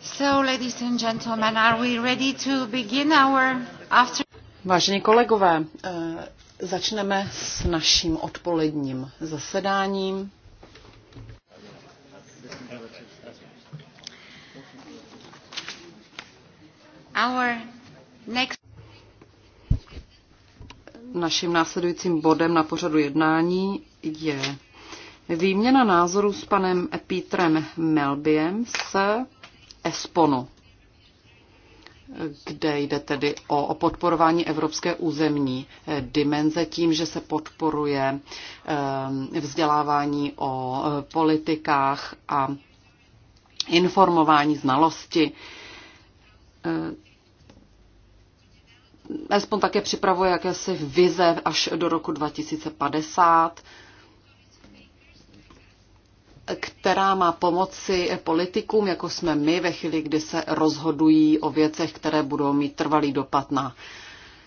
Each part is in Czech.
So, ladies and gentlemen, are we ready to begin our after... Vážení kolegové, eh, začneme s naším odpoledním zasedáním. Our next... Naším následujícím bodem na pořadu jednání je Výměna názorů s panem Petrem Melbiem se. ESPONu, kde jde tedy o, podporování evropské územní eh, dimenze tím, že se podporuje eh, vzdělávání o eh, politikách a informování znalosti. Espon také připravuje jakési vize až do roku 2050 která má pomoci politikům, jako jsme my, ve chvíli, kdy se rozhodují o věcech, které budou mít trvalý dopad na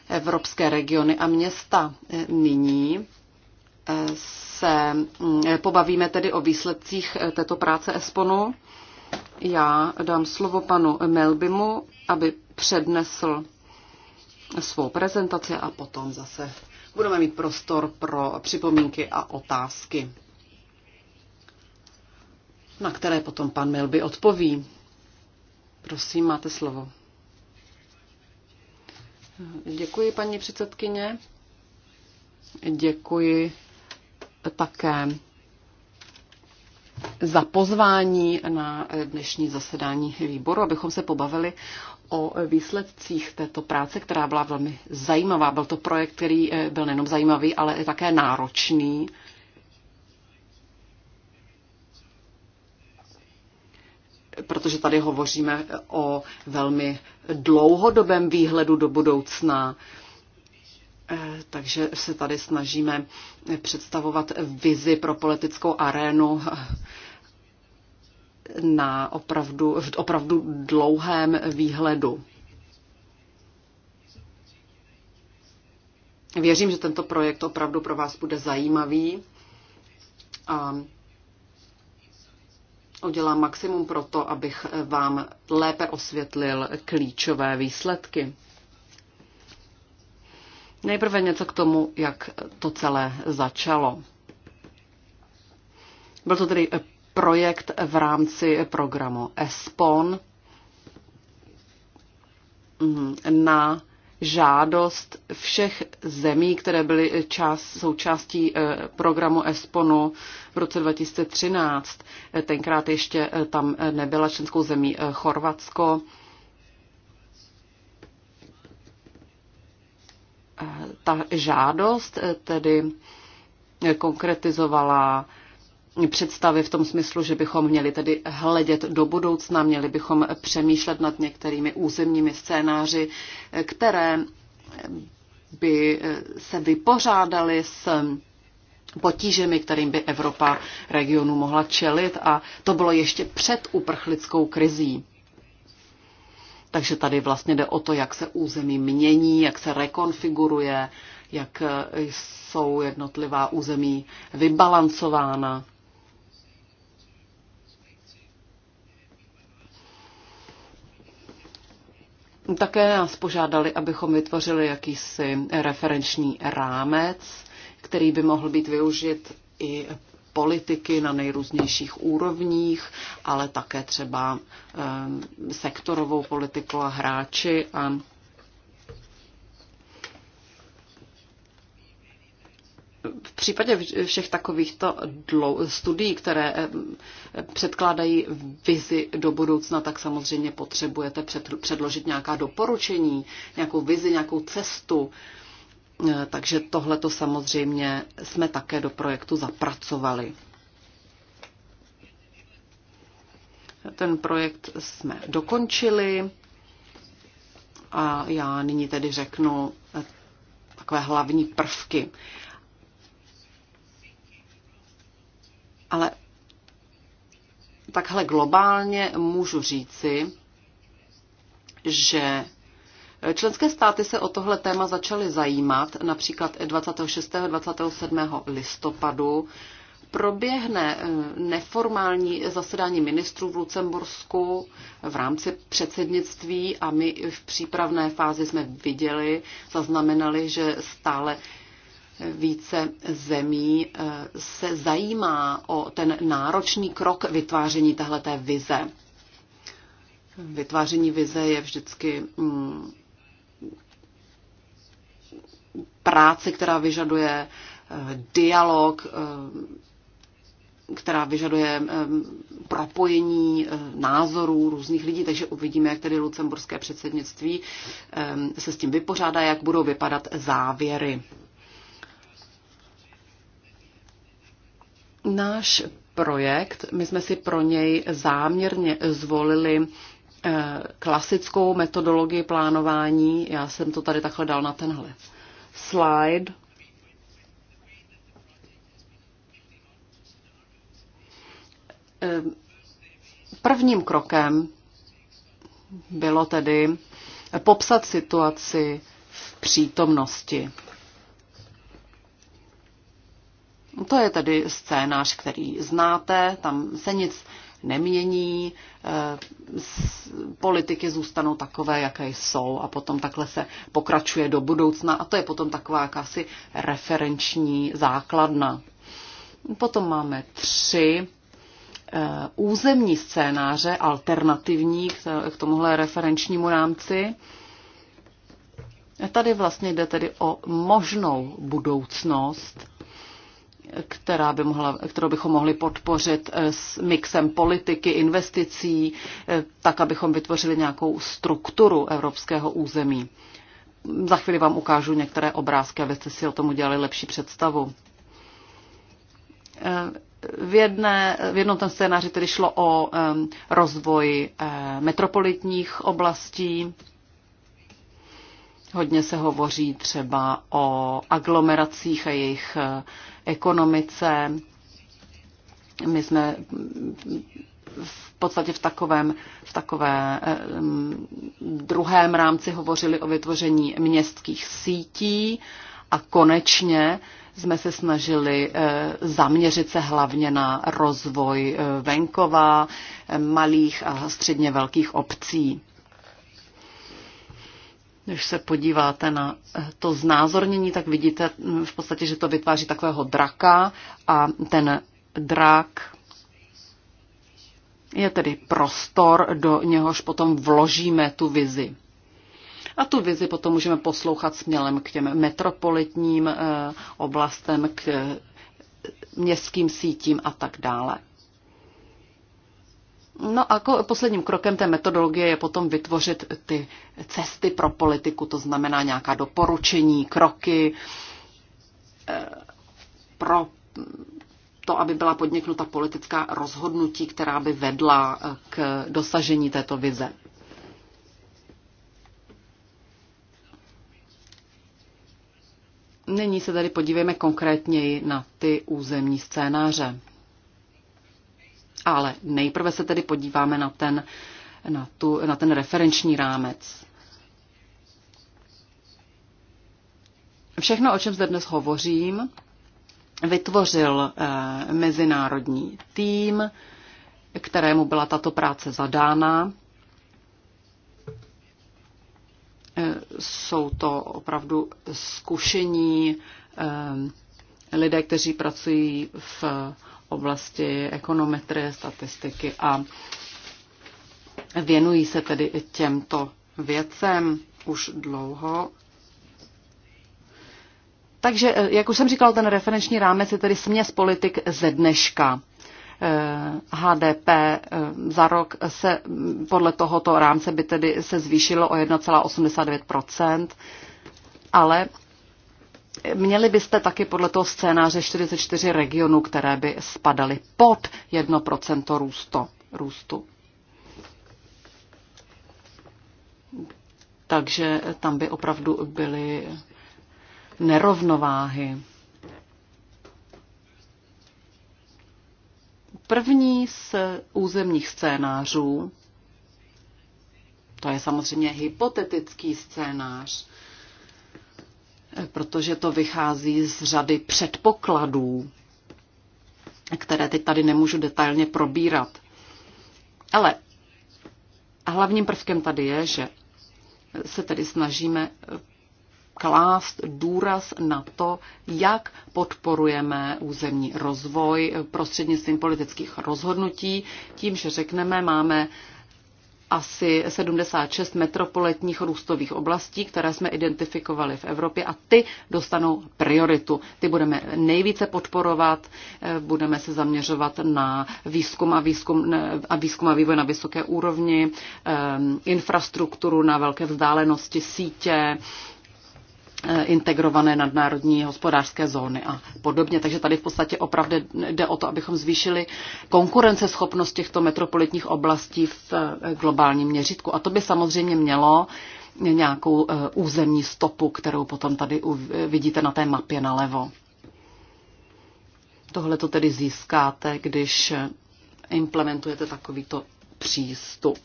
evropské regiony a města. Nyní eh, se mm, eh, pobavíme tedy o výsledcích eh, této práce Esponu. Já dám slovo panu Melbimu, aby přednesl svou prezentaci a potom zase budeme mít prostor pro připomínky a otázky na které potom pan Milby odpoví. Prosím, máte slovo. Děkuji, paní předsedkyně. Děkuji také za pozvání na dnešní zasedání výboru, abychom se pobavili o výsledcích této práce, která byla velmi zajímavá. Byl to projekt, který eh, byl nejenom zajímavý, ale také náročný. protože tady hovoříme o velmi dlouhodobém výhledu do budoucna. Eh, takže se tady snažíme představovat vizi pro politickou arénu eh, na opravdu, v opravdu dlouhém výhledu. Věřím, že tento projekt opravdu pro vás bude zajímavý a udělám maximum pro to, abych eh, vám lépe osvětlil klíčové výsledky. Nejprve něco k tomu, jak to celé začalo. Byl to tedy eh, projekt v rámci programu ESPON mm, na žádost všech zemí, které byly část, součástí eh, programu ESPONu v roce 2013. Eh, tenkrát ještě eh, tam nebyla členskou zemí Chorvatsko. Ta žádost tedy konkretizovala představy v tom smyslu, že bychom měli tedy hledět do budoucna, měli bychom přemýšlet nad některými územními scénáři, které by se vypořádaly s potížemi, kterým by Evropa regionu mohla čelit a to bylo ještě před uprchlickou krizí. Takže tady vlastně jde o to, jak se území mění, jak se rekonfiguruje, jak jsou jednotlivá území vybalancována. Také nás požádali, abychom vytvořili jakýsi referenční rámec, který by mohl být využit i politiky na nejrůznějších úrovních, ale také třeba eh, sektorovou politiku a hráči a případě všech takovýchto studií, které eh, předkládají vizi do budoucna, tak samozřejmě potřebujete předložit nějaká doporučení, nějakou vizi, nějakou cestu. Eh, takže tohle to samozřejmě jsme také do projektu zapracovali. Ten projekt jsme dokončili a já nyní tedy řeknu eh, takové hlavní prvky. Ale takhle globálně můžu říci, že Členské státy se o tohle téma začaly zajímat, například 26. 27. listopadu proběhne eh, neformální zasedání ministrů v Lucembursku v rámci předsednictví a my v přípravné fázi jsme viděli, zaznamenali, že stále více zemí eh, se zajímá o ten náročný krok vytváření tahleté vize. Vytváření vize je vždycky mm, práce, která vyžaduje eh, dialog, eh, která vyžaduje propojení názorů různých lidí, takže uvidíme, jak tedy lucemburské předsednictví se s tím vypořádá, jak budou vypadat závěry. Náš projekt, my jsme si pro něj záměrně zvolili eh, klasickou metodologii plánování. Já jsem to tady takhle dal na tenhle slide. Eh, prvním krokem bylo tedy popsat situaci v přítomnosti. To je tedy scénář, který znáte, tam se nic nemění, eh, politiky zůstanou takové, jaké jsou a potom takhle se pokračuje do budoucna a to je potom taková jakási referenční základna. Potom máme tři eh, územní scénáře, alternativní k tomuhle referenčnímu rámci. Tady vlastně jde tedy o možnou budoucnost, která by mohla, kterou bychom mohli podpořit eh, s mixem politiky, investicí, eh, tak, abychom vytvořili nějakou strukturu evropského území. Za chvíli vám ukážu některé obrázky, abyste si o tom udělali lepší představu. Eh, v, jedné, v jednom ten scénáři tedy šlo o rozvoj metropolitních oblastí, Hodně se hovoří třeba o aglomeracích a jejich ekonomice. My jsme v podstatě v takovém, v takovém druhém rámci hovořili o vytvoření městských sítí a konečně jsme se snažili eh, zaměřit se hlavně na rozvoj eh, venkova, eh, malých a středně velkých obcí. Když se podíváte na eh, to znázornění, tak vidíte hm, v podstatě, že to vytváří takového draka a ten drak je tedy prostor, do něhož potom vložíme tu vizi. A tu vizi potom můžeme poslouchat smělem k těm metropolitním eh, oblastem, k eh, městským sítím a tak dále. No a posledním krokem té metodologie je potom vytvořit ty cesty pro politiku, to znamená nějaká doporučení, kroky eh, pro to, aby byla podniknuta politická rozhodnutí, která by vedla eh, k dosažení této vize. Nyní se tady podívejme konkrétněji na ty územní scénáře. Ale nejprve se tedy podíváme na ten, na tu, na ten referenční rámec. Všechno, o čem zde dnes hovořím, vytvořil eh, mezinárodní tým, kterému byla tato práce zadána. Eh, jsou to opravdu zkušení eh, lidé, kteří pracují v oblasti ekonometrie, statistiky a věnují se tedy i těmto věcem už dlouho. Takže, eh, jak už jsem říkal, ten referenční rámec je tedy směs politik ze dneška. HDP eh, eh, za rok se mm, podle tohoto rámce by tedy se zvýšilo o 1,89%, ale Měli byste taky podle toho scénáře 44 regionů, které by spadaly pod 1% růsto, růstu. Takže tam by opravdu byly nerovnováhy. První z územních scénářů, to je samozřejmě hypotetický scénář, protože to vychází z řady předpokladů, které teď tady nemůžu detailně probírat. Ale hlavním prvkem tady je, že se tedy snažíme klást důraz na to, jak podporujeme územní rozvoj prostřednictvím politických rozhodnutí, tím, že řekneme, máme asi 76 metropolitních růstových oblastí, které jsme identifikovali v Evropě a ty dostanou prioritu. Ty budeme nejvíce podporovat, eh, budeme se zaměřovat na výzkum a výzkum, a výzkum a vývoj na vysoké úrovni, eh, infrastrukturu na velké vzdálenosti, sítě, Eh, integrované nadnárodní hospodářské zóny a podobně. Takže tady v podstatě opravdu jde o to, abychom zvýšili konkurenceschopnost těchto metropolitních oblastí v eh, globálním měřitku. A to by samozřejmě mělo nějakou eh, územní stopu, kterou potom tady vidíte na té mapě nalevo. Tohle to tedy získáte, když implementujete takovýto přístup.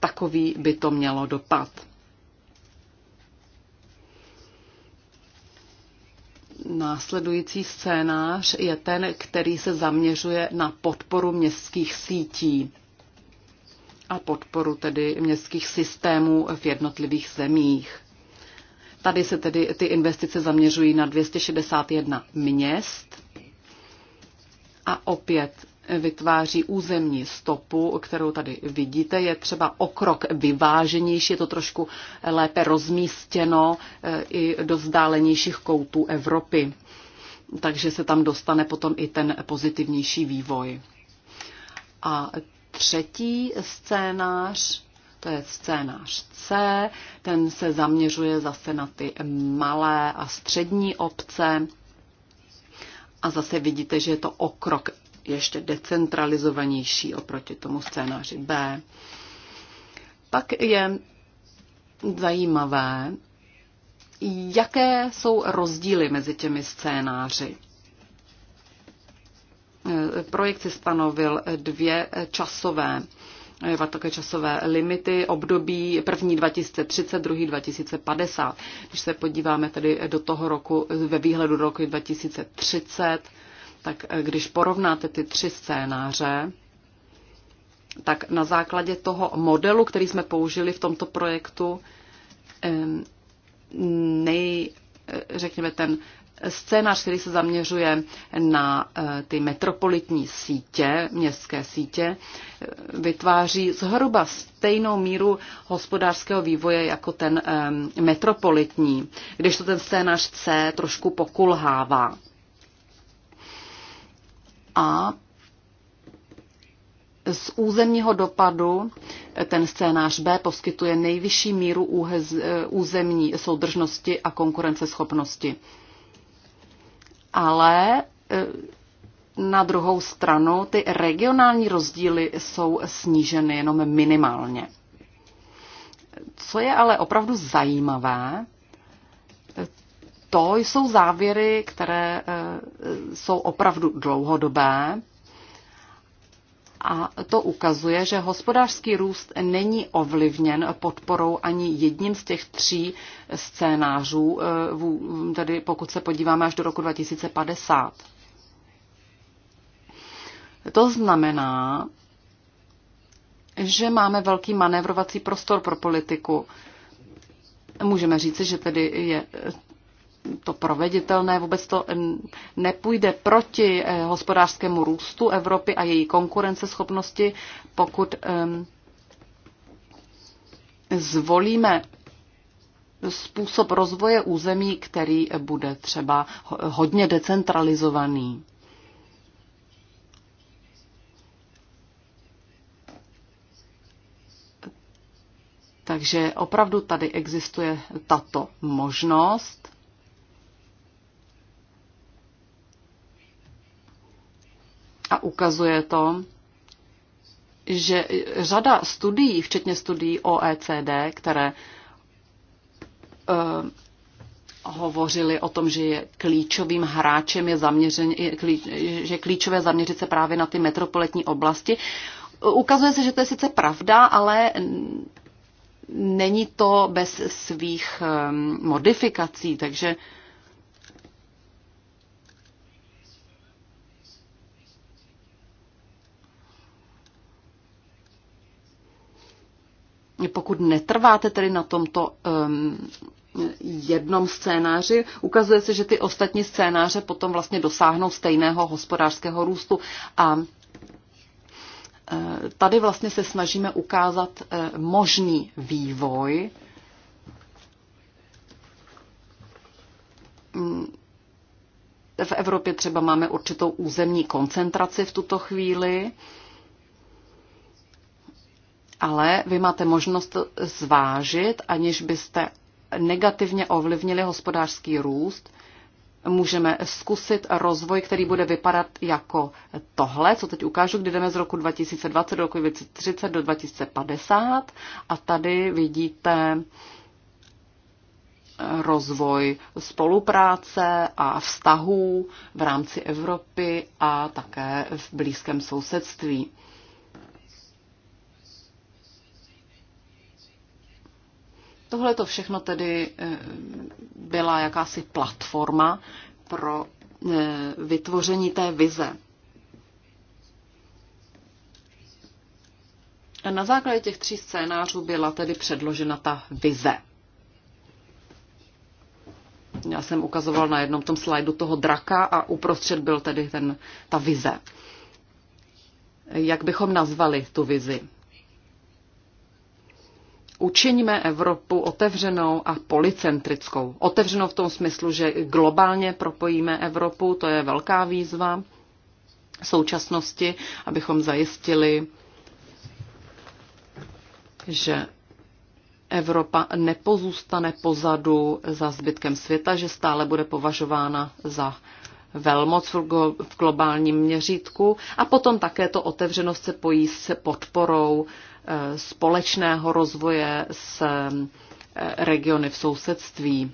takový by to mělo dopad. Následující scénář je ten, který se zaměřuje na podporu městských sítí a podporu tedy městských systémů v jednotlivých zemích. Tady se tedy ty investice zaměřují na 261 měst a opět vytváří územní stopu, kterou tady vidíte. Je třeba o krok vyváženější, je to trošku lépe rozmístěno eh, i do vzdálenějších koutů Evropy. Takže se tam dostane potom i ten pozitivnější vývoj. A třetí scénář, to je scénář C, ten se zaměřuje zase na ty malé a střední obce. A zase vidíte, že je to okrok ještě decentralizovanější oproti tomu scénáři B. Pak je zajímavé, jaké jsou rozdíly mezi těmi scénáři. Projekt si stanovil dvě časové také časové limity, období první 2030, druhý 2050. Když se podíváme tedy do toho roku, ve výhledu roku 2030, tak eh, když porovnáte ty tři scénáře, tak na základě toho modelu, který jsme použili v tomto projektu, nej, eh, řekněme, ten scénář, který se zaměřuje na eh, ty metropolitní sítě, městské sítě, vytváří zhruba stejnou míru hospodářského vývoje jako ten metropolitní, když to ten scénář C trošku pokulhává a z územního dopadu ten scénář B poskytuje nejvyšší míru úhez, eh, územní soudržnosti a konkurenceschopnosti. Ale eh, na druhou stranu ty regionální rozdíly jsou sníženy jenom minimálně. Co je ale opravdu zajímavé, to jsou závěry, které eh, jsou opravdu dlouhodobé. A to ukazuje, že hospodářský růst není ovlivněn podporou ani jedním z těch tří scénářů, eh, tedy pokud se podíváme až do roku 2050. To znamená, že máme velký manévrovací prostor pro politiku. Můžeme říci, že tedy je to proveditelné, vůbec to nepůjde proti eh, hospodářskému růstu Evropy a její konkurenceschopnosti, pokud zvolíme způsob rozvoje území, který bude třeba hodně decentralizovaný. Takže opravdu tady existuje tato možnost. a ukazuje to, že řada studií, včetně studií OECD, které uh, eh, hovořili o tom, že je klíčovým hráčem je zaměřen, je klíč, že klíčové zaměřit se právě na ty metropolitní oblasti. Ukazuje se, že to je sice pravda, ale není to bez svých eh, modifikací, takže uh, pokud netrváte tedy na tomto um, jednom scénáři, ukazuje se, že ty ostatní scénáře potom vlastně dosáhnou stejného hospodářského růstu a e, Tady vlastně se snažíme ukázat e, možný vývoj. V Evropě třeba máme určitou územní koncentraci v tuto chvíli ale vy máte možnost zvážit, aniž byste negativně ovlivnili hospodářský růst. Můžeme zkusit rozvoj, který bude vypadat jako tohle, co teď ukážu, kdy jdeme z roku 2020 do roku 2030 do 2050 a tady vidíte rozvoj spolupráce a vztahů v rámci Evropy a také v blízkém sousedství. Tohle to všechno tedy eh, byla jakási platforma pro eh, vytvoření té vize. Na základě těch tří scénářů byla tedy předložena ta vize. Já jsem ukazoval na jednom tom slajdu toho draka a uprostřed byl tedy ten, ta vize. Jak bychom nazvali tu vizi? Učiníme Evropu otevřenou a policentrickou. Otevřenou v tom smyslu, že globálně propojíme Evropu, to je velká výzva současnosti, abychom zajistili, že Evropa nepozůstane pozadu za zbytkem světa, že stále bude považována za velmoc v globálním měřítku a potom také to otevřenost se pojí s podporou společného rozvoje s eh, regiony v sousedství.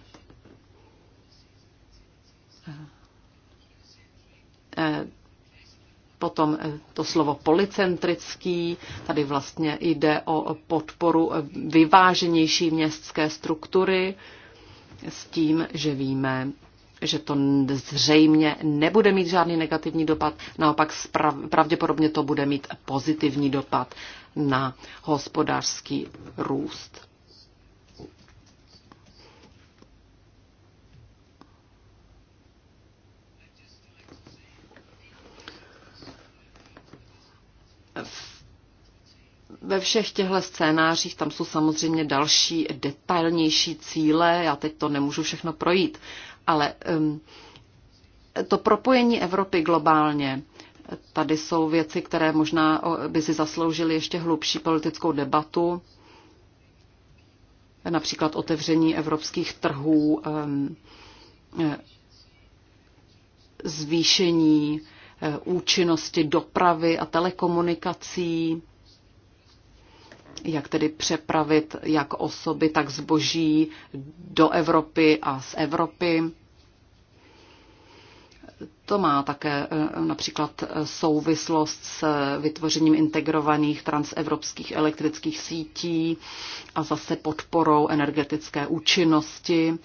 Eh, potom eh, to slovo policentrický, tady vlastně jde o podporu vyváženější městské struktury s tím, že víme, že to zřejmě nebude mít žádný negativní dopad, naopak pravděpodobně to bude mít pozitivní dopad na hospodářský růst. ve všech těchto scénářích tam jsou samozřejmě další detailnější cíle, já teď to nemůžu všechno projít, ale um, to propojení Evropy globálně Tady jsou věci, které možná by si zasloužily ještě hlubší politickou debatu, například otevření evropských trhů, eh, zvýšení eh, účinnosti dopravy a telekomunikací, jak tedy přepravit jak osoby, tak zboží do Evropy a z Evropy to má také e, například e, souvislost s vytvořením integrovaných transevropských elektrických sítí a zase podporou energetické účinnosti.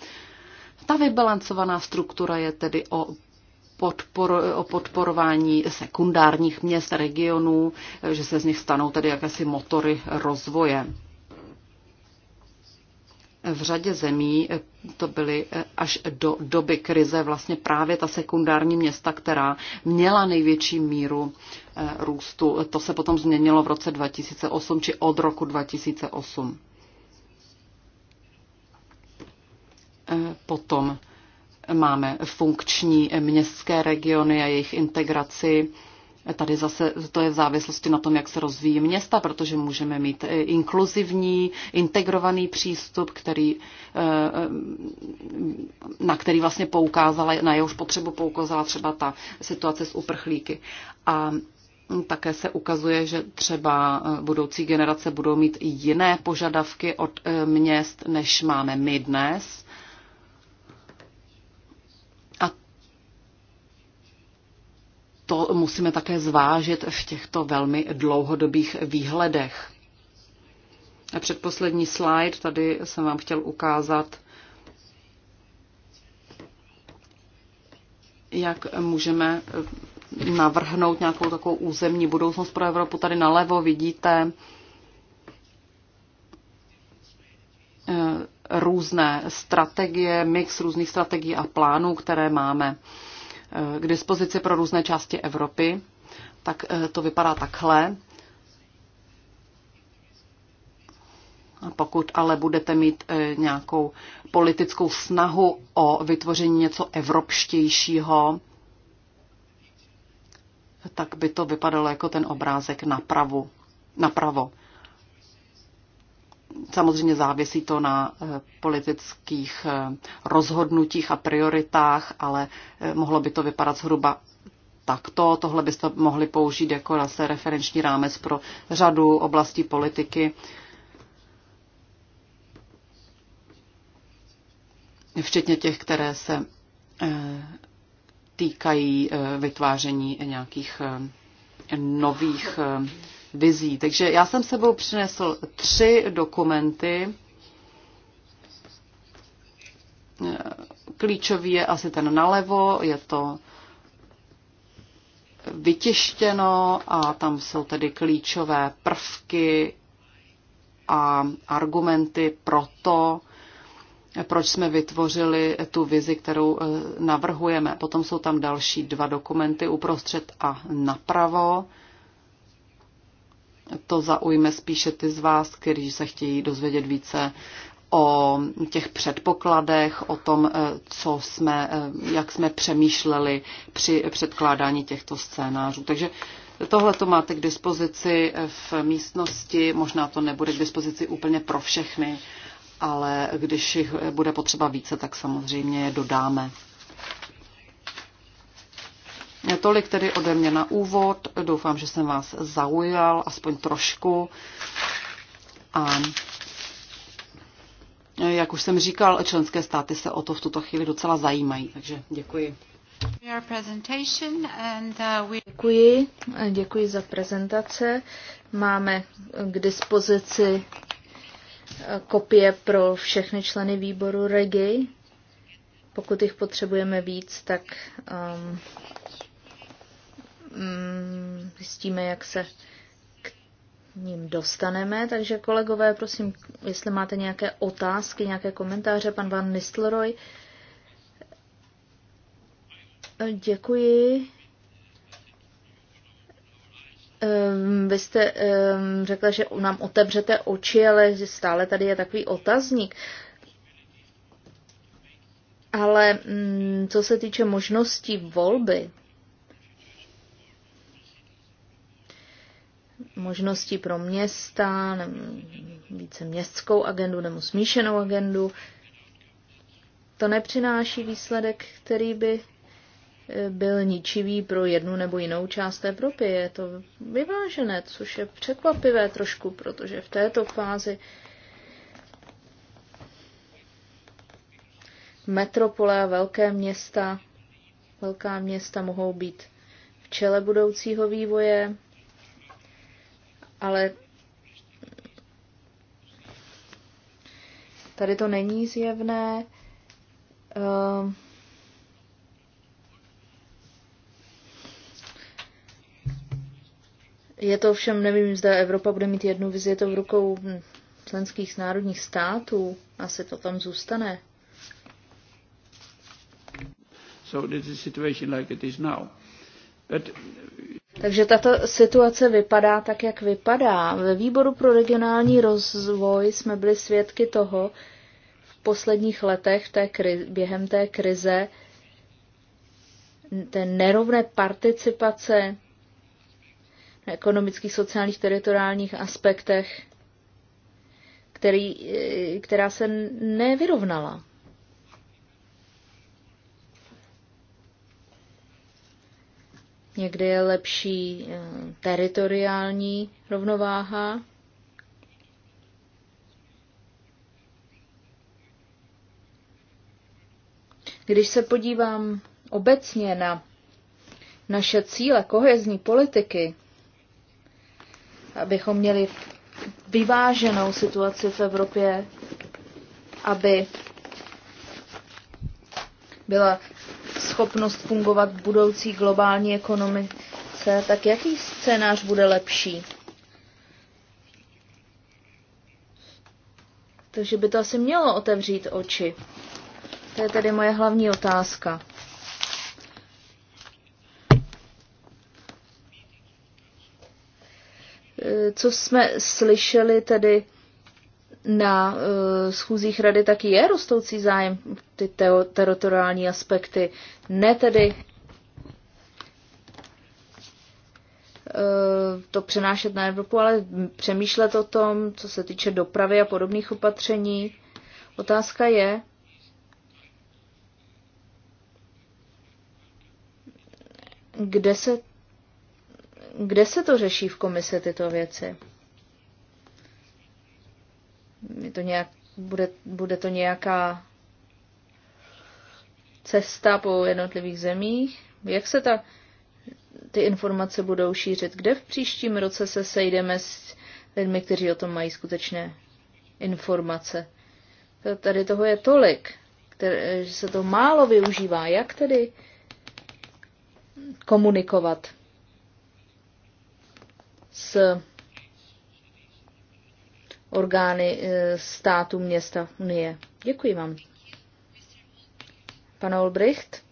Ta vybalancovaná struktura je tedy o podpor, o podporování sekundárních měst, regionů, e, že se z nich stanou tedy jakési motory rozvoje. V řadě zemí eh, to byly eh, až do doby krize vlastně právě ta sekundární města, která měla největší míru eh, růstu. To se potom změnilo v roce 2008 či od roku 2008. Potom máme funkční městské regiony a jejich integraci Tady zase to je v závislosti na tom, jak se rozvíjí města, protože můžeme mít eh, inkluzivní, integrovaný přístup, který, eh, na který vlastně poukázala, na jehož potřebu poukázala třeba ta situace s uprchlíky. A také se ukazuje, že třeba eh, budoucí generace budou mít jiné požadavky od měst, než máme my dnes. to musíme také zvážit v těchto velmi dlouhodobých výhledech. A předposlední slide, tady jsem vám chtěl ukázat, jak můžeme navrhnout nějakou takovou územní budoucnost pro Evropu. Tady nalevo vidíte eh, různé strategie, mix různých strategií a plánů, které máme. Eh, k dispozici pro různé části Evropy, tak eh, to vypadá takhle. A Pokud ale budete mít eh, nějakou politickou snahu o vytvoření něco evropštějšího, tak by to vypadalo jako ten obrázek napravu, napravo. Samozřejmě závisí to na eh, politických eh, rozhodnutích a prioritách, ale eh, mohlo by to vypadat zhruba takto. Tohle byste mohli použít jako zase referenční rámec pro řadu oblastí politiky. Včetně těch, které se týkají vytváření nějakých nových vizí. Takže já jsem sebou přinesl tři dokumenty. Klíčový je asi ten nalevo, je to vytištěno a tam jsou tedy klíčové prvky a argumenty pro to, proč jsme vytvořili tu vizi, kterou eh, navrhujeme. Potom jsou tam další dva dokumenty uprostřed a napravo to zaujme spíše ty z vás, kteří se chtějí dozvědět více o těch předpokladech, o tom, eh, co jsme, eh, jak jsme přemýšleli při předkládání těchto scénářů. Takže tohle to máte k dispozici v místnosti, možná to nebude k dispozici úplně pro všechny, ale když jich bude potřeba více, tak samozřejmě je dodáme. Tolik tedy ode mě na úvod. Doufám, že jsem vás zaujal, aspoň trošku. A jak už jsem říkal, členské státy se o to v tuto chvíli docela zajímají, takže děkuji. Uh, děkuji, děkuji za prezentace. Máme k dispozici eh, kopie pro všechny členy výboru REGI. Pokud jich potřebujeme víc, tak um, Mm, zjistíme, jak se k ním dostaneme. Takže kolegové, prosím, jestli máte nějaké otázky, nějaké komentáře, pan Van Nistelrooy. Děkuji. Ehm, vy jste ehm, řekla, že nám otevřete oči, ale že stále tady je takový otazník. Ale mm, co se týče možností volby, možností pro města, nebo více městskou agendu nebo smíšenou agendu. To nepřináší výsledek, který by eh, byl ničivý pro jednu nebo jinou část Evropy. Je to vyvážené, což je překvapivé trošku, protože v této fázi metropole a velké města, velká města mohou být v čele budoucího vývoje, ale tady to není zjevné. Um, Je to všem, nevím, zda Evropa bude mít jednu vizi, je to v rukou členských národních států. Asi to tam zůstane. So this is situation like it is now. But takže tato situace vypadá tak, jak vypadá. Ve výboru pro regionální rozvoj jsme byli svědky toho v posledních letech té krize, během té krize, té nerovné participace na ekonomických, sociálních, teritoriálních aspektech, který, eh, která se nevyrovnala. Někdy je lepší eh, teritoriální rovnováha. Když se podívám obecně na naše cíle kohezní politiky, abychom měli vyváženou situaci v Evropě, aby byla schopnost fungovat v budoucí globální ekonomice, tak jaký scénář bude lepší? Takže by to asi mělo otevřít oči. To je tedy moje hlavní otázka. E, co jsme slyšeli tedy na uh, schůzích rady taky je rostoucí zájem ty teo, teritoriální aspekty, ne tedy e, to přenášet na Evropu, ale přemýšlet o tom, co se týče dopravy a podobných opatření. Otázka je, kde se, kde se to řeší v komise tyto věci. Je to nějak, bude, bude to nějaká cesta po jednotlivých zemích? Jak se ta, ty informace budou šířit? Kde v příštím roce se sejdeme s lidmi, kteří o tom mají skutečné informace? Tady toho je tolik, které, že se to málo využívá. Jak tedy komunikovat s orgány eh, státu, města, unie. Děkuji vám. Pan Olbricht?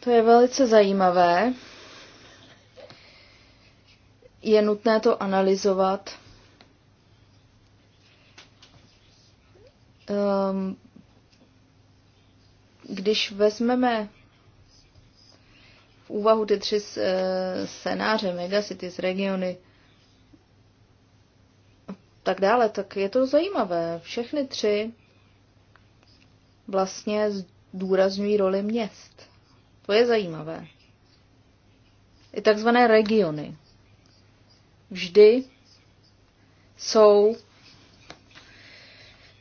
To je velice zajímavé. Je nutné to analyzovat. Ehm, když vezmeme úvahu ty tři e, scénáře, megacity z regiony, tak dále, tak je to zajímavé. Všechny tři vlastně zdůrazňují roli měst. To je zajímavé. I takzvané regiony vždy jsou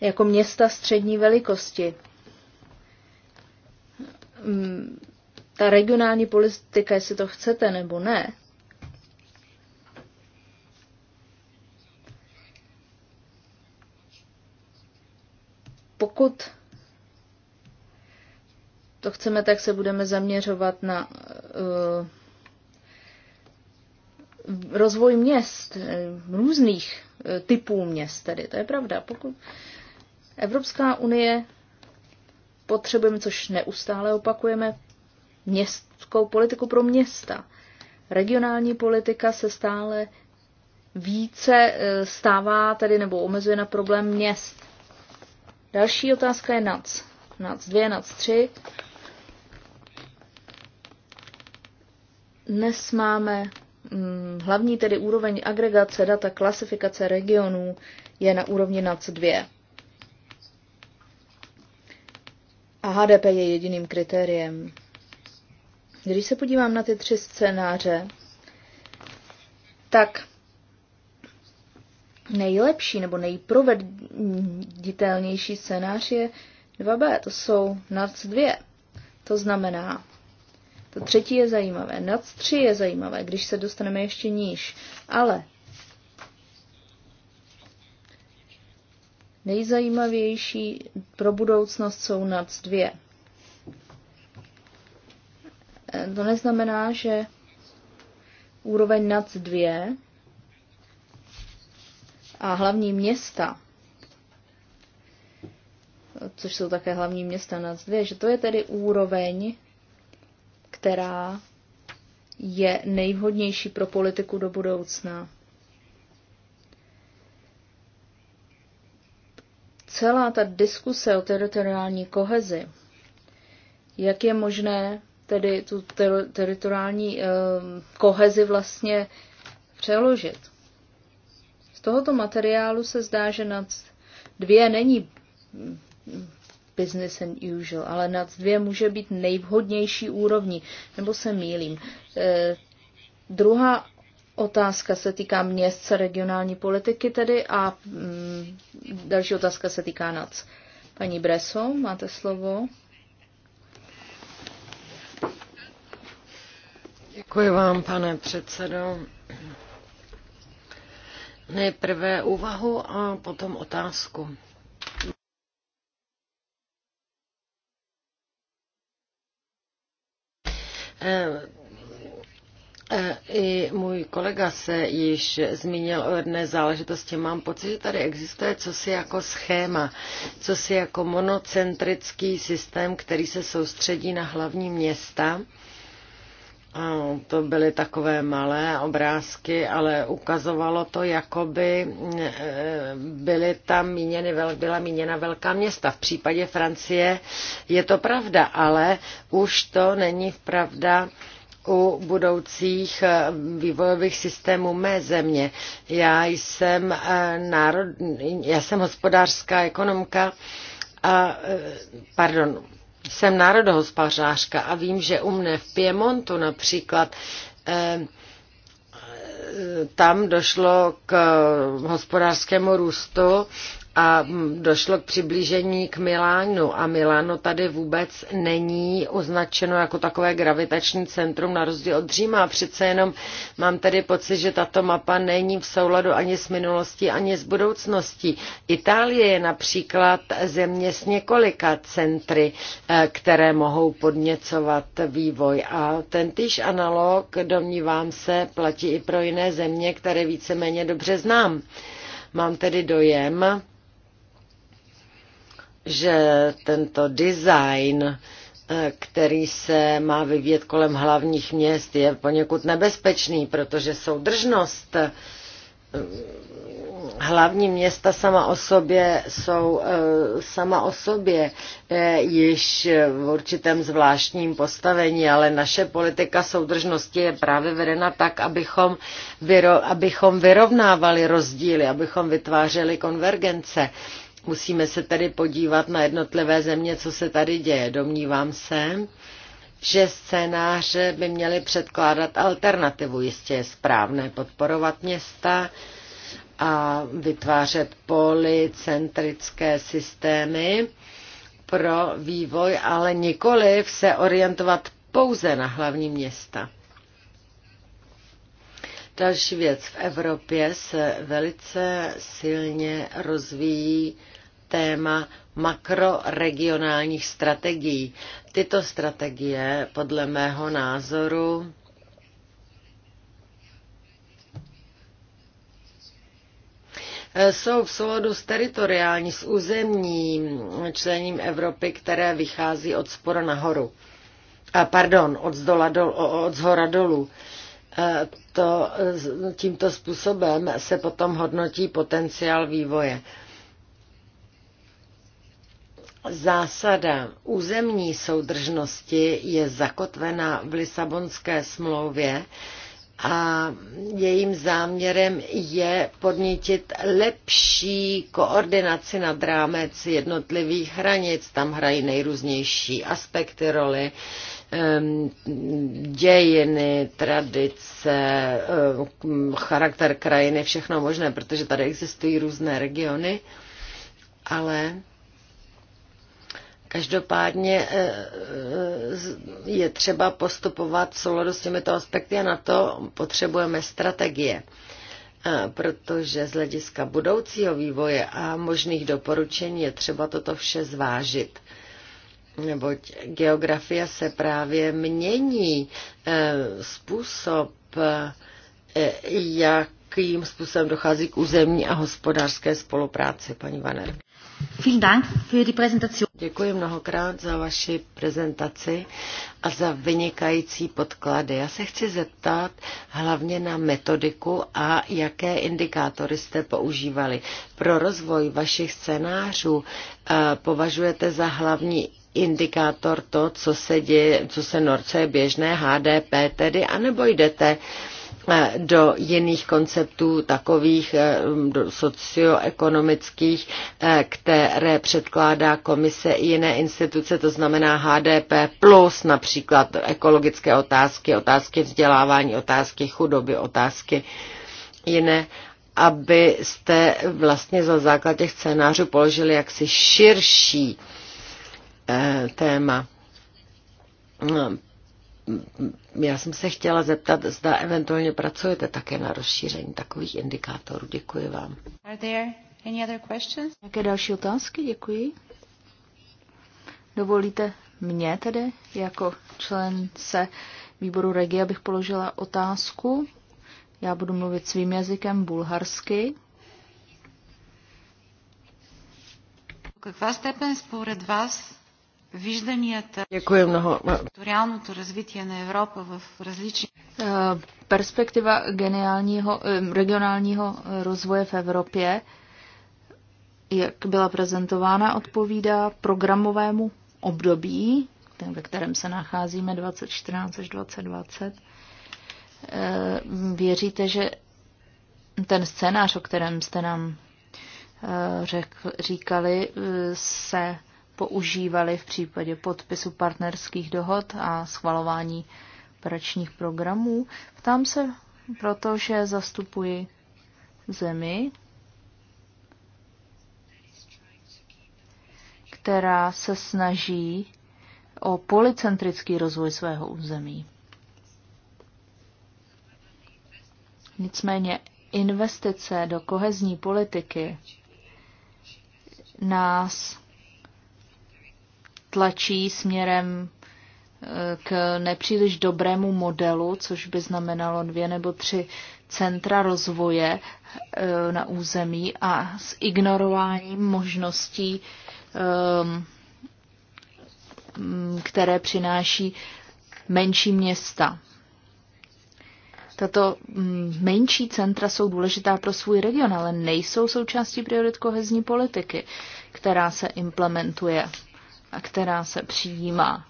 jako města střední velikosti. Mm, ta regionální politika, jestli to chcete nebo ne, pokud to chceme, tak se budeme zaměřovat na uh, rozvoj měst, různých eh, typů měst tedy. To je pravda. Pokud Evropská unie potřebujeme, což neustále opakujeme, městskou politiku pro města. Regionální politika se stále více e, stává tedy nebo omezuje na problém měst. Další otázka je NAC. NAC 2, NAC 3. Dnes máme hm, hlavní tedy úroveň agregace data klasifikace regionů je na úrovni NAC 2. A HDP je jediným kritériem. Když se podívám na ty tři scénáře, tak nejlepší nebo nejproveditelnější scénář je 2B, to jsou NAC 2. To znamená, to třetí je zajímavé, NAC 3 je zajímavé, když se dostaneme ještě níž, ale nejzajímavější pro budoucnost jsou NAC 2. To neznamená, že úroveň NAC 2 a hlavní města, což jsou také hlavní města NAC 2, že to je tedy úroveň, která je nejvhodnější pro politiku do budoucna. Celá ta diskuse o teritoriální kohezi, jak je možné tedy tu ter- teritoriální eh, kohezi vlastně přeložit. Z tohoto materiálu se zdá, že nad dvě není business and usual, ale nad dvě může být nejvhodnější úrovní, nebo se mýlím. Eh, druhá otázka se týká měst a regionální politiky tedy a mm, další otázka se týká NAC. Paní Breso, máte slovo. Děkuji vám, pane předsedo. Nejprve úvahu a potom otázku. Eh, eh, I můj kolega se již zmínil o jedné záležitosti. Mám pocit, že tady existuje cosi jako schéma, cosi jako monocentrický systém, který se soustředí na hlavní města to byly takové malé obrázky, ale ukazovalo to, jakoby e, byly tam míněny, byla míněna velká města. V případě Francie je to pravda, ale už to není pravda u budoucích e, vývojových systémů mé země. Já jsem, e, národ, já jsem hospodářská ekonomka a, pardon, jsem národohospodářka a vím, že u mne v Piemontu například eh, eh, tam došlo k hospodářskému růstu a došlo k přiblížení k Milánu a Miláno tady vůbec není označeno jako takové gravitační centrum na rozdíl od Říma a přece jenom mám tady pocit, že tato mapa není v souladu ani s minulostí, ani s budoucností. Itálie je například země s několika centry, eh, které mohou podněcovat vývoj a ten týž analog, domnívám se, platí i pro jiné země, které víceméně dobře znám. Mám tedy dojem, že tento design, eh, který se má vyvíjet kolem hlavních měst, je poněkud nebezpečný, protože soudržnost eh, hlavní města sama o sobě jsou eh, sama o sobě již v určitém zvláštním postavení, ale naše politika soudržnosti je právě vedena tak, abychom, vyro, abychom vyrovnávali rozdíly, abychom vytvářeli konvergence. Musíme se tady podívat na jednotlivé země, co se tady děje. Domnívám se, že scénáře by měly předkládat alternativu. Jistě je správné podporovat města a vytvářet policentrické systémy pro vývoj, ale nikoli se orientovat pouze na hlavní města. Další věc. V Evropě se velice silně rozvíjí téma makroregionálních strategií. Tyto strategie, podle mého názoru, jsou v souladu s teritoriální, s územním člením Evropy, které vychází od spora nahoru. A pardon, od, zdola dol, od zhora dolů. E, to, tímto způsobem se potom hodnotí potenciál vývoje. Zásada územní soudržnosti je zakotvena v Lisabonské smlouvě a jejím záměrem je podnítit lepší koordinaci nad rámec jednotlivých hranic. Tam hrají nejrůznější aspekty roli, dějiny, tradice, charakter krajiny, všechno možné, protože tady existují různé regiony, ale Každopádně eh, eh, je třeba postupovat v souladu s těmito aspekty a na to potřebujeme strategie, eh, protože z hlediska budoucího vývoje a možných doporučení je třeba toto vše zvážit neboť geografie se právě mění způsob, jakým způsobem dochází k územní a hospodářské spolupráci, paní Vaner. Děkuji mnohokrát za vaši prezentaci a za vynikající podklady. Já se chci zeptat hlavně na metodiku a jaké indikátory jste používali. Pro rozvoj vašich scénářů eh, považujete za hlavní indikátor to, co se děje, co se norce běžné HDP tedy, anebo jdete uh, do jiných konceptů, takových eh, socioekonomických, eh, které předkládá komise i jiné instituce, to znamená HDP plus například ekologické otázky, otázky vzdělávání, otázky chudoby, otázky jiné abyste vlastně za základ těch scénářů položili jaksi širší eh, téma já jsem se chtěla zeptat, zda eventuálně pracujete také na rozšíření takových indikátorů. Děkuji vám. Are there any other questions? Jaké další otázky? Děkuji. Dovolíte mě tedy jako člence výboru regie, abych položila otázku. Já budu mluvit svým jazykem bulharsky. Jak vás според vás вижданията, Děkuji mnoho. териториалното развитие на Европа в различни... Perspektiva geniálního, regionálního rozvoje v Evropě, jak byla prezentována, odpovídá programovému období, ten, ve kterém se nacházíme 2014 až 2020. Věříte, že ten scénář, o kterém jste nám e, řekl, říkali, e, se používaly v případě podpisu partnerských dohod a schvalování operačních programů. Ptám se, protože zastupuji zemi, která se snaží o policentrický rozvoj svého území. Nicméně investice do kohezní politiky nás tlačí směrem eh, k nepříliš dobrému modelu, což by znamenalo dvě nebo tři centra rozvoje eh, na území a s ignorováním možností, ehm, které přináší menší města. Tato menší centra jsou důležitá pro svůj region, ale nejsou součástí priorit kohezní politiky, která se implementuje a která se přijímá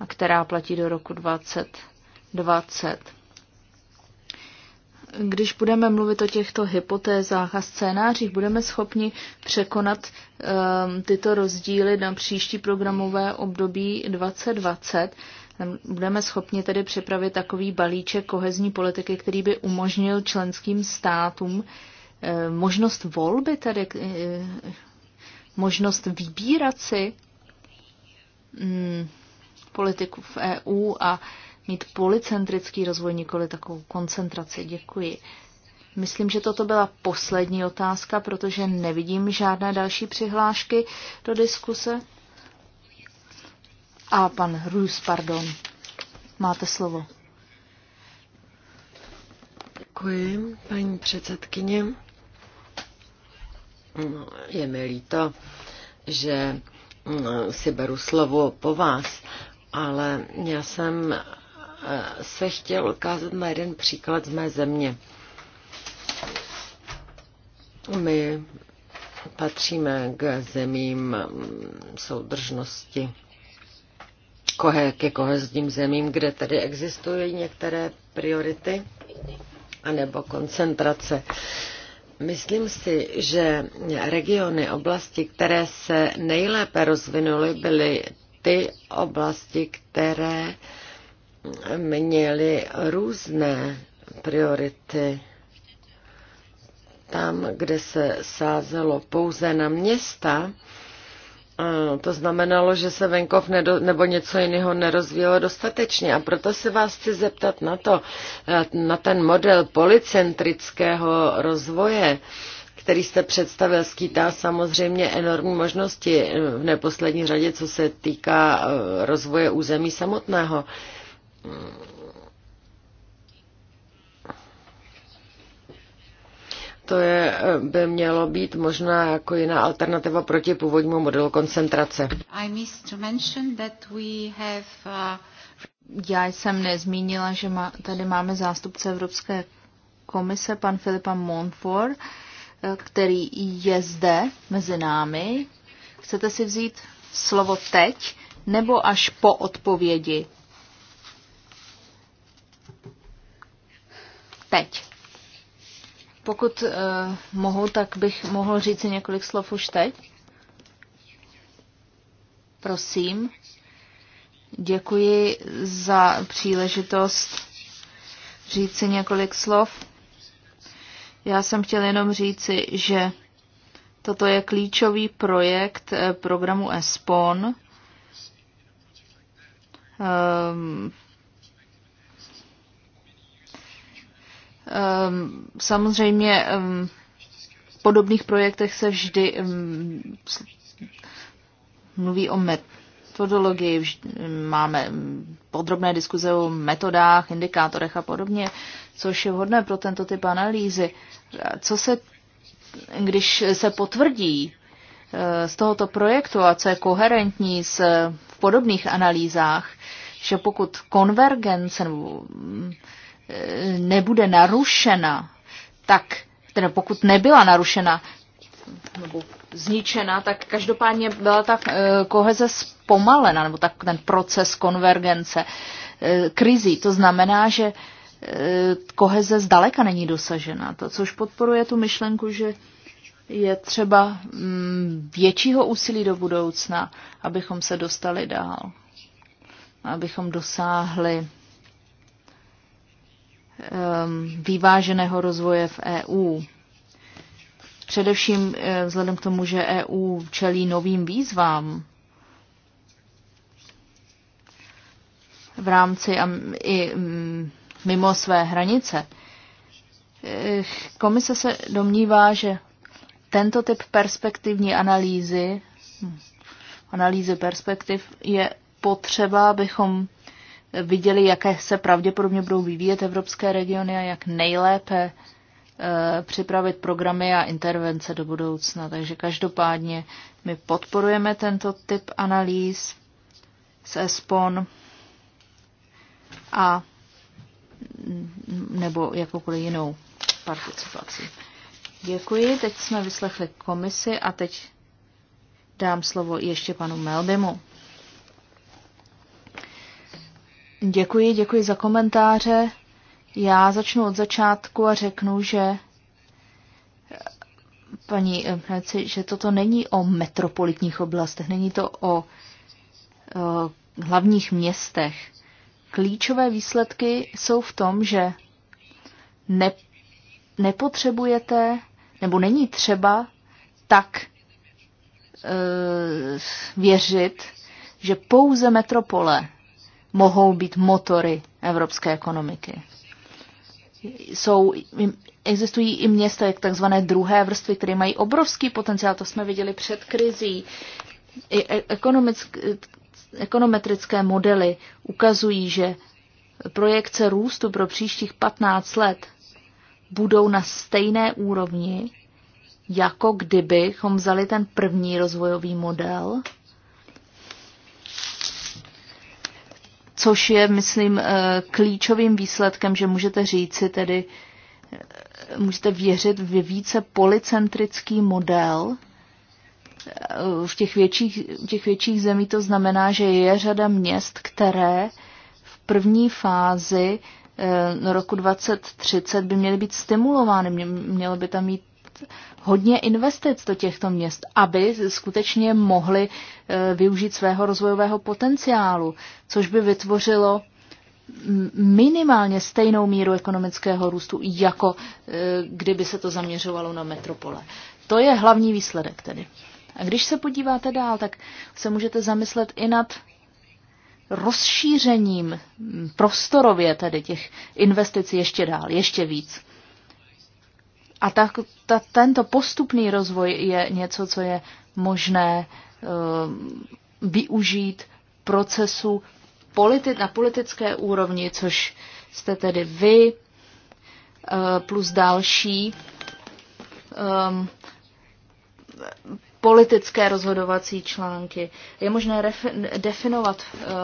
a která platí do roku 2020. Když budeme mluvit o těchto hypotézách a scénářích, budeme schopni překonat um, tyto rozdíly na příští programové období 2020. Budeme schopni tedy připravit takový balíček kohezní politiky, který by umožnil členským státům uh, Eh, možnost volby, tedy eh, možnost vybírat si mm, politiku v EU a mít policentrický rozvoj, nikoli takovou koncentraci. Děkuji. Myslím, že toto byla poslední otázka, protože nevidím žádné další přihlášky do diskuse. A pan Rus, pardon. Máte slovo. Děkuji, paní předsedkyně. Je mi líto, že mm, si beru slovo po vás, ale já jsem eh, se chtěl ukázat na jeden příklad z mé země. My patříme k zemím mm, soudržnosti, ke kohezním zemím, kde tedy existují některé priority anebo koncentrace. Uh, Myslím si, že regiony, oblasti, které se nejlépe rozvinuly, byly ty oblasti, které měly různé priority. Tam, kde se sázelo pouze na města, Eh, to znamenalo, že se venkov nedo, nebo něco jiného nerozvíjelo dostatečně. A proto se vás chci zeptat na to, eh, na ten model policentrického rozvoje, který jste představil, skýtá samozřejmě enormní možnosti eh, v neposlední řadě, co se týká rozvoje území samotného to je, eh, by mělo být možná jako jiná alternativa proti původnímu modelu koncentrace. Eh, já jsem nezmínila, že má, tady máme zástupce Evropské komise, pan Filipa Montfort, eh, který je zde mezi námi. Chcete si vzít slovo teď nebo až po odpovědi? Teď. Pokud uh, mohu, tak bych mohl říct několik slov už teď. Prosím. Děkuji za příležitost říct si několik slov. Já jsem chtěl jenom říci, že toto je klíčový projekt eh, programu ESPON. Um, Ehm, samozřejmě ehm, v podobných projektech se vždy ehm, mluví o metodologii, máme podrobné diskuze o metodách, indikátorech a podobně, což je vhodné pro tento typ analýzy. Co se, když se potvrdí eh, z tohoto projektu a co je koherentní s, v podobných analýzách, že pokud konvergence nebo mm, nebude narušena, tak, teda pokud nebyla narušena nebo zničena, tak každopádně byla ta eh, koheze zpomalena, nebo tak ten proces konvergence eh, krizí. To znamená, že eh, koheze zdaleka není dosažena. To, což podporuje tu myšlenku, že je třeba mm, většího úsilí do budoucna, abychom se dostali dál, abychom dosáhli Um, vyváženého rozvoje v EU. Především eh, vzhledem k tomu, že EU čelí novým výzvám v rámci a i mm, mimo své hranice. Eh, komise se domnívá, že tento typ perspektivní analýzy, hm, analýzy perspektiv, je potřeba, abychom viděli, jaké se pravděpodobně budou vyvíjet evropské regiony a jak nejlépe eh, připravit programy a intervence do budoucna. Takže každopádně my podporujeme tento typ analýz s ESPON a mm, nebo jakoukoliv jinou participaci. Děkuji, teď jsme vyslechli komisi a teď dám slovo ještě panu Melbimu. Děkuji, děkuji za komentáře. Já začnu od začátku a řeknu, že paní eh, že toto není o metropolitních oblastech, není to o, o eh, hlavních městech. Klíčové výsledky jsou v tom, že ne, nepotřebujete nebo není třeba tak e, věřit, že pouze metropole mohou být motory evropské ekonomiky. Jsou, existují i města, jak takzvané druhé vrstvy, které mají obrovský potenciál, to jsme viděli před krizí. I e- ekonometrické modely ukazují, že projekce růstu pro příštích 15 let budou na stejné úrovni, jako kdybychom vzali ten první rozvojový model což je, myslím, eh, klíčovým výsledkem, že můžete říci tedy, eh, můžete věřit v více policentrický model. Eh, v těch větších, těch větších zemí to znamená, že je řada měst, které v první fázi roku 2030 by měly být stimulovány, mělo by tam mít hodně investic do těchto měst, aby skutečně mohli e, využít svého rozvojového potenciálu, což by vytvořilo minimálně stejnou míru ekonomického růstu, jako e, kdyby se to zaměřovalo na metropole. To je hlavní výsledek tedy. A když se podíváte dál, tak se můžete zamyslet i nad rozšířením prostorově tedy těch investic ještě dál, ještě víc. A tak, ta, tento postupný rozvoj je něco, co je možné e, využít procesu politi- na politické úrovni, což jste tedy vy e, plus další. e, politické rozhodovací články. Je možné definovat um,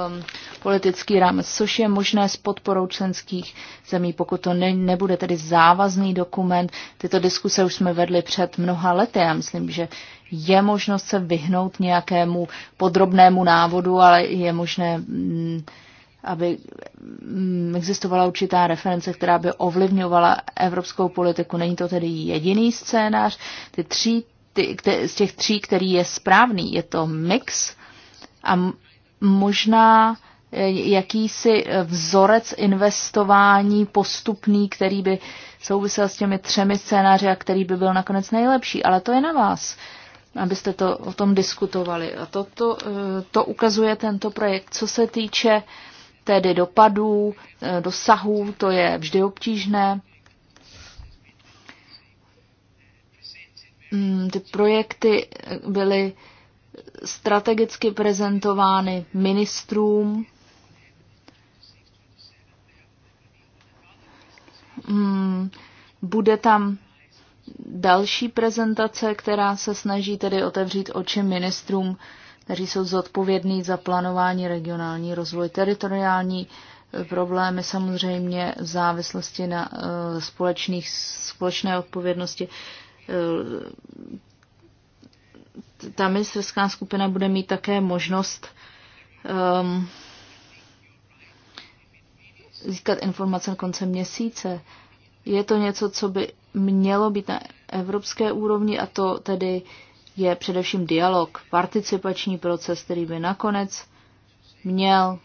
politický rámec, což je možné s podporou členských zemí, pokud to ne, nebude tedy závazný dokument. Tyto diskuse už jsme vedli před mnoha lety. Já myslím, že je možnost se vyhnout nějakému podrobnému návodu, ale je možné. Mm, aby mm, existovala určitá reference, která by ovlivňovala evropskou politiku. Není to tedy jediný scénář. Ty tři ty, kte, z těch tří, který je správný. Je to mix a možná e, jakýsi vzorec investování postupný, který by souvisel s těmi třemi scénáři a který by byl nakonec nejlepší. Ale to je na vás, abyste to o tom diskutovali. A to, to, e, to ukazuje tento projekt. Co se týče tedy dopadů, e, dosahů, to je vždy obtížné. Mm, ty projekty eh, byly strategicky prezentovány ministrům. Mm, bude tam další prezentace, která se snaží tedy otevřít oči ministrům, kteří jsou zodpovědní za plánování regionální rozvoj, teritoriální eh, problémy samozřejmě v závislosti na eh, společných, společné odpovědnosti Eh, ta ministerská skupina bude mít také možnost um, získat informace na konce měsíce. Je to něco, co by mělo být na evropské úrovni a to tedy je především dialog, participační proces, který by nakonec měl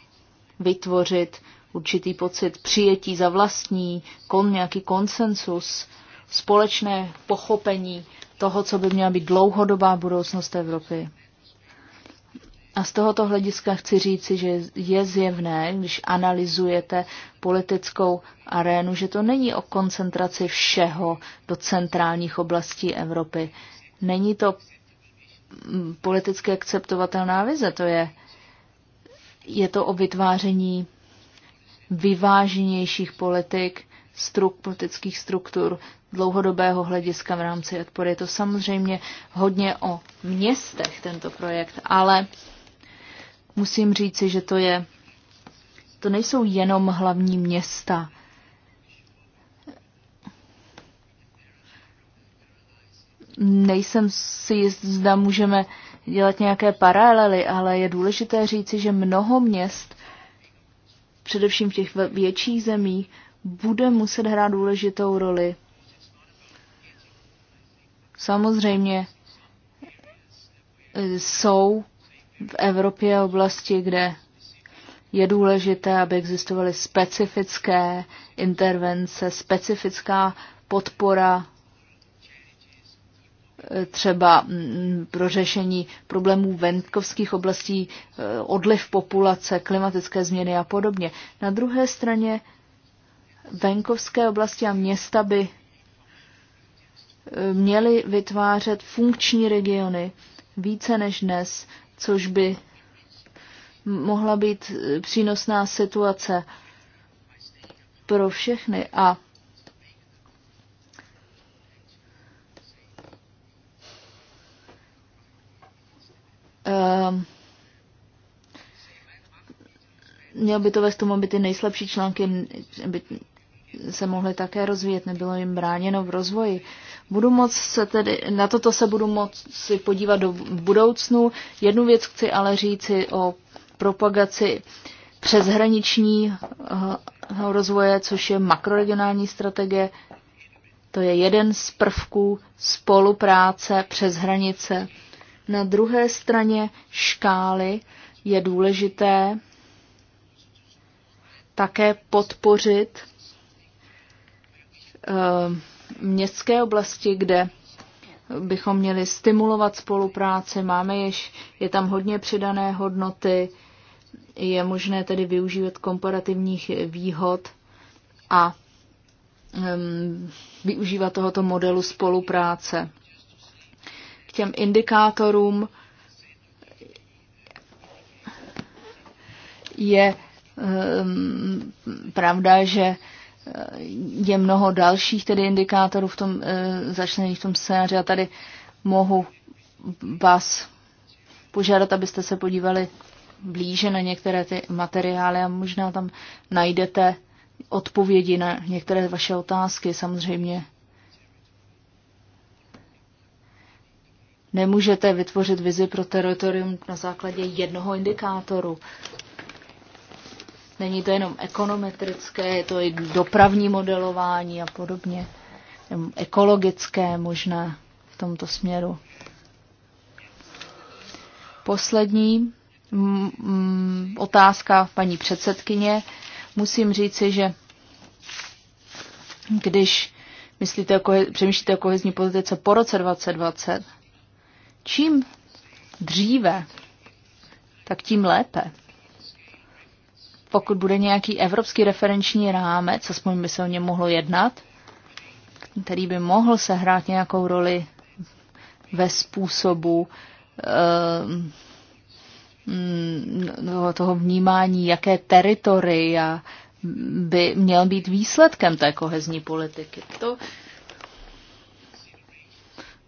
vytvořit určitý pocit přijetí za vlastní, kon, nějaký konsensus společné pochopení toho, co by měla být dlouhodobá budoucnost Evropy. A z tohoto hlediska chci říci, že je zjevné, když analyzujete politickou arénu, že to není o koncentraci všeho do centrálních oblastí Evropy. Není to mm, politicky akceptovatelná vize, to je, je to o vytváření vyváženějších politik, struk, politických struktur, dlouhodobého hlediska v rámci odpory. Je to samozřejmě hodně o městech tento projekt, ale musím říci, že to je, to nejsou jenom hlavní města. Nejsem si jist, zda můžeme dělat nějaké paralely, ale je důležité říci, že mnoho měst, především v těch větších zemích, bude muset hrát důležitou roli Samozřejmě eh, jsou v Evropě oblasti, kde je důležité, aby existovaly specifické intervence, specifická podpora eh, třeba mm, pro řešení problémů venkovských oblastí, eh, odliv populace, klimatické změny a podobně. Na druhé straně venkovské oblasti a města by měli vytvářet funkční regiony více než dnes, což by mohla být přínosná situace pro všechny. A ehm, měl by to vést tomu, aby ty nejslabší články, aby se mohly také rozvíjet, nebylo jim bráněno v rozvoji. Budu moc se tedy, na toto se budu moci podívat do budoucnu. Jednu věc chci ale říci o propagaci přeshraničního rozvoje, což je makroregionální strategie. To je jeden z prvků spolupráce přes hranice. Na druhé straně škály je důležité také podpořit Eh, městské oblasti, kde bychom měli stimulovat spolupráci. Máme již, je tam hodně přidané hodnoty, je možné tedy využívat komparativních výhod a um, využívat tohoto modelu spolupráce. K těm indikátorům je um, pravda, že je mnoho dalších tedy indikátorů v tom eh, začlených v tom scénáři a tady mohu vás požádat, abyste se podívali blíže na některé ty materiály a možná tam najdete odpovědi na některé vaše otázky. Samozřejmě nemůžete vytvořit vizi pro teritorium na základě jednoho indikátoru. Není to jenom ekonometrické, je to i dopravní modelování a podobně. Ekologické možná v tomto směru. Poslední mm, mm, otázka paní předsedkyně. Musím říci, že když myslíte o přemýšlíte o kohezní politice po roce 2020, čím dříve, tak tím lépe pokud bude nějaký evropský referenční rámec, aspoň by se o něm mohlo jednat, který by mohl sehrát nějakou roli ve způsobu uh, toho vnímání, jaké teritoria by měl být výsledkem té kohezní politiky. To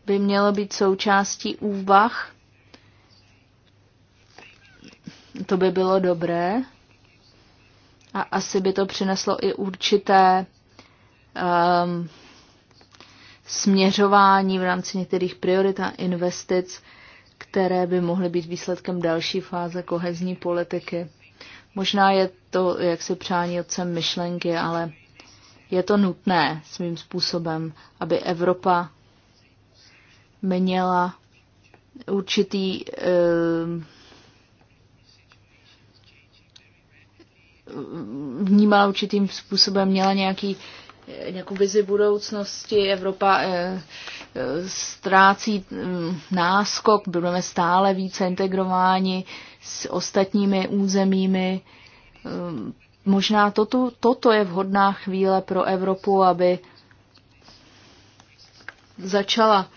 by mělo být součástí úvah. To by bylo dobré a asi by to přineslo i určité um, směřování v rámci některých priorit a investic, které by mohly být výsledkem další fáze kohezní politiky. Možná je to, jak si přání otcem myšlenky, ale je to nutné svým způsobem, aby Evropa měla určitý um, vnímala určitým způsobem, měla nějaký eh, nějakou vizi budoucnosti. Evropa eh, eh, ztrácí mm, náskok, budeme stále více integrováni s ostatními územími. Možná toto, toto je vhodná chvíle pro Evropu, aby začala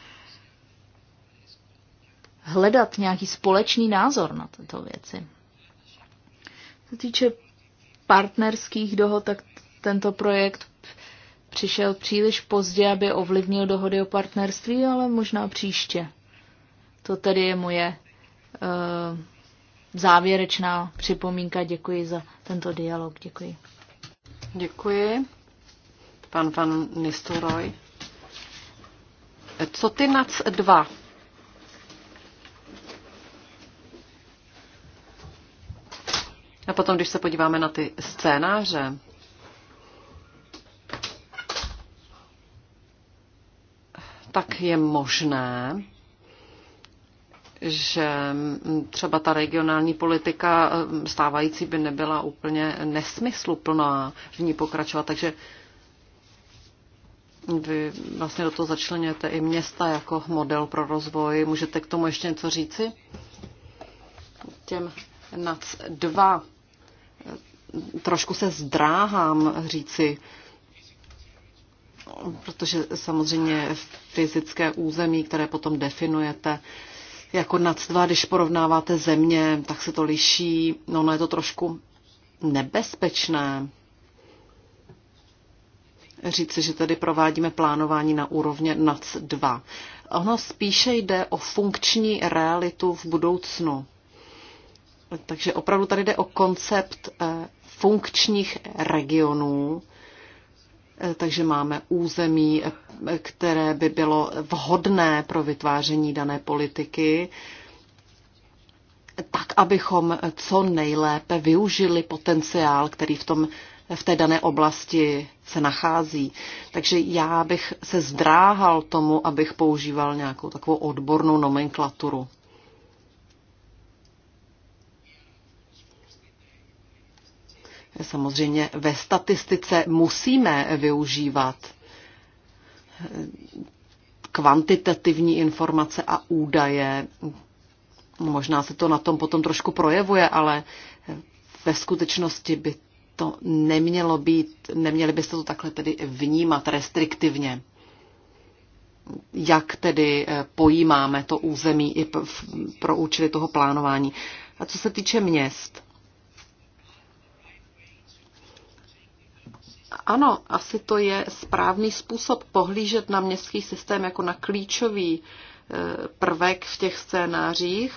hledat nějaký společný názor na tyto věci. Co týče partnerských dohod, tak tento projekt přišel příliš pozdě, aby ovlivnil dohody o partnerství, ale možná příště. To tedy je moje uh, závěrečná připomínka. Děkuji za tento dialog. Děkuji. Děkuji. Pan Van Nistoroj. Co ty NAC 2? A potom, když se podíváme na ty scénáře, tak je možné, že třeba ta regionální politika eh, stávající by nebyla úplně nesmysluplná v ní pokračovat. Takže vy vlastně do toho začleněte i města jako model pro rozvoj. Můžete k tomu ještě něco říci? Těm NAC 2. Trošku se zdráhám říci, protože samozřejmě fyzické území, které potom definujete jako NAC 2, když porovnáváte země, tak se to liší. No, no je to trošku nebezpečné říci, že tedy provádíme plánování na úrovně NAC 2. Ono spíše jde o funkční realitu v budoucnu. Takže opravdu tady jde o koncept eh, funkčních regionů, eh, takže máme území, eh, které by bylo vhodné pro vytváření dané politiky, tak abychom co nejlépe využili potenciál, který v, tom, v té dané oblasti se nachází. Takže já bych se zdráhal tomu, abych používal nějakou takovou odbornou nomenklaturu. samozřejmě ve statistice musíme využívat kvantitativní informace a údaje. Možná se to na tom potom trošku projevuje, ale ve skutečnosti by to nemělo být, neměli byste to takhle tedy vnímat restriktivně. Jak tedy eh, pojímáme to území i pro účely toho plánování. A co se týče měst, Ano, asi to je správný způsob pohlížet na městský systém jako na klíčový eh, prvek v těch scénářích.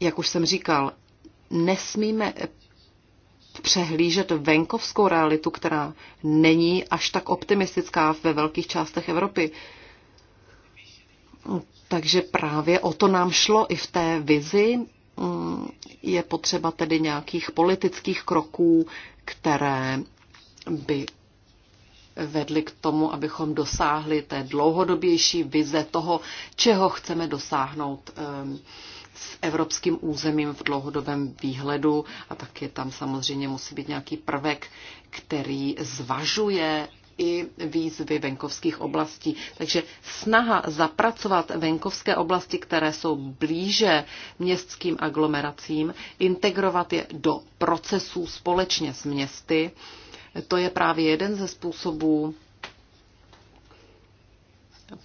Jak už jsem říkal, nesmíme přehlížet venkovskou realitu, která není až tak optimistická ve velkých částech Evropy. Takže právě o to nám šlo i v té vizi je potřeba tedy nějakých politických kroků, které by vedly k tomu, abychom dosáhli té dlouhodobější vize toho, čeho chceme dosáhnout ehm, s evropským územím v dlouhodobém výhledu a taky tam samozřejmě musí být nějaký prvek, který zvažuje i výzvy venkovských oblastí. Takže snaha zapracovat venkovské oblasti, které jsou blíže městským aglomeracím, integrovat je do procesů společně s městy, to je právě jeden ze způsobů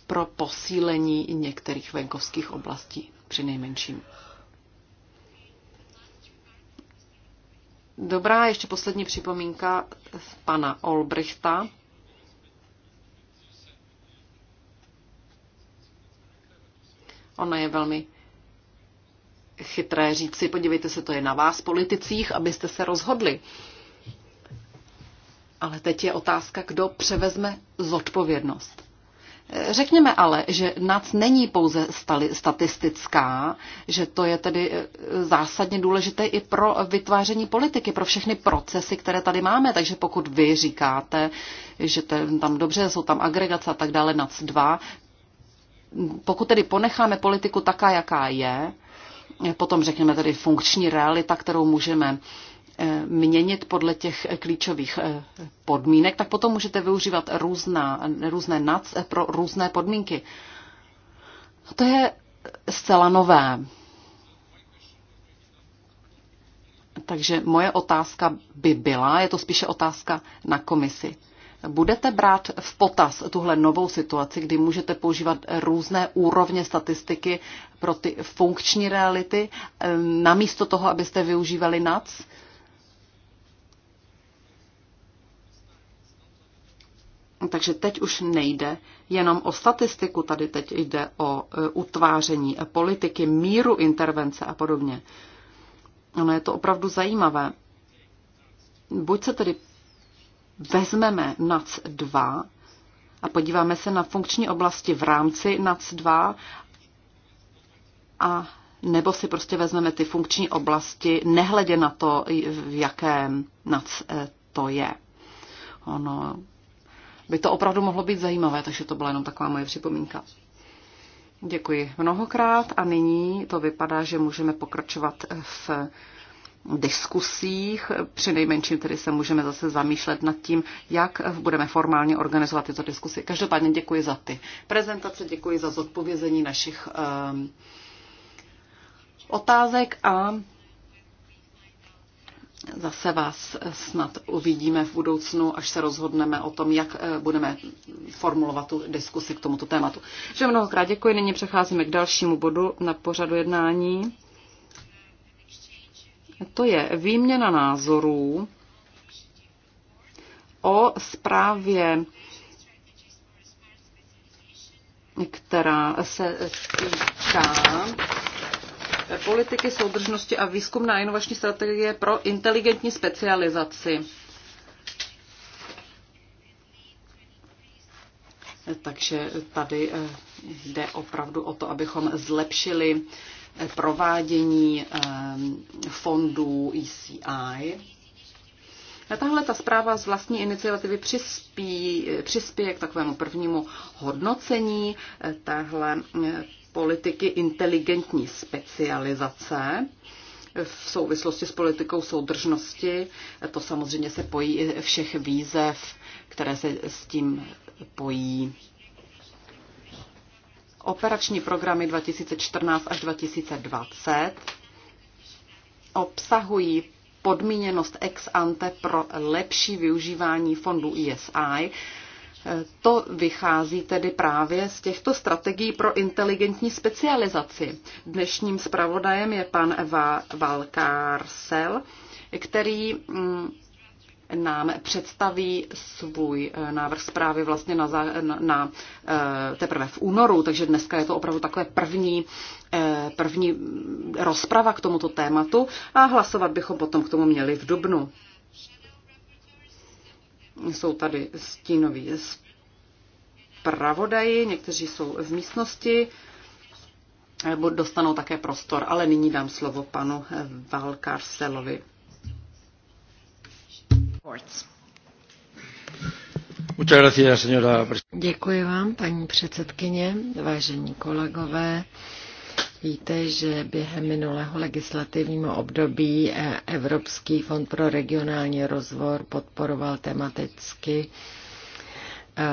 pro posílení některých venkovských oblastí, při nejmenším. Dobrá, ještě poslední připomínka pana Olbrichta. Ono je velmi chytré říct si, podívejte se, to je na vás, politicích, abyste se rozhodli. Ale teď je otázka, kdo převezme zodpovědnost. Řekněme ale, že NAC není pouze statistická, že to je tedy eh, zásadně důležité i pro vytváření politiky, pro všechny procesy, které tady máme. Takže pokud vy říkáte, že tam dobře jsou tam agregace a tak dále NAC 2, pokud tedy ponecháme politiku taká, jaká je, potom řekněme tedy funkční realita, kterou můžeme eh, měnit podle těch klíčových eh, podmínek, tak potom můžete využívat různá, různé NAC eh, pro různé podmínky. To je zcela nové. Takže moje otázka by byla, je to spíše otázka na komisi. Budete brát v potaz tuhle novou situaci, kdy můžete používat různé úrovně statistiky pro ty funkční reality, namísto toho, abyste využívali NAC? Takže teď už nejde jenom o statistiku, tady teď jde o e, utváření politiky, míru intervence a podobně. Ono je to opravdu zajímavé. Buď se tedy vezmeme NAC 2 a podíváme se na funkční oblasti v rámci NAC 2 a nebo si prostě vezmeme ty funkční oblasti, nehledě na to, v jakém NAC eh, to je. Ono by to opravdu mohlo být zajímavé, takže to byla jenom taková moje připomínka. Děkuji mnohokrát a nyní to vypadá, že můžeme pokračovat v diskusích. Při nejmenším tedy se můžeme zase zamýšlet nad tím, jak budeme formálně organizovat tyto diskusy. Každopádně děkuji za ty prezentace, děkuji za zodpovězení našich um, otázek a zase vás snad uvidíme v budoucnu, až se rozhodneme o tom, jak eh, budeme formulovat tu diskusi k tomuto tématu. Že mnohokrát děkuji, nyní přecházíme k dalšímu bodu na pořadu jednání. To je výměna názorů o zprávě, která se týká politiky soudržnosti a výzkumná inovační strategie pro inteligentní specializaci. Takže tady eh, jde opravdu o to, abychom zlepšili provádění ehm, fondů ECI. A tahle ta zpráva z vlastní iniciativy přispí, přispěje k takovému prvnímu hodnocení eh, téhle eh, politiky inteligentní specializace v souvislosti s politikou soudržnosti. Eh, to samozřejmě se pojí všech výzev, které se s tím pojí operační programy 2014 až 2020 obsahují podmíněnost ex ante pro lepší využívání fondů ESI. To vychází tedy právě z těchto strategií pro inteligentní specializaci. Dnešním zpravodajem je pan Eva Valkársel, který mm, nám představí svůj eh, návrh zprávy vlastně na, na, na eh, teprve v únoru, takže dneska je to opravdu takové první, eh, první rozprava k tomuto tématu a hlasovat bychom potom k tomu měli v dubnu. Jsou tady stínoví zpravodaji, někteří jsou v místnosti dostanou také prostor, ale nyní dám slovo panu Valkarselovi. Děkuji vám, paní předsedkyně, vážení kolegové. Víte, že během minulého legislativního období e- Evropský fond pro regionální rozvoj podporoval tematicky e,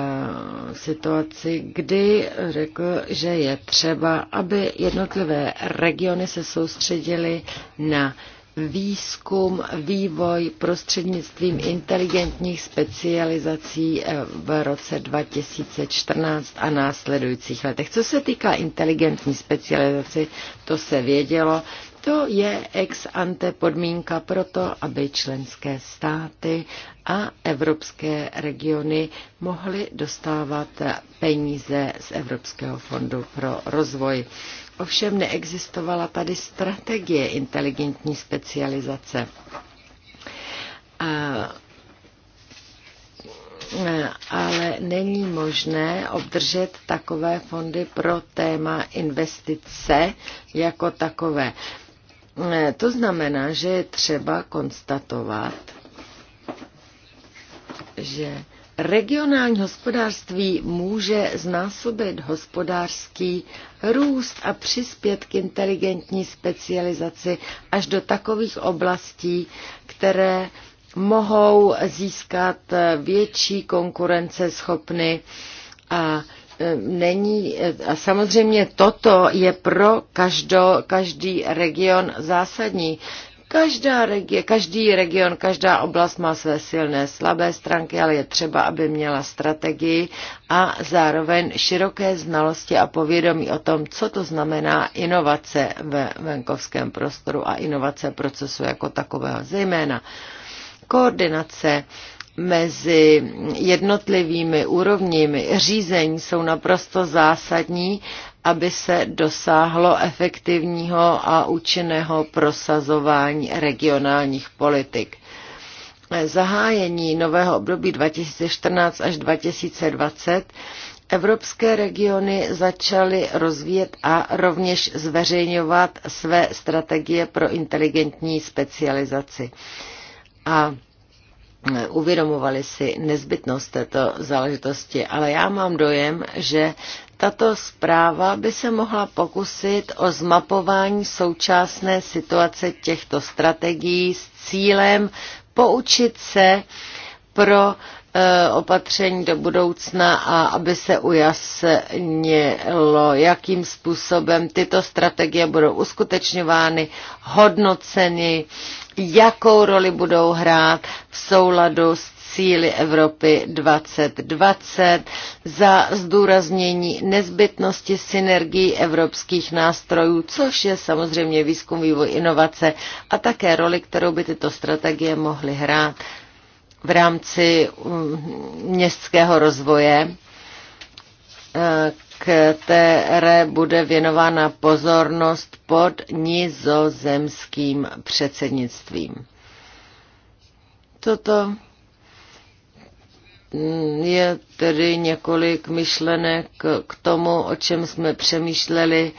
situaci, kdy řekl, že je třeba, aby jednotlivé regiony se soustředily na výzkum, vývoj prostřednictvím inteligentních specializací eh, v roce 2014 a následujících letech. Co se týká inteligentní specializace, to se vědělo, to je ex ante podmínka pro to, aby členské státy a evropské regiony mohly dostávat eh, peníze z Evropského fondu pro rozvoj. Ovšem neexistovala tady strategie inteligentní specializace. A ale není možné obdržet takové fondy pro téma investice jako takové. To znamená, že je třeba konstatovat, že Regionální hospodářství může znásobit hospodářský růst a přispět k inteligentní specializaci až do takových oblastí, které mohou získat větší konkurenceschopny a e, není, e, a samozřejmě toto je pro každo, každý region zásadní. Každá regi- každý region, každá oblast má své silné, slabé stránky, ale je třeba, aby měla strategii a zároveň široké znalosti a povědomí o tom, co to znamená inovace ve venkovském prostoru a inovace procesu jako takového, zejména koordinace mezi jednotlivými úrovněmi řízení jsou naprosto zásadní aby se dosáhlo efektivního a účinného prosazování regionálních politik. Zahájení nového období 2014 až 2020 Evropské regiony začaly rozvíjet a rovněž zveřejňovat své strategie pro inteligentní specializaci. A uvědomovali si nezbytnost této záležitosti, ale já mám dojem, že tato zpráva by se mohla pokusit o zmapování současné situace těchto strategií s cílem poučit se pro e, opatření do budoucna a aby se ujasnilo, jakým způsobem tyto strategie budou uskutečňovány, hodnoceny, jakou roli budou hrát v souladu s cíly Evropy 2020 za zdůraznění nezbytnosti synergií evropských nástrojů, což je samozřejmě výzkum, vývoj, inovace a také roli, kterou by tyto strategie mohly hrát v rámci mm, městského rozvoje, eh, které bude věnována pozornost pod nizozemským předsednictvím. Toto je tedy několik myšlenek k tomu, o čem jsme přemýšleli,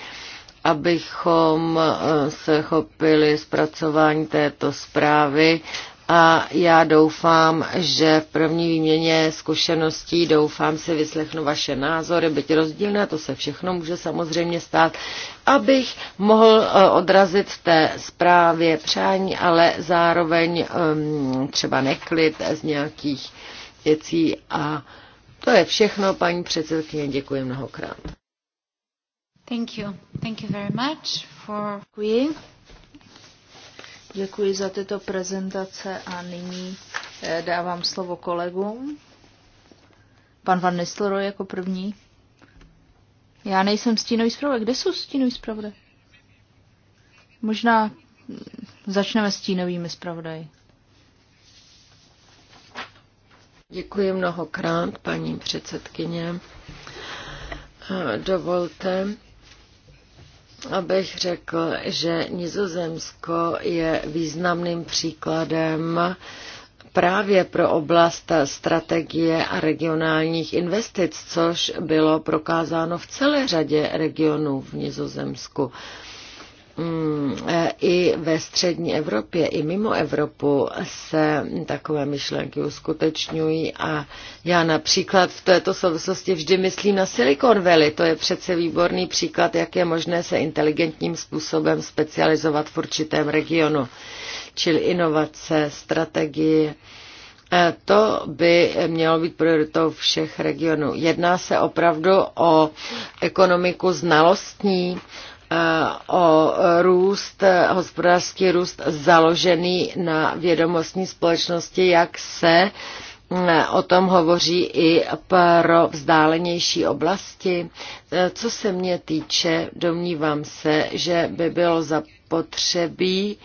abychom eh, se chopili zpracování této zprávy a já doufám, že v první výměně zkušeností doufám si vyslechnu vaše názory, byť rozdílné, to se všechno může samozřejmě stát, abych mohl eh, odrazit v té zprávě přání, ale zároveň ehm, třeba neklid z nějakých věcí a to je všechno, paní předsedkyně, děkuji mnohokrát. Thank you. Thank you very much for... Děkuji. Děkuji za tyto prezentace a nyní eh, dávám slovo kolegům. Pan Van Nistelrooy jako první. Já nejsem stínový zpravodaj. Kde jsou stínový zpravodaj? Možná mm, začneme s stínovými zpravodaji. Děkuji mnohokrát, paní předsedkyně. Dovolte, abych řekl, že Nizozemsko je významným příkladem právě pro oblast strategie a regionálních investic, což bylo prokázáno v celé řadě regionů v Nizozemsku. Mm, e, i ve střední Evropě, i mimo Evropu se takové myšlenky uskutečňují a já například v této souvislosti vždy myslím na Silicon Valley. To je přece výborný příklad, jak je možné se inteligentním způsobem specializovat v určitém regionu, čili inovace, strategie. E, to by mělo být prioritou všech regionů. Jedná se opravdu o ekonomiku znalostní, Eh, o růst, hospodářský růst založený na vědomostní společnosti, jak se mm, o tom hovoří i pro vzdálenější oblasti. Eh, co se mě týče, domnívám se, že by bylo zapotřebí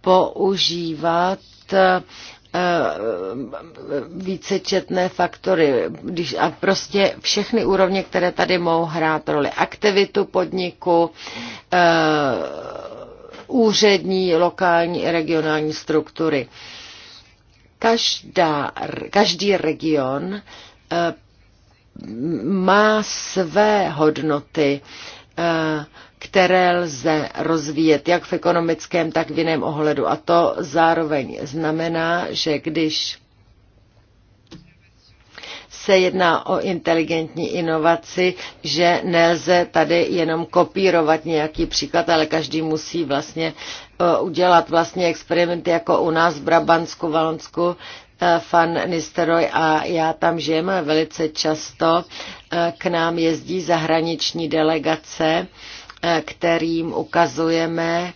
používat Eh, vícečetné faktory když, a prostě všechny úrovně, které tady mohou hrát roli. Aktivitu podniku, eh, úřední, lokální i regionální struktury. Každá, každý region eh, má své hodnoty které lze rozvíjet jak v ekonomickém, tak v jiném ohledu. A to zároveň znamená, že když se jedná o inteligentní inovaci, že nelze tady jenom kopírovat nějaký příklad, ale každý musí vlastně e, udělat vlastně experimenty jako u nás v Brabantsku, Valonsku, fan e, Nisteroj a já tam žijeme velice často e, k nám jezdí zahraniční delegace kterým ukazujeme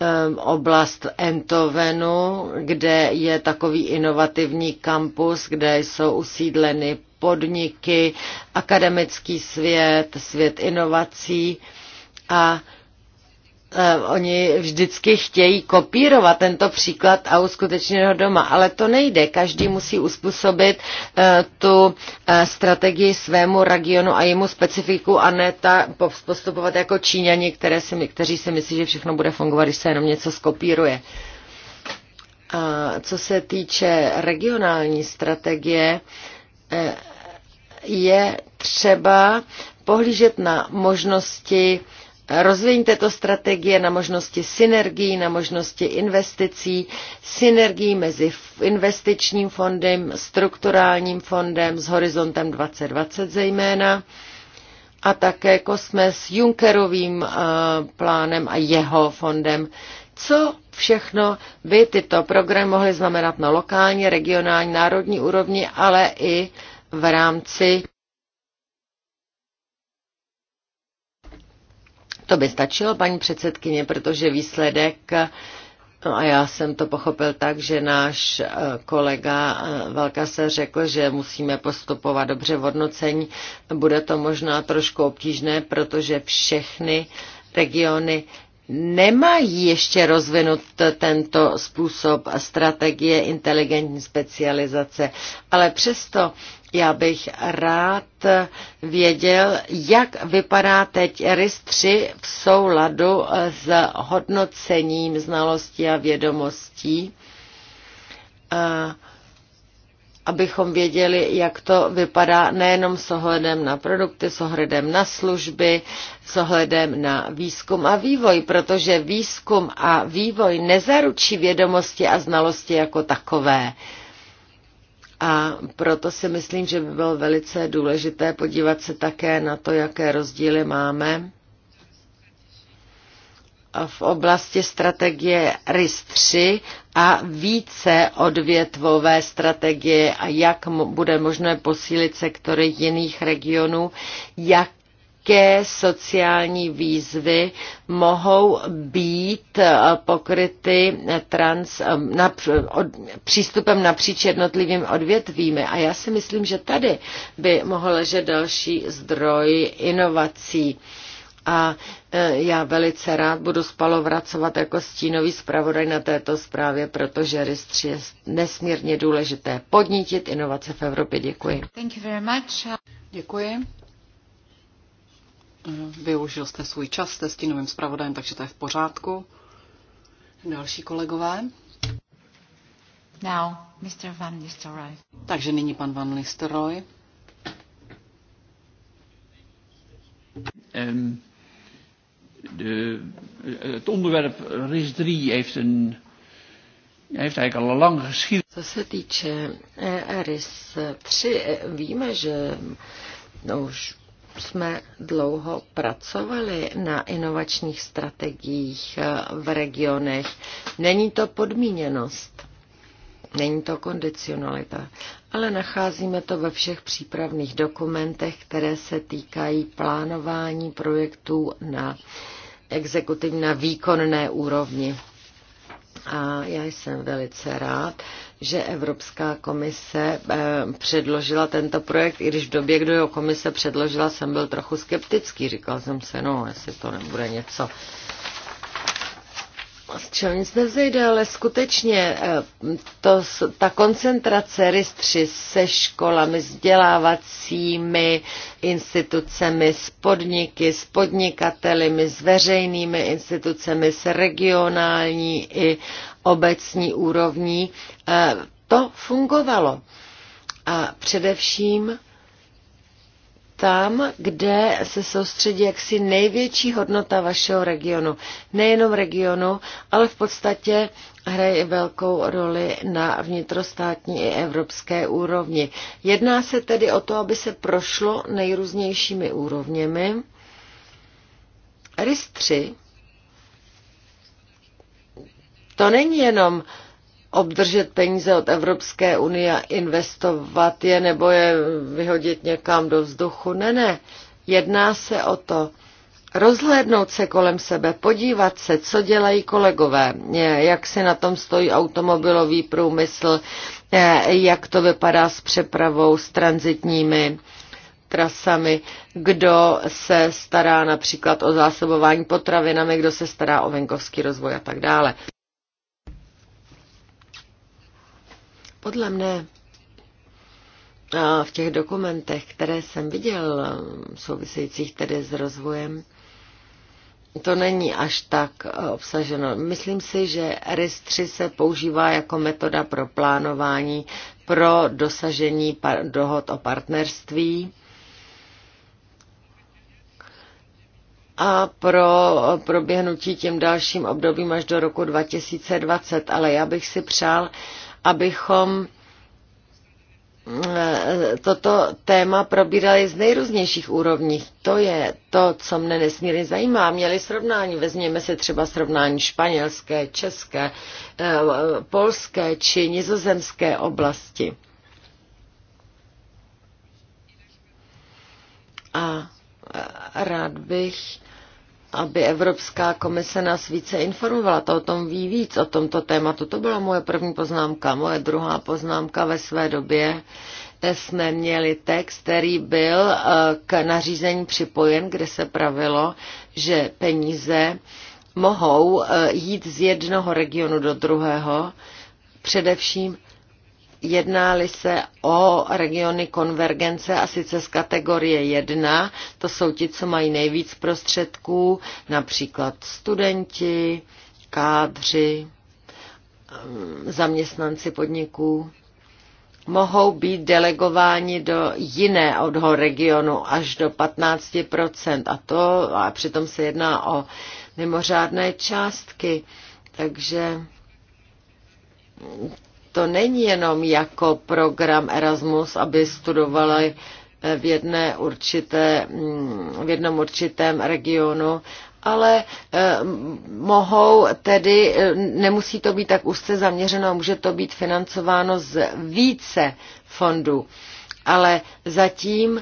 ehm, oblast Entovenu, kde je takový inovativní kampus, kde jsou usídleny podniky, akademický svět, svět inovací a Eh, oni vždycky chtějí kopírovat tento příklad a uskutečnit ho doma, ale to nejde. Každý musí uspůsobit eh, tu eh, strategii svému regionu a jemu specifiku a ne ta, postupovat jako Číňani, které si, kteří si myslí, že všechno bude fungovat, když se jenom něco skopíruje. A co se týče regionální strategie, je třeba pohlížet na možnosti Rozvíjení to strategie na možnosti synergií, na možnosti investicí, synergií mezi investičním fondem, strukturálním fondem s horizontem 2020 zejména a také kosme s Junckerovým eh, plánem a jeho fondem. Co všechno by tyto programy mohly znamenat na lokální, regionální, národní úrovni, ale i v rámci To by stačilo, paní předsedkyně, protože výsledek No a já jsem to pochopil tak, že náš eh, kolega eh, Velka se řekl, že musíme postupovat dobře v hodnocení. Bude to možná trošku obtížné, protože všechny regiony nemají ještě rozvinut tento způsob strategie inteligentní specializace, ale přesto já bych rád věděl, jak vypadá teď RIS 3 v souladu s hodnocením znalostí a vědomostí, abychom věděli, jak to vypadá nejenom s ohledem na produkty, s ohledem na služby, s ohledem na výzkum a vývoj, protože výzkum a vývoj nezaručí vědomosti a znalosti jako takové. A proto si myslím, že by bylo velice důležité podívat se také na to, jaké rozdíly máme v oblasti strategie RIS 3 a více odvětvové strategie a jak bude možné posílit sektory jiných regionů, jak jaké sociální výzvy mohou být eh, pokryty eh, trans, eh, na, od, přístupem napříč jednotlivými odvětvími. A já si myslím, že tady by mohl ležet další zdroj inovací. A já velice rád budu spalovracovat jako stínový zpravodaj na této zprávě, protože RIS je nesmírně důležité podnítit inovace v Evropě. Děkuji. Thank you very much. Děkuji. Využil jste svůj čas jste s novým zpravodajem, takže to je v pořádku. Další kolegové. Now, Mr. Van Nistelrooy. Takže nyní pan Van Nistelrooy. Um, de, het onderwerp RIS 3 heeft een heeft eigenlijk al lang geschiedenis. Co se týče eh, RIS 3, eh, víme, že no, už jsme dlouho pracovali na inovačních strategiích v regionech. Není to podmíněnost, není to kondicionalita, ale nacházíme to ve všech přípravných dokumentech, které se týkají plánování projektů na exekutivní na výkonné úrovni. A já jsem velice rád, že Evropská komise eh, předložila tento projekt, i když v době, kdy ho komise předložila, jsem byl trochu skeptický. Říkal jsem se, no, jestli to nebude něco z čeho nic nevzejde, ale skutečně eh, to, ta koncentrace RIS-3 se školami, vzdělávacími institucemi, s podniky, s podnikateli, s veřejnými institucemi, s regionální i obecní úrovní, eh, to fungovalo. A především tam, kde se soustředí jaksi největší hodnota vašeho regionu. Nejenom regionu, ale v podstatě hraje velkou roli na vnitrostátní i evropské úrovni. Jedná se tedy o to, aby se prošlo nejrůznějšími úrovněmi. RIS 3 to není jenom uh, obdržet peníze od Evropské unie a investovat je nebo je vyhodit někam do vzduchu. Ne, ne. Jedná se o to rozhlédnout se kolem sebe, podívat se, co dělají kolegové, eh, jak se na tom stojí automobilový průmysl, eh, jak to vypadá s přepravou, s transitními trasami, kdo se stará například o zásobování potravinami, kdo se stará o venkovský rozvoj a tak dále. Podle mne v těch dokumentech, které jsem viděl, souvisejících tedy s rozvojem, to není až tak obsaženo. Myslím si, že RIS 3 se používá jako metoda pro plánování pro dosažení dohod o partnerství a pro proběhnutí tím dalším obdobím až do roku 2020. Ale já bych si přál, abychom eh, toto téma probírali z nejrůznějších úrovní. To je to, co mne nesmírně zajímá. Měli srovnání, vezměme si třeba srovnání španělské, české, eh, polské či nizozemské oblasti. A eh, rád bych aby Evropská komise nás více informovala, to o tom ví víc, o tomto tématu. To byla moje první poznámka. Moje druhá poznámka ve své době jsme měli text, který byl eh, k nařízení připojen, kde se pravilo, že peníze mohou eh, jít z jednoho regionu do druhého, především jednáli se o regiony konvergence a sice z kategorie 1, to jsou ti, co mají nejvíc prostředků, například studenti, kádři, mm, zaměstnanci podniků mohou být delegováni do jiného regionu až do 15%. A to, a přitom se jedná o mimořádné částky. Takže to není jenom jako program Erasmus, aby studovali eh, v, jedné určité, mm, v jednom určitém regionu, ale eh, mohou tedy, eh, nemusí to být tak úzce zaměřeno, může to být financováno z více fondů. Ale zatím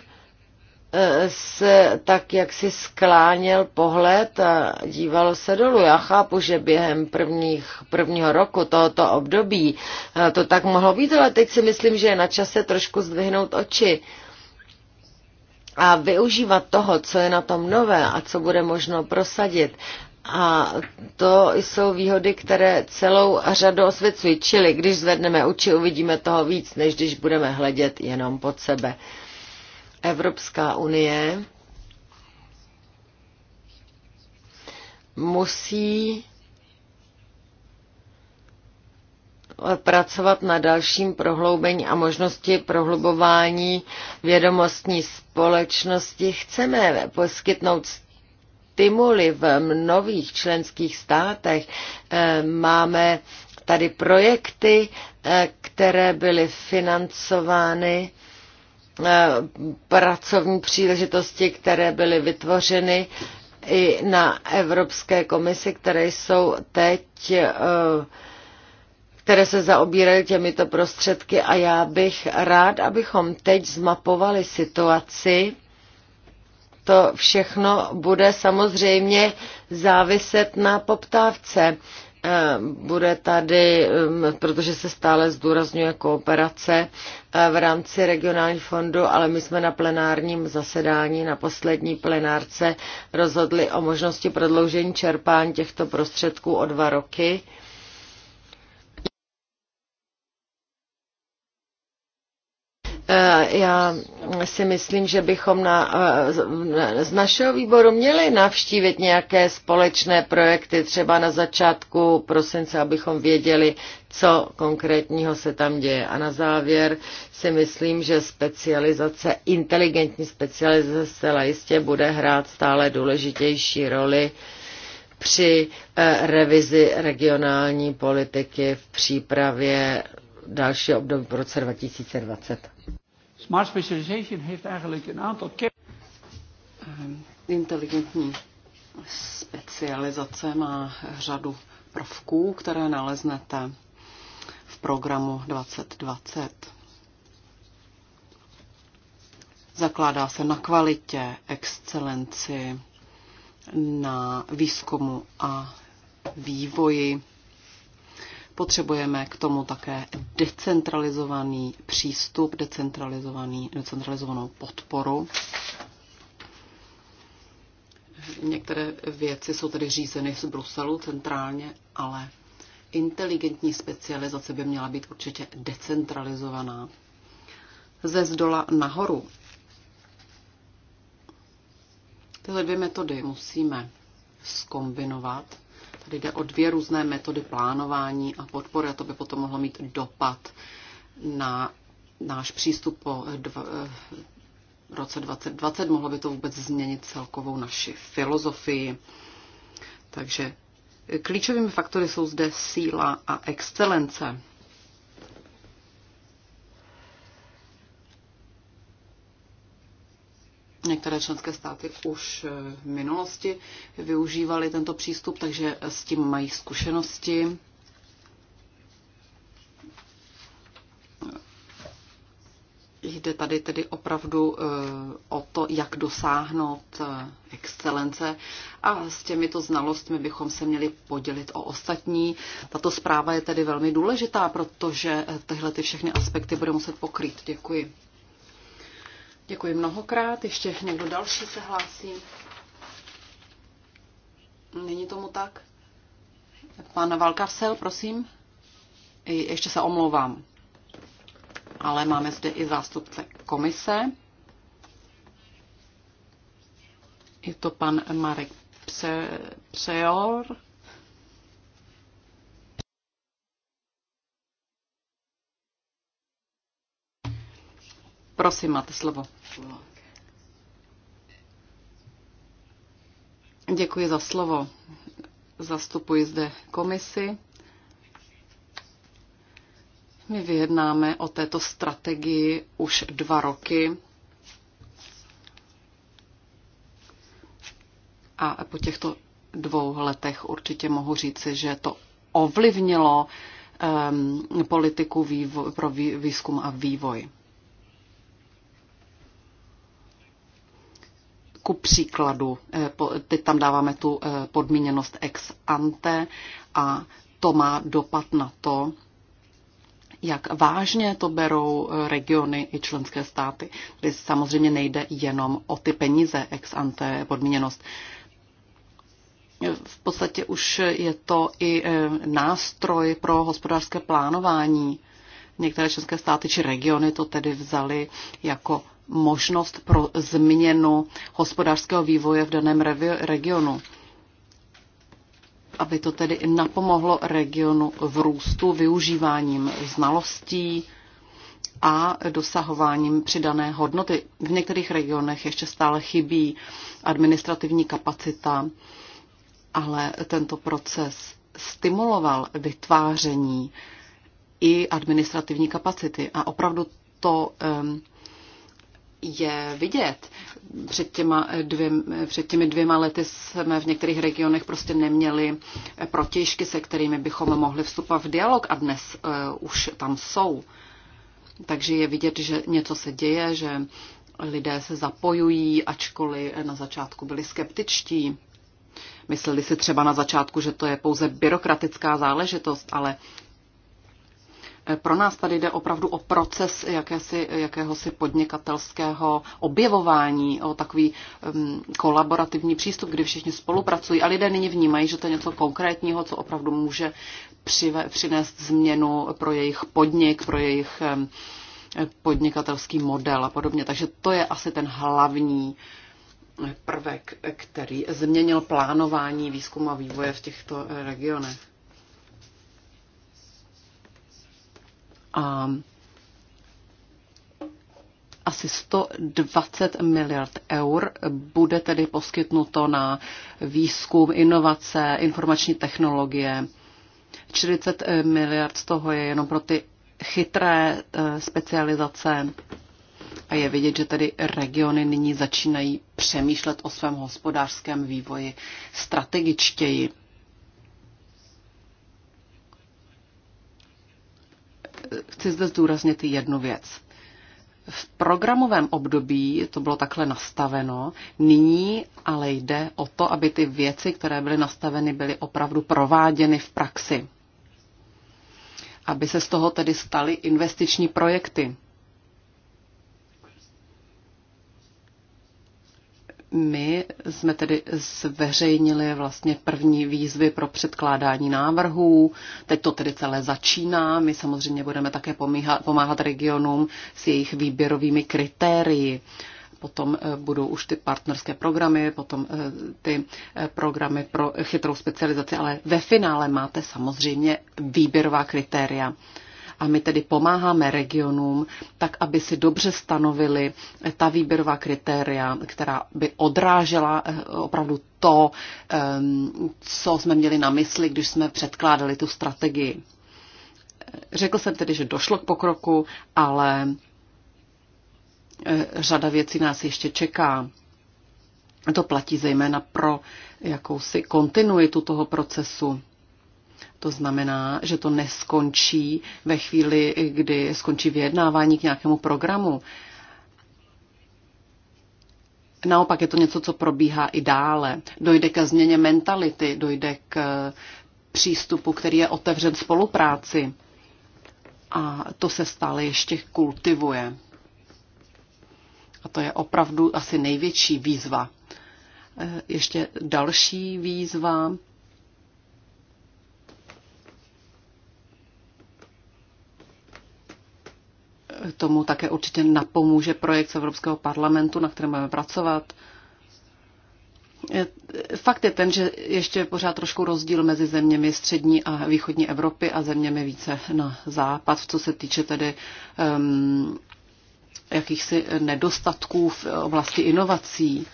se tak jak si skláněl pohled a dívalo se dolů. Já chápu, že během prvních, prvního roku tohoto období eh, to tak mohlo být, ale teď si myslím, že je na čase trošku zdvihnout oči a využívat toho, co je na tom nové a co bude možno prosadit. A to jsou výhody, které celou řadu osvěcují. Čili když zvedneme oči, uvidíme toho víc, než když budeme hledět jenom pod sebe. Evropská unie musí pracovat na dalším prohloubení a možnosti prohlubování vědomostní společnosti. Chceme poskytnout stimuly v nových členských státech. Eh, máme tady projekty, eh, které byly financovány Eh, pracovní příležitosti, které byly vytvořeny i na Evropské komisi, které jsou teď eh, které se zaobírají těmito prostředky a já bych rád, abychom teď zmapovali situaci. To všechno bude samozřejmě záviset na poptávce Eh, bude tady, protože se stále zdůrazňuje kooperace eh, v rámci regionálního fondu, ale my jsme na plenárním zasedání, na poslední plenárce rozhodli o možnosti prodloužení čerpání těchto prostředků o dva roky. Eh, já si myslím, že bychom na, eh, z našeho výboru měli navštívit nějaké společné projekty, třeba na začátku prosince, abychom věděli, co konkrétního se tam děje. A na závěr si myslím, že specializace, inteligentní specializace zcela jistě bude hrát stále důležitější roli při eh, revizi regionální politiky v přípravě další období v roce 2020. Smart specialization heeft eigenlijk een aantal kern... Ehm, inteligentní specializace má řadu prvků, které naleznete v programu 2020. Zakládá se na kvalitě, excelenci, na výzkumu a vývoji Potřebujeme k tomu také decentralizovaný přístup, decentralizovaný, decentralizovanou podporu. Některé věci jsou tedy řízeny z Bruselu centrálně, ale inteligentní specializace by měla být určitě decentralizovaná. Ze zdola nahoru. Tyhle dvě metody musíme skombinovat Tady jde o dvě různé metody plánování a podpory a to by potom mohlo mít dopad na náš přístup po eh, dva, eh, roce 2020. Mohlo by to vůbec změnit celkovou naši filozofii. Takže eh, klíčovými faktory jsou zde síla a excelence. Některé členské státy už eh, v minulosti využívaly tento přístup, takže s tím mají zkušenosti. Jde tady tedy opravdu eh, o to, jak dosáhnout eh, excelence a s těmito znalostmi bychom se měli podělit o ostatní. Tato zpráva je tedy velmi důležitá, protože tyhle ty všechny aspekty bude muset pokrýt. Děkuji. Děkuji mnohokrát. Ještě někdo další se hlásí? Není tomu tak? Pan Valkarsel, prosím. Ještě se omlouvám. Ale máme zde i zástupce komise. Je to pan Marek Pře- Přejor. Prosím, máte slovo. Děkuji za slovo. Zastupuji zde komisi. My vyjednáme o této strategii už dva roky. A po těchto dvou letech určitě mohu říci, že to ovlivnilo um, politiku vývoj, pro vý, výzkum a vývoj. ku příkladu, eh, teď tam dáváme tu eh, podmíněnost ex ante a to má dopad na to, jak vážně to berou eh, regiony i členské státy. Tady samozřejmě nejde jenom o ty peníze ex ante podmíněnost. V podstatě už je to i nástroj pro hospodářské plánování. Některé české státy či regiony to tedy vzali jako možnost pro změnu hospodářského vývoje v daném regionu. Aby to tedy napomohlo regionu v růstu využíváním znalostí a dosahováním přidané hodnoty. V některých regionech ještě stále chybí administrativní kapacita, ale tento proces stimuloval vytváření i administrativní kapacity. A opravdu to um, je vidět. Před, těma dvě, před těmi dvěma lety jsme v některých regionech prostě neměli protěžky, se kterými bychom mohli vstupovat v dialog a dnes uh, už tam jsou. Takže je vidět, že něco se děje, že lidé se zapojují, ačkoliv na začátku byli skeptičtí. Mysleli si třeba na začátku, že to je pouze byrokratická záležitost, ale Eh, pro nás tady jde opravdu o proces jakési, jakéhosi podnikatelského objevování, o takový um, kolaborativní přístup, kdy všichni spolupracují a lidé nyní vnímají, že to je něco konkrétního, co opravdu může přive, přinést změnu pro jejich podnik, pro jejich um, podnikatelský model a podobně. Takže to je asi ten hlavní eh, prvek, který změnil plánování výzkumu a vývoje v těchto eh, regionech. a asi 120 miliard eur bude tedy poskytnuto na výzkum, inovace, informační technologie. 40 miliard z toho je jenom pro ty chytré eh, specializace a je vidět, že tedy regiony nyní začínají přemýšlet o svém hospodářském vývoji strategičtěji. chci zde zdůraznit jednu věc. V programovém období to bylo takhle nastaveno, nyní ale jde o to, aby ty věci, které byly nastaveny, byly opravdu prováděny v praxi. Aby se z toho tedy staly investiční projekty. my jsme tedy zveřejnili vlastně první výzvy pro předkládání návrhů. Teď to tedy celé začíná. My samozřejmě budeme také pomíhat, pomáhat regionům s jejich výběrovými kritérii. Potom eh, budou už ty partnerské programy, potom eh, ty eh, programy pro chytrou specializaci, ale ve finále máte samozřejmě výběrová kritéria. A my tedy pomáháme regionům tak, aby si dobře stanovili ta výběrová kritéria, která by odrážela eh, opravdu to, ehm, co jsme měli na mysli, když jsme předkládali tu strategii. Eh, řekl jsem tedy, že došlo k pokroku, ale eh, řada věcí nás ještě čeká. To platí zejména pro jakousi kontinuitu toho procesu. To znamená, že to neskončí ve chvíli, kdy skončí vyjednávání k nějakému programu. Naopak je to něco, co probíhá i dále. Dojde ke změně mentality, dojde k eh, přístupu, který je otevřen spolupráci. A to se stále ještě kultivuje. A to je opravdu asi největší výzva. Eh, ještě další výzva tomu také určitě napomůže projekt z Evropského parlamentu, na kterém budeme pracovat. Fakt je ten, že ještě je pořád trošku rozdíl mezi zeměmi střední a východní Evropy a zeměmi více na západ, co se týče tedy um, jakýchsi nedostatků v oblasti inovací.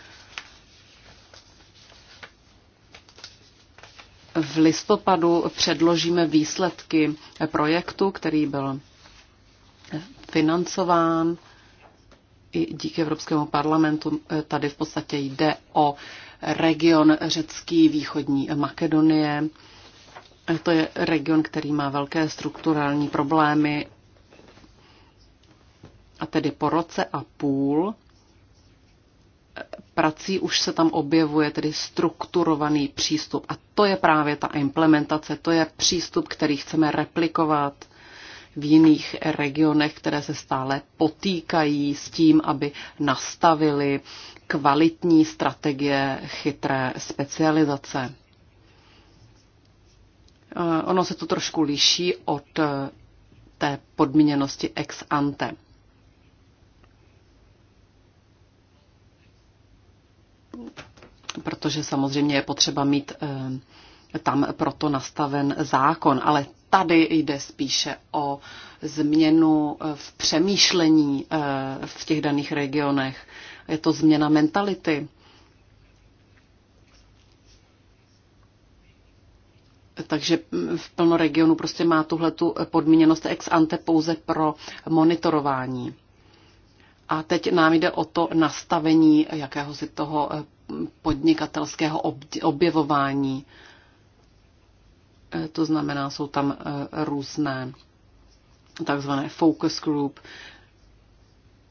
V listopadu předložíme výsledky projektu, který byl financován. I díky Evropskému parlamentu e, tady v podstatě jde o region řecký východní Makedonie. E, to je region, který má velké strukturální problémy. A tedy po roce a půl e, prací už se tam objevuje tedy strukturovaný přístup. A to je právě ta implementace, to je přístup, který chceme replikovat v jiných regionech, které se stále potýkají s tím, aby nastavili kvalitní strategie chytré specializace. Eh, ono se to trošku liší od eh, té podmíněnosti ex ante. Protože samozřejmě je potřeba mít eh, tam proto nastaven zákon, ale tady jde spíše o změnu eh, v přemýšlení eh, v těch daných regionech. Je to změna mentality. Takže mm, v plno regionu prostě má tuhle tu podmíněnost ex ante pouze pro monitorování. A teď nám jde o to nastavení jakéhosi toho eh, podnikatelského objevování. Eh, to znamená, jsou tam eh, různé takzvané focus group,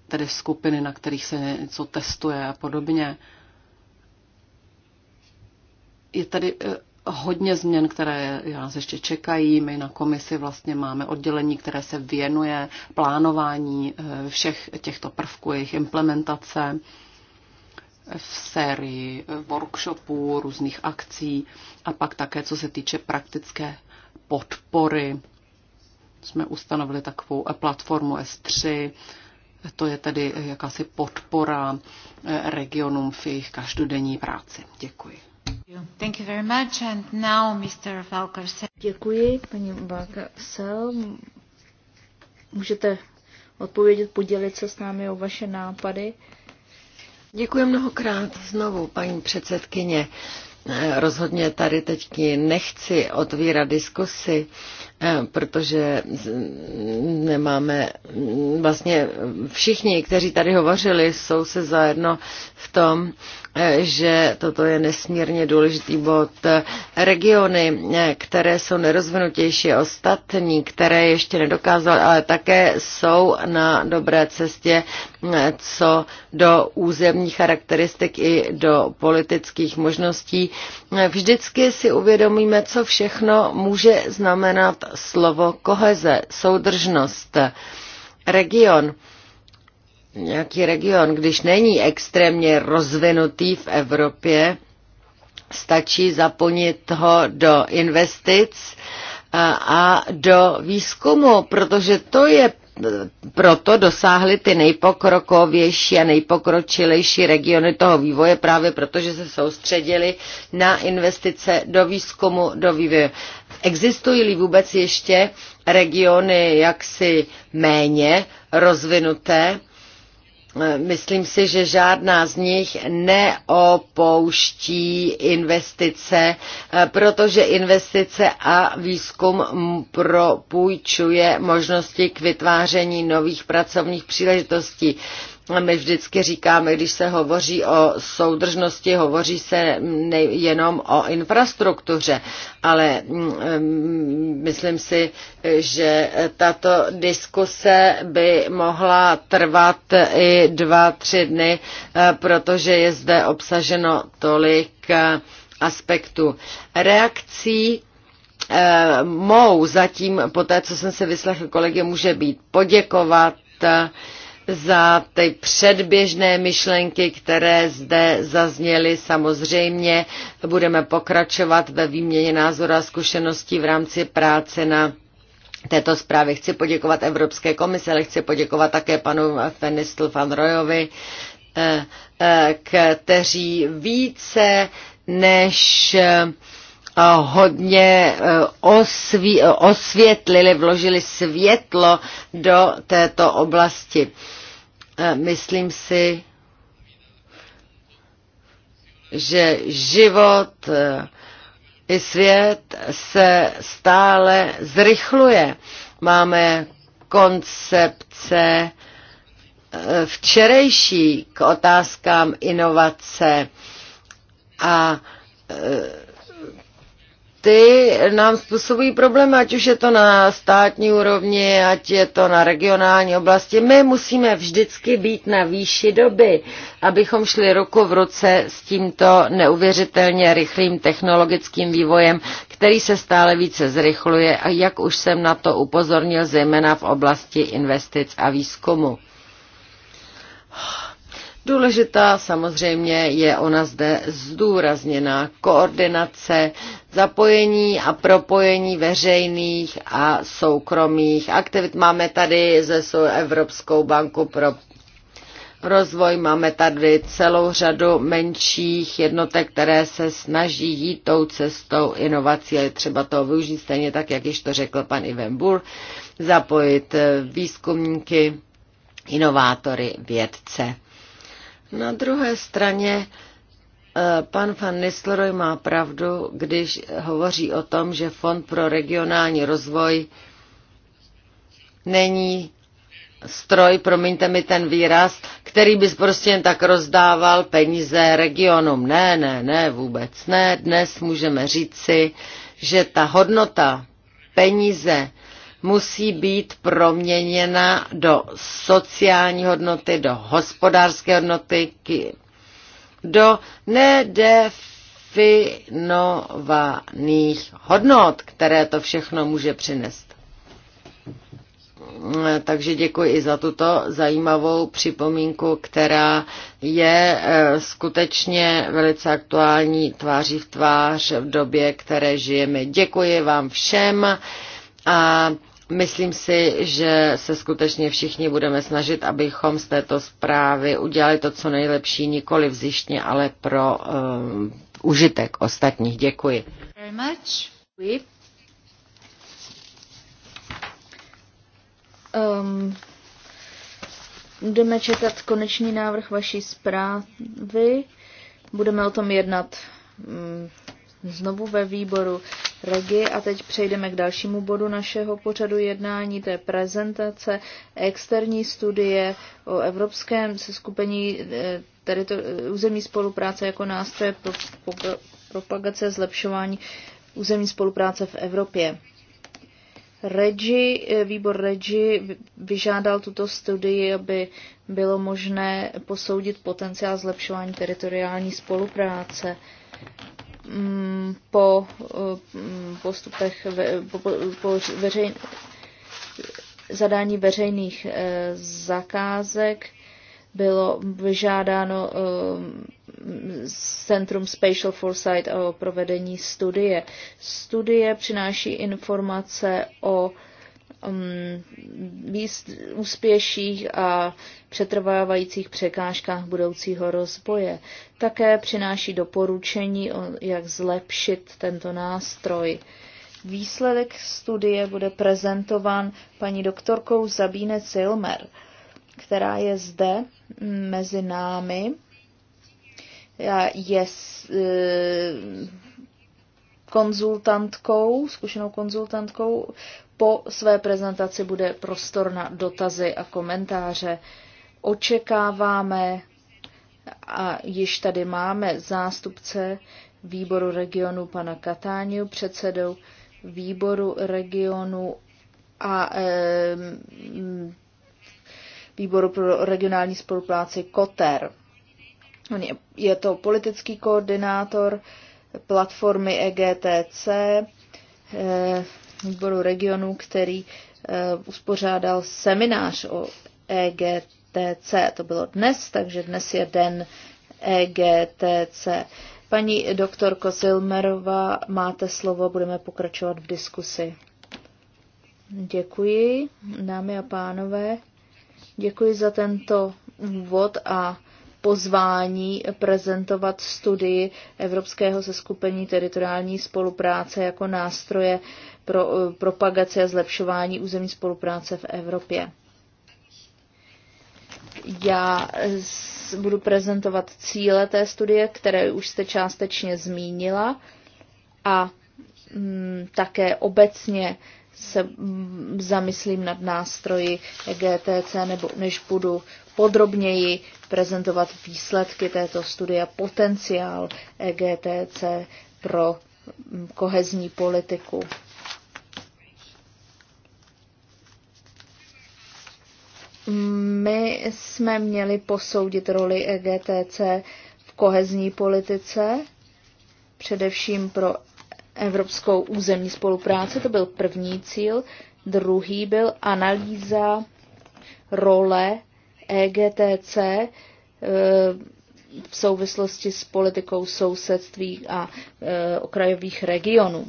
tedy skupiny, na kterých se něco testuje a podobně. Je tady eh, hodně změn, které nás ještě čekají. My na komisi vlastně máme oddělení, které se věnuje plánování všech těchto prvků, jejich implementace v sérii workshopů, různých akcí a pak také, co se týče praktické podpory, jsme ustanovili takovou eh, platformu S3, to je tedy eh, jakási podpora eh, regionům v jejich každodenní práci. Děkuji. Thank you very much. And now Mr. Valker. Děkuji, paní Valkersel. Můžete odpovědět, podělit se s námi o vaše nápady. Děkuji mnohokrát znovu, paní předsedkyně. Eh, rozhodně tady teď nechci otvírat diskusy, eh, protože nemáme, mm, vlastně všichni, kteří tady hovořili, jsou se zajedno v tom, že toto je nesmírně důležitý bod. Regiony, které jsou nerozvinutější ostatní, které ještě nedokázaly, ale také jsou na dobré cestě co do územních charakteristik i do politických možností. Vždycky si uvědomíme, co všechno může znamenat slovo koheze, soudržnost. Region nějaký region, když není extrémně rozvinutý v Evropě, stačí zaplnit ho do investic a do výzkumu, protože to je e, proto dosáhly ty nejpokrokovější a nejpokročilejší regiony toho vývoje právě protože se soustředili na investice do výzkumu, do vývoje. Existují-li vůbec ještě regiony jaksi méně rozvinuté, Myslím si, že žádná z nich neopouští investice, protože investice a výzkum propůjčuje možnosti k vytváření nových pracovních příležitostí my vždycky říkáme, když se hovoří o soudržnosti, hovoří se jenom o infrastruktuře, ale mm, mm, myslím si, že tato diskuse by mohla trvat i dva, tři dny, eh, protože je zde obsaženo tolik eh, aspektů. Reakcí eh, mou zatím, po té, co jsem se vyslechl kolegy, může být poděkovat za ty předběžné myšlenky, které zde zazněly. Samozřejmě budeme pokračovat ve výměně názoru a zkušeností v rámci práce na této zprávě. Chci poděkovat Evropské komise, ale chci poděkovat také panu Fenistl van Rojovi, kteří více než eh, hodně eh, osvětlili, vložili světlo do této oblasti. Eh, myslím si, že život eh, i svět se stále zrychluje. Máme koncepce eh, včerejší k otázkám inovace a ty nám způsobují problém, ať už je to na státní úrovni, ať je to na regionální oblasti. My musíme vždycky být na výši doby, abychom šli ruku v ruce s tímto neuvěřitelně rychlým technologickým vývojem, který se stále více zrychluje a jak už jsem na to upozornil, zejména v oblasti investic a výzkumu. Důležitá samozřejmě je ona zde zdůrazněná koordinace, zapojení a propojení veřejných a soukromých aktivit. Máme tady ze Evropskou banku pro rozvoj, máme tady celou řadu menších jednotek, které se snaží jít tou cestou inovací a je třeba toho využít stejně tak, jak již to řekl pan Ivan Bur, zapojit výzkumníky, inovátory, vědce na druhé straně eh, pan van Nistelrooy má pravdu, když hovoří o tom, že Fond pro regionální rozvoj není stroj, promiňte mi ten výraz, který bys prostě jen tak rozdával peníze regionům. Ne, ne, ne, vůbec ne. Dnes můžeme říci, že ta hodnota peníze, musí být proměněna do sociální hodnoty, do hospodářské hodnoty, do nedefinovaných hodnot, které to všechno může přinést. Eh, takže děkuji i za tuto zajímavou připomínku, která je eh, skutečně velice aktuální tváří v tvář v době, které žijeme. Děkuji vám všem a Myslím si, že se skutečně všichni budeme snažit, abychom z této zprávy udělali to, co nejlepší, nikoli vzjištně, ale pro um, užitek ostatních. Děkuji. Very much. Děkuji. Um, budeme čekat konečný návrh vaší zprávy. Budeme o tom jednat um, znovu ve výboru Regi a teď přejdeme k dalšímu bodu našeho pořadu jednání, to je prezentace externí studie o evropském seskupení eh, terito- územní spolupráce jako nástroje pro propagace zlepšování územní spolupráce v Evropě. Regi, eh, výbor Regi vyžádal tuto studii, aby bylo možné posoudit potenciál zlepšování teritoriální spolupráce. Mm, po mm, postupech, po, po, po veřej, zadání veřejných eh, zakázek bylo vyžádáno eh, Centrum Spatial Foresight o provedení studie. Studie přináší informace o Um, úspěších a přetrvávajících překážkách budoucího rozboje. Také přináší doporučení, jak zlepšit tento nástroj. Výsledek studie bude prezentován paní doktorkou Zabíne Silmer, která je zde mezi námi. Je e, konzultantkou, zkušenou konzultantkou po své prezentaci bude prostor na dotazy a komentáře. Očekáváme a již tady máme zástupce výboru regionu pana Katániu, předsedou výboru regionu a e, výboru pro regionální spolupráci Koter. On je, je to politický koordinátor platformy EGTC, e, výboru regionů, který eh, uspořádal seminář o EGTC. To bylo dnes, takže dnes je den EGTC. Paní doktorko Silmerová, máte slovo, budeme pokračovat v diskusi. Děkuji, dámy a pánové. Děkuji za tento úvod a pozvání prezentovat studii Evropského seskupení teritoriální spolupráce jako nástroje pro eh, propagaci a zlepšování územní spolupráce v Evropě. Já eh, budu prezentovat cíle té studie, které už jste částečně zmínila a mm, také obecně se mm, zamyslím nad nástroji e GTC, nebo než budu podrobněji prezentovat výsledky této studie a potenciál EGTC pro kohezní politiku. My jsme měli posoudit roli EGTC v kohezní politice, především pro evropskou územní spolupráci, to byl první cíl. Druhý byl analýza role EGTC e, v souvislosti s politikou sousedství a e, okrajových regionů.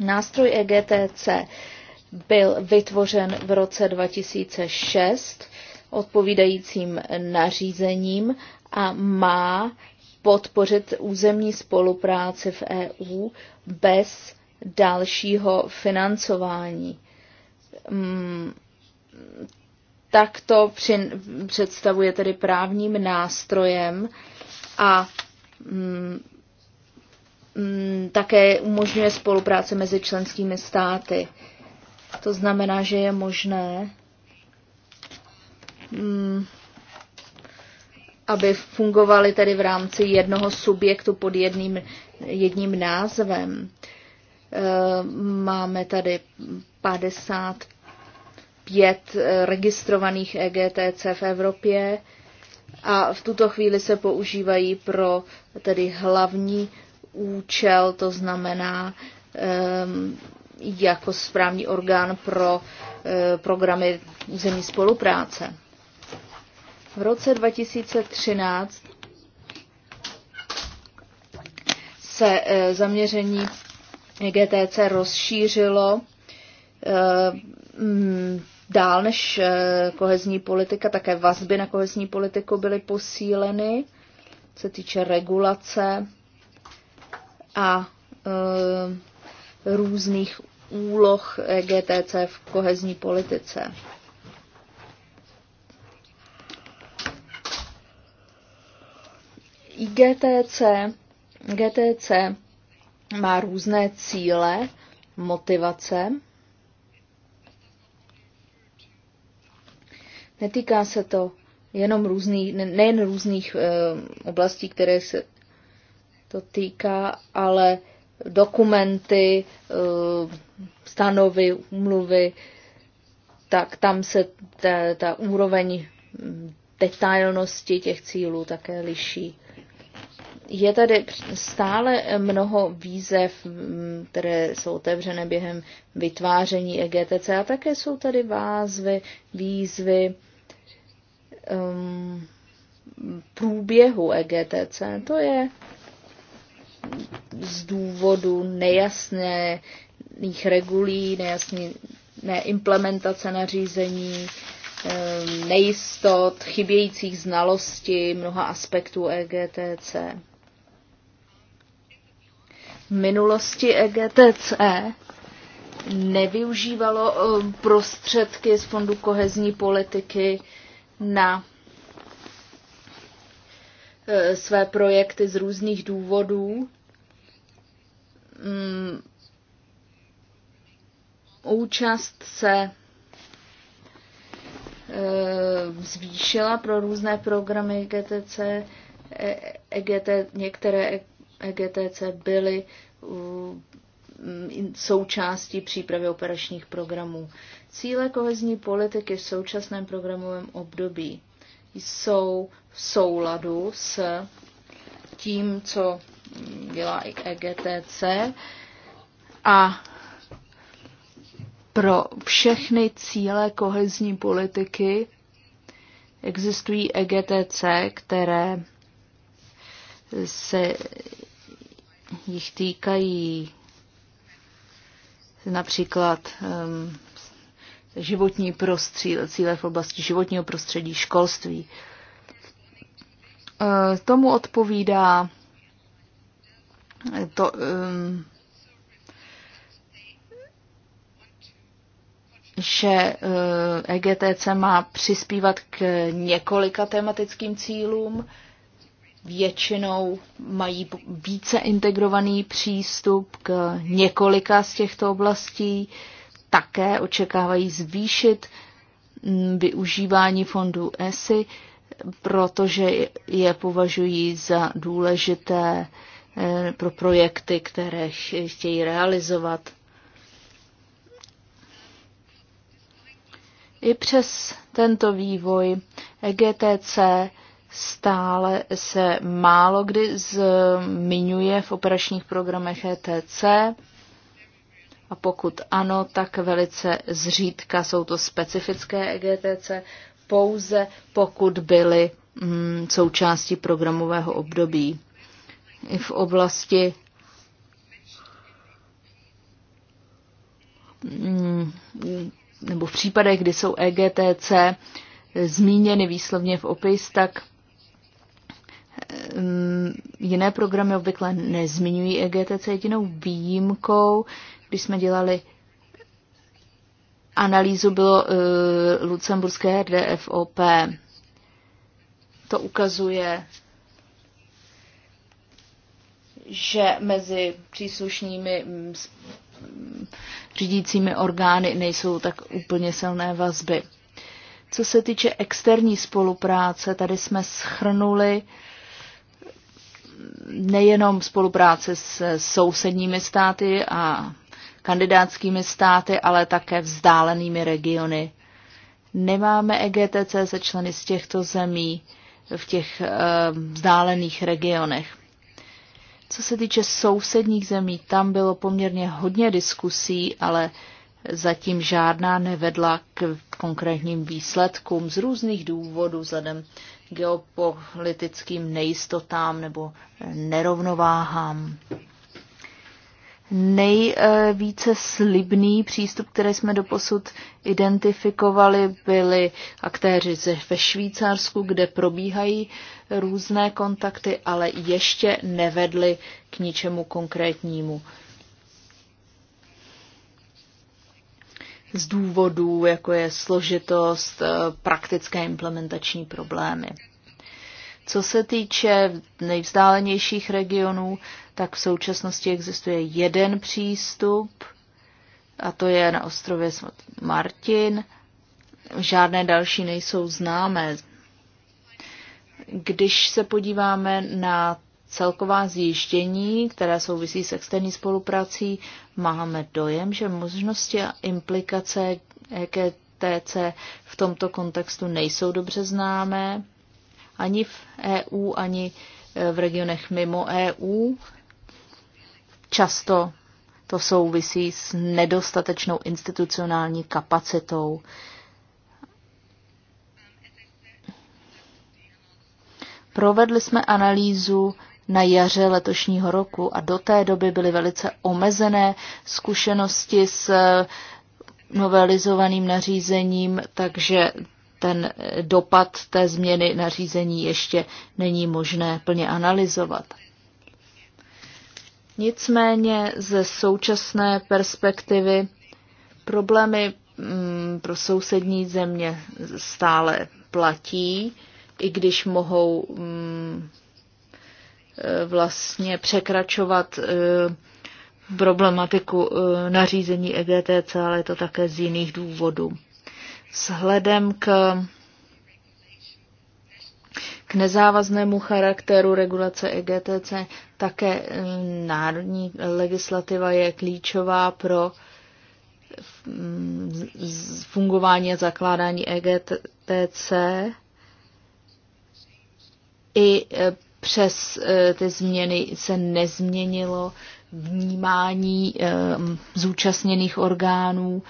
Nástroj EGTC byl vytvořen v roce 2006 odpovídajícím nařízením a má podpořit územní spolupráci v EU bez dalšího financování. Mm, tak to při, představuje tedy právním nástrojem a mm, mm, také umožňuje spolupráce mezi členskými státy. To znamená, že je možné, mm, aby fungovaly tedy v rámci jednoho subjektu pod jedním, jedním názvem. E, máme tady 50 pět eh, registrovaných EGTC v Evropě a v tuto chvíli se používají pro tedy hlavní účel, to znamená um, jako správní orgán pro uh, programy zemí spolupráce. V roce 2013 se uh, zaměření e GTC rozšířilo uh, dál než eh, kohezní politika, také vazby na kohezní politiku byly posíleny, co se týče regulace a e, různých úloh e GTC v kohezní politice. IGTC, GTC má různé cíle, motivace Netýká se to jenom různých, nejen různých eh, oblastí, které se to týká, ale dokumenty, eh, stanovy, umluvy, tak tam se ta, ta úroveň hm, detailnosti těch cílů také liší. Je tady stále mnoho výzev, hm, které jsou otevřené během vytváření EGTC a také jsou tady vázvy, výzvy, výzvy um, průběhu EGTC. To je z důvodu nejasných regulí, nejasný, neimplementace nařízení, um, nejistot, chybějících znalostí mnoha aspektů EGTC. V minulosti EGTC nevyužívalo um, prostředky z Fondu kohezní politiky na e, své projekty z různých důvodů. Mm, účast se e, zvýšila pro různé programy EGTC. EGT, e některé EGTC byly mm, součástí přípravy operačních programů. Cíle kohezní politiky v současném programovém období jsou v souladu s tím, co dělá i EGTC a pro všechny cíle kohezní politiky existují EGTC, které se jich týkají například um, životní prostředí, cíle v oblasti životního prostředí, školství. E, tomu odpovídá to, že EGTC e má přispívat k několika tematickým cílům. Většinou mají více integrovaný přístup k několika z těchto oblastí. Uh, také očekávají zvýšit mm, využívání fondů ESI, protože je považují za důležité eh, pro projekty, které chtějí realizovat. I přes tento vývoj EGTC stále se málo kdy zmiňuje v operačních programech ETC. A pokud ano, tak velice zřídka jsou to specifické EGTC, pouze pokud byly mm, součástí programového období. I v oblasti mm, nebo v případech, kdy jsou EGTC zmíněny výslovně v OPIS, tak mm, jiné programy obvykle nezmiňují EGTC jedinou výjimkou když jsme dělali analýzu, bylo uh, lucemburské DFOP. To ukazuje, že mezi příslušnými řídícími orgány nejsou tak úplně silné vazby. Co se týče externí spolupráce, tady jsme schrnuli nejenom spolupráce s sousedními státy a kandidátskými státy, ale také vzdálenými regiony. Nemáme EGTC se členy z těchto zemí v těch eh, vzdálených regionech. Co se týče sousedních zemí, tam bylo poměrně hodně diskusí, ale zatím žádná nevedla k konkrétním výsledkům z různých důvodů, vzhledem geopolitickým nejistotám nebo nerovnováhám. Nejvíce slibný přístup, který jsme doposud identifikovali, byli aktéři ze, ve Švýcarsku, kde probíhají různé kontakty, ale ještě nevedli k ničemu konkrétnímu. Z důvodů, jako je složitost, eh, praktické implementační problémy. Co se týče nejvzdálenějších regionů, tak v současnosti existuje jeden přístup, a to je na ostrově Martin. Žádné další nejsou známé. Když se podíváme na celková zjištění, která souvisí s externí spoluprací, máme dojem, že možnosti a implikace EKTC v tomto kontextu nejsou dobře známé ani v EU, ani v regionech mimo EU. Často to souvisí s nedostatečnou institucionální kapacitou. Provedli jsme analýzu na jaře letošního roku a do té doby byly velice omezené zkušenosti s novelizovaným nařízením, takže ten dopad té změny nařízení ještě není možné plně analyzovat. Nicméně ze současné perspektivy problémy mm, pro sousední země stále platí, i když mohou mm, e, vlastně překračovat e, problematiku e, nařízení EGTC, ale je to také z jiných důvodů. Vzhledem k k nezávaznému charakteru regulace EGTC. Také um, národní legislativa je klíčová pro um, fungování a zakládání EGTC i eh, přes eh, ty změny se nezměnilo vnímání ehm, zúčastněných orgánů.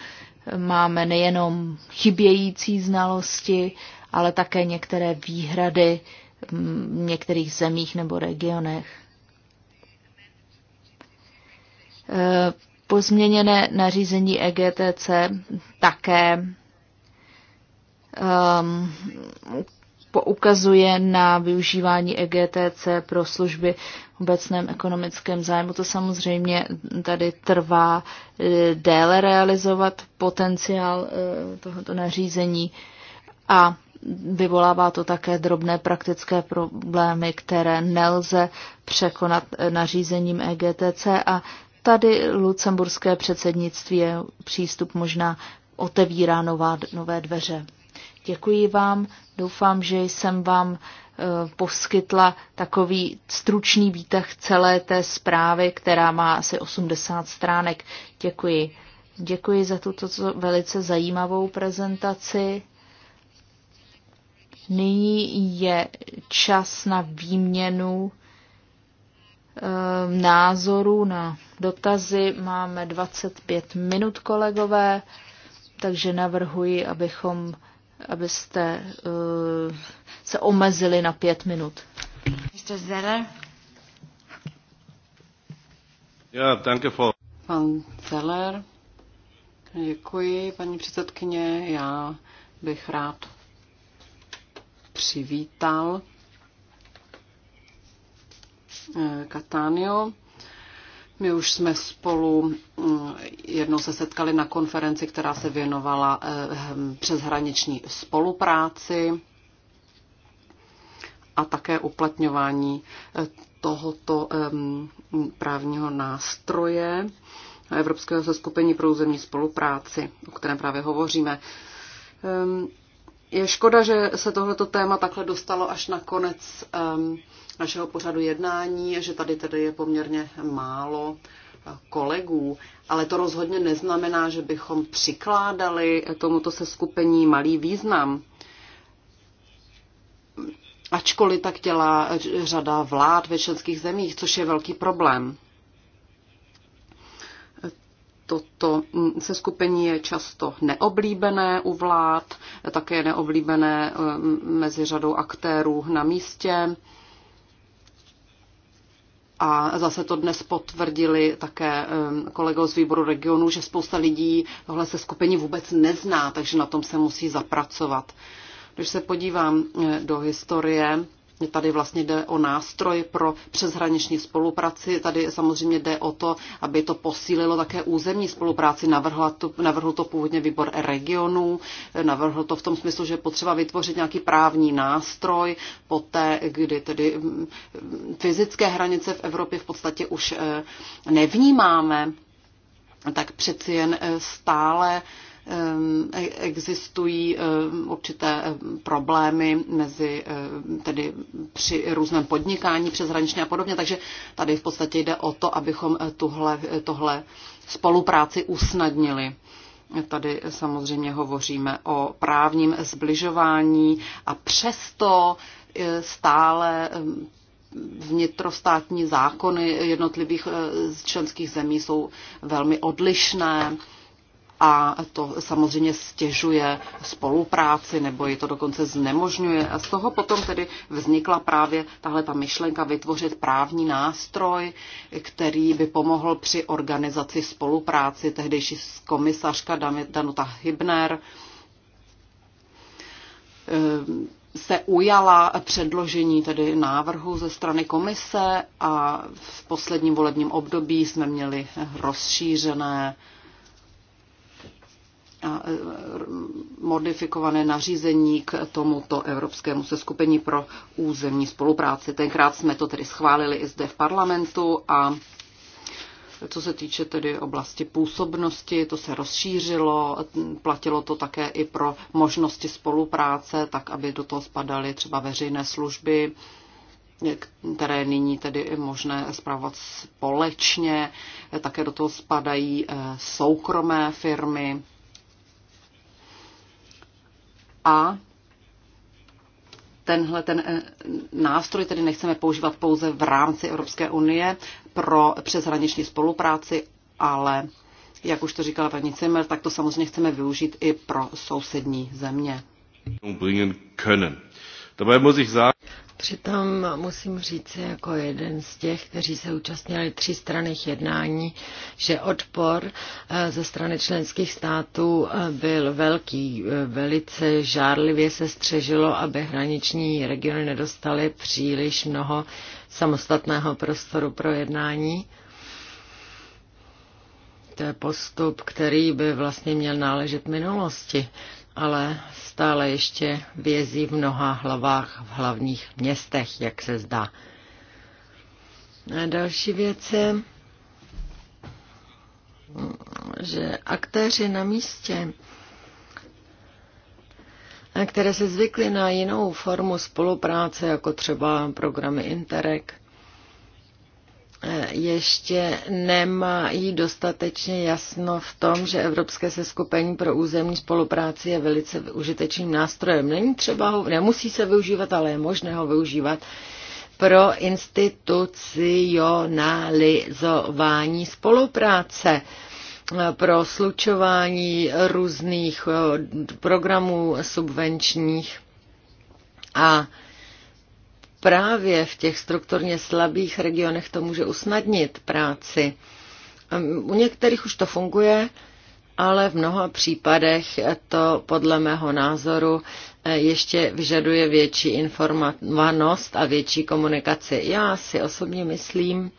Máme nejenom chybějící znalosti, ale také některé výhrady v některých zemích nebo regionech. E, pozměněné nařízení EGTC také ehm, poukazuje na využívání EGTC pro služby v obecném ekonomickém zájmu. To samozřejmě tady trvá e, déle realizovat potenciál e, tohoto nařízení a vyvolává to také drobné praktické problémy, které nelze překonat nařízením EGTC a tady lucemburské předsednictví je přístup možná otevírá nová, nové dveře. Děkuji vám, doufám, že jsem vám e, poskytla takový stručný výtah celé té zprávy, která má asi 80 stránek. Děkuji. Děkuji za tuto velice zajímavou prezentaci. Nyní je čas na výměnu eh, názorů na dotazy. Máme 25 minut, kolegové, takže navrhuji, abychom, abyste e, se omezili na 5 minut. Mr. Zeller. Ja, děkuji for... Pan Zeller. Děkuji, paní předsedkyně. Já bych rád přivítal Katánio. Eh, My už jsme spolu eh, jednou se setkali na konferenci, která se věnovala eh, přeshraniční spolupráci a také uplatňování tohoto právního nástroje Evropského seskupení pro územní spolupráci, o kterém právě hovoříme. Ehm, je škoda, že se tohleto téma takhle dostalo až na konec um, našeho pořadu jednání, že tady tedy je poměrně málo eh, kolegů, ale to rozhodně neznamená, že bychom přikládali tomuto seskupení malý význam. Ačkoliv tak dělá řada vlád ve členských zemích, což je velký problém. Toto seskupení je často neoblíbené u vlád, také neoblíbené eh, mezi řadou aktérů na místě. A zase to dnes potvrdili také eh, kolegou z výboru regionu, že spousta lidí tohle se skupení vůbec nezná, takže na tom se musí zapracovat. Když se podívám eh, do historie, Vlastně tady vlastně jde o nástroj pro přeshraniční spolupráci. Tady samozřejmě jde o to, aby to posílilo také územní spolupráci. Navrhla to, navrhl to původně výbor regionů, navrhl to v tom smyslu, že je potřeba vytvořit nějaký právní nástroj, poté, kdy tedy mm, fyzické hranice v Evropě v podstatě už eh, nevnímáme, tak přeci jen eh, stále E, existují určité problémy mezi tedy při různém podnikání přeshraničně a podobně, takže tady v podstatě jde o to, abychom e, tuhle, e, tohle spolupráci usnadnili. Tady samozřejmě hovoříme o právním zbližování a přesto stále vnitrostátní zákony jednotlivých členských zemí jsou velmi odlišné a to samozřejmě stěžuje spolupráci nebo ji to dokonce znemožňuje. A z toho potom tedy vznikla právě tahle ta myšlenka vytvořit právní nástroj, který by pomohl při organizaci spolupráci. Tehdejší komisařka Danuta Hybner eh, se ujala předložení tedy návrhu ze strany komise a v posledním volebním období jsme měli rozšířené E, modifikované nařízení k tomuto Evropskému seskupení pro územní spolupráci. Tenkrát jsme to tedy schválili i zde v parlamentu a co se týče tedy oblasti působnosti, to se rozšířilo, platilo to také i pro možnosti spolupráce, tak aby do toho spadaly třeba veřejné služby, které nyní tedy je možné zpravovat společně. Také do toho spadají e, soukromé firmy a tenhle ten eh, nástroj tedy nechceme používat pouze v rámci Evropské unie pro přeshraniční spolupráci, ale jak už to říkala paní Zimmer, tak to samozřejmě chceme využít i pro sousední země. Přitom musím říct jako jeden z těch, kteří se účastnili tři strany jednání, že odpor eh, ze strany členských států eh, byl velký. Eh, velice žárlivě se střežilo, aby hraniční regiony nedostaly příliš mnoho samostatného prostoru pro jednání. To je postup, který by vlastně měl náležet minulosti ale stále ještě vězí v mnoha hlavách v hlavních městech, jak se zdá. A další věc je, že aktéři na místě, které se zvykly na jinou formu spolupráce, jako třeba programy Interreg, ještě nemají dostatečně jasno v tom, že Evropské seskupení pro územní spolupráci je velice užitečným nástrojem. Není třeba ho, nemusí se využívat, ale je možné ho využívat pro institucionalizování spolupráce pro slučování různých eh, programů subvenčních a právě v těch strukturně slabých regionech to může usnadnit práci. U některých už to funguje, ale v mnoha případech to podle mého názoru eh, ještě vyžaduje větší informovanost a větší komunikaci. Já si osobně myslím,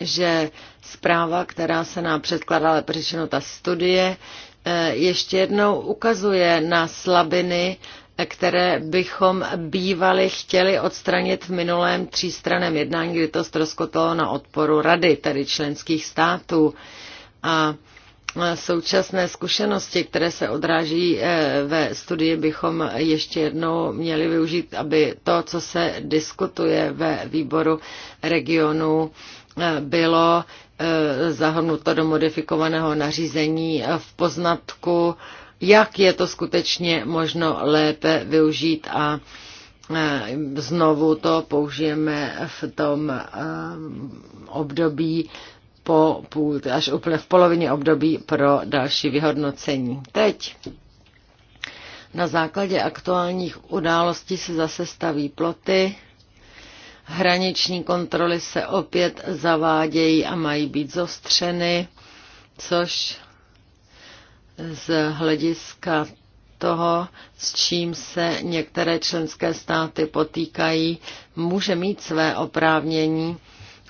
že zpráva, která se nám předkládala, přičinu ta studie, eh, ještě jednou ukazuje na slabiny které bychom bývali chtěli odstranit v minulém třístraném jednání, kdy to ztroskotalo na odporu rady, tedy členských států. A současné zkušenosti, které se odráží eh, ve studii, bychom ještě jednou měli využít, aby to, co se diskutuje ve výboru regionu, eh, bylo eh, zahrnuto do modifikovaného nařízení v poznatku jak je to skutečně možno lépe využít a e, znovu to použijeme v tom e, období po půl, až úplně v polovině období pro další vyhodnocení. Teď na základě aktuálních událostí se zase staví ploty, hraniční kontroly se opět zavádějí a mají být zostřeny, což z hlediska toho, s čím se některé členské státy potýkají, může mít své oprávnění,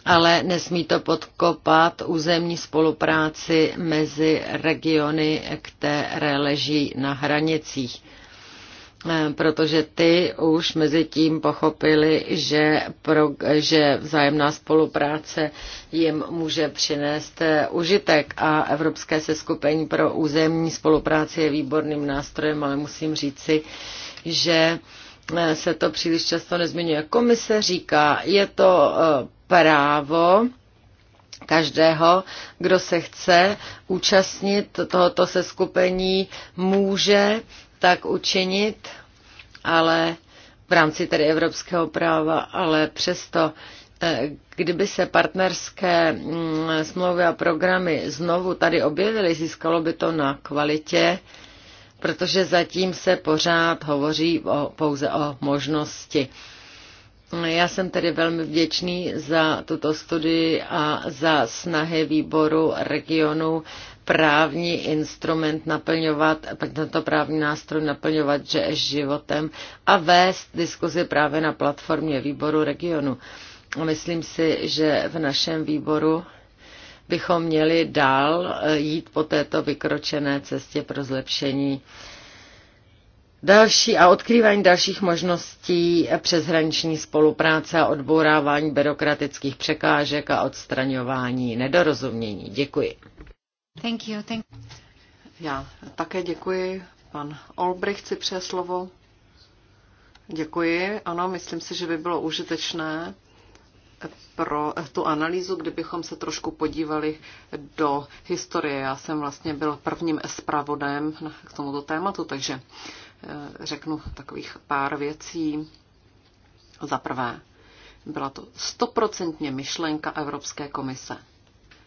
ale nesmí to podkopat územní spolupráci mezi regiony, které leží na hranicích. Eh, protože ty už mezi tím pochopili, že, pro, že vzájemná spolupráce jim může přinést eh, užitek a Evropské seskupení pro územní spolupráci je výborným nástrojem, ale musím říci, že eh, se to příliš často nezmiňuje. Komise říká, je to právo každého, kdo se chce účastnit tohoto seskupení, může tak učinit, ale v rámci tedy evropského práva, ale přesto, eh, kdyby se partnerské mm, smlouvy a programy znovu tady objevily, získalo by to na kvalitě, protože zatím se pořád hovoří o, pouze o možnosti. Já jsem tedy velmi vděčný za tuto studii a za snahy výboru regionu právní instrument naplňovat, tento právní nástroj naplňovat že životem a vést diskuzi právě na platformě výboru regionu. Myslím si, že v našem výboru bychom měli dál eh, jít po této vykročené cestě pro zlepšení Další a odkrývání dalších možností přeshraniční spolupráce a odbourávání byrokratických překážek a odstraňování nedorozumění. Děkuji. Thank you, thank Já také děkuji. Pan Olbricht si přeje slovo. Děkuji. Ano, myslím si, že by bylo užitečné pro tu analýzu, kdybychom se trošku podívali do historie. Já jsem vlastně byl prvním espravodem k tomuto tématu, takže eh, řeknu takových pár věcí. Za prvé, byla to stoprocentně myšlenka Evropské komise.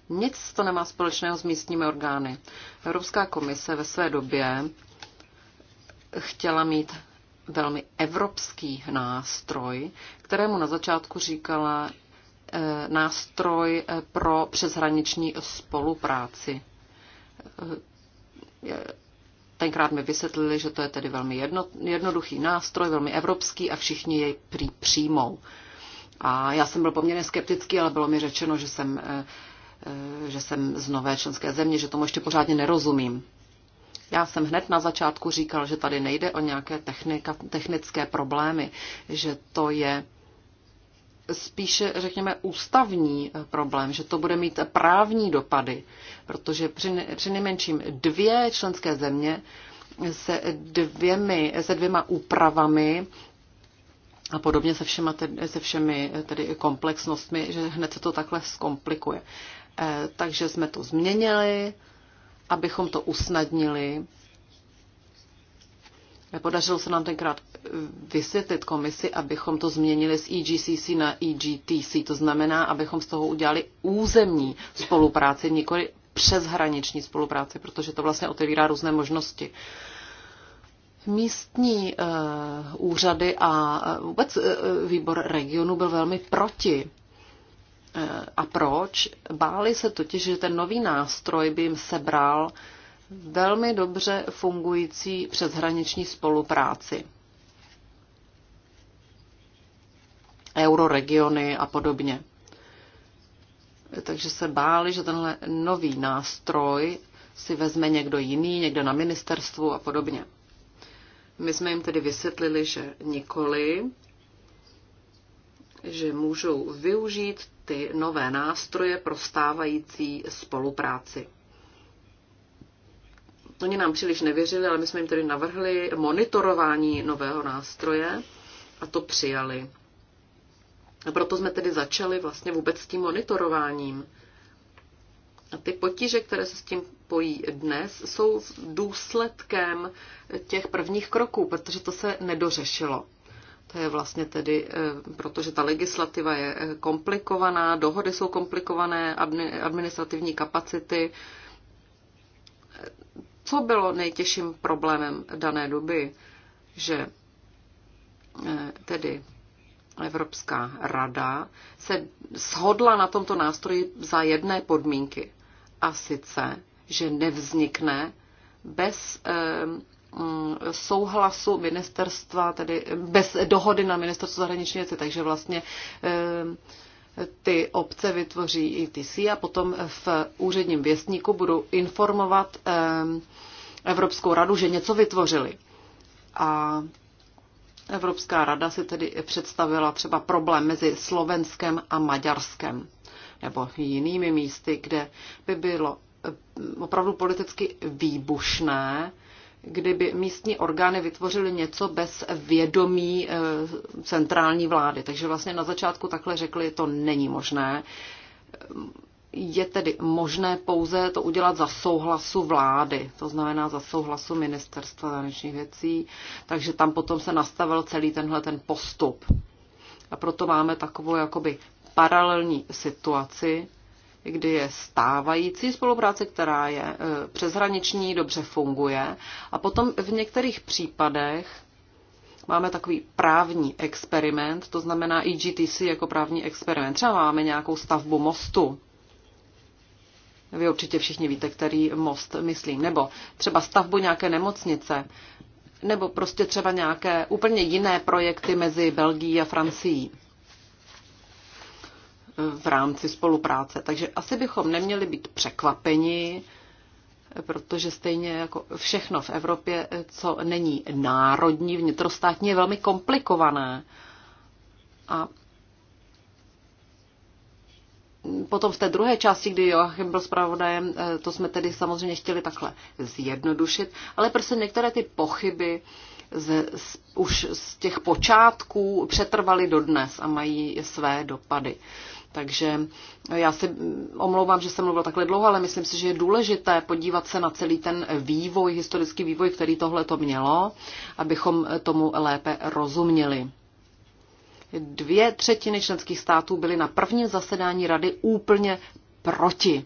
Nic to nemá společného s místními orgány. Evropská komise ve své době chtěla mít velmi evropský nástroj, kterému na začátku říkala eh, nástroj eh, pro přeshraniční spolupráci. Eh, tenkrát mi vysvětlili, že to je tedy velmi jedno, jednoduchý nástroj, velmi evropský a všichni jej přijmou. A já jsem byl poměrně skeptický, ale bylo mi řečeno, že jsem Eh, že jsem z nové členské země, že tomu ještě pořádně nerozumím. Já jsem hned na začátku říkal, že tady nejde o nějaké technika, technické problémy, že to je spíše, řekněme, ústavní eh, problém, že to bude mít právní dopady, protože při, při nejmenším dvě členské země se, dvěmi, se dvěma úpravami a podobně se, všema, se všemi eh, tedy komplexnostmi, že hned se to takhle zkomplikuje. Eh, takže jsme to změnili, abychom to usnadnili. Eh, podařilo se nám tenkrát eh, vysvětlit komisi, abychom to změnili z EGCC na EGTC. To znamená, abychom z toho udělali územní spolupráci, nikoli přeshraniční spolupráci, protože to vlastně otevírá různé možnosti. Místní uh, úřady a vůbec uh, výbor regionu byl velmi proti a proč? Báli se totiž, že ten nový nástroj by jim sebral velmi dobře fungující přeshraniční spolupráci. Euroregiony a podobně. Takže se báli, že tenhle nový nástroj si vezme někdo jiný, někdo na ministerstvu a podobně. My jsme jim tedy vysvětlili, že nikoli, že můžou využít ty nové nástroje pro stávající spolupráci. Oni nám příliš nevěřili, ale my jsme jim tedy navrhli monitorování nového nástroje a to přijali. A proto jsme tedy začali vlastně vůbec s tím monitorováním. A ty potíže, které se s tím pojí dnes, jsou důsledkem těch prvních kroků, protože to se nedořešilo. To je vlastně tedy, eh, protože ta legislativa je eh, komplikovaná, dohody jsou komplikované, administrativní kapacity. Co bylo nejtěžším problémem dané doby, že eh, tedy Evropská rada se shodla na tomto nástroji za jedné podmínky. A sice, že nevznikne bez Eh, souhlasu ministerstva, tedy bez dohody na ministerstvo zahraniční věci, takže vlastně eh, ty obce vytvoří i si a potom v úředním věstníku budou informovat eh, Evropskou radu, že něco vytvořili. A Evropská rada si tedy představila třeba problém mezi Slovenskem a Maďarskem nebo jinými místy, kde by bylo opravdu politicky výbušné kdyby místní orgány vytvořily něco bez vědomí eh, centrální vlády. Takže vlastně na začátku takhle řekli, to není možné. Je tedy možné pouze to udělat za souhlasu vlády, to znamená za souhlasu ministerstva zahraničních věcí, takže tam potom se nastavil celý tenhle ten postup. A proto máme takovou jakoby paralelní situaci, kdy je stávající spolupráce, která je e, přeshraniční, dobře funguje. A potom v některých případech máme takový právní experiment, to znamená i GTC jako právní experiment. Třeba máme nějakou stavbu mostu. Vy určitě všichni víte, který most myslím. Nebo třeba stavbu nějaké nemocnice. Nebo prostě třeba nějaké úplně jiné projekty mezi Belgií a Francií v rámci spolupráce. Takže asi bychom neměli být překvapeni, protože stejně jako všechno v Evropě, co není národní, vnitrostátní, je velmi komplikované. A potom v té druhé části, kdy Joachim byl zpravodajem, to jsme tedy samozřejmě chtěli takhle zjednodušit, ale prostě některé ty pochyby z, z, už z těch počátků přetrvaly dodnes a mají své dopady. Takže já se omlouvám, že jsem mluvil takhle dlouho, ale myslím si, že je důležité podívat se na celý ten vývoj, historický vývoj, který tohle to mělo, abychom tomu lépe rozuměli. Dvě třetiny členských států byly na prvním zasedání rady úplně proti.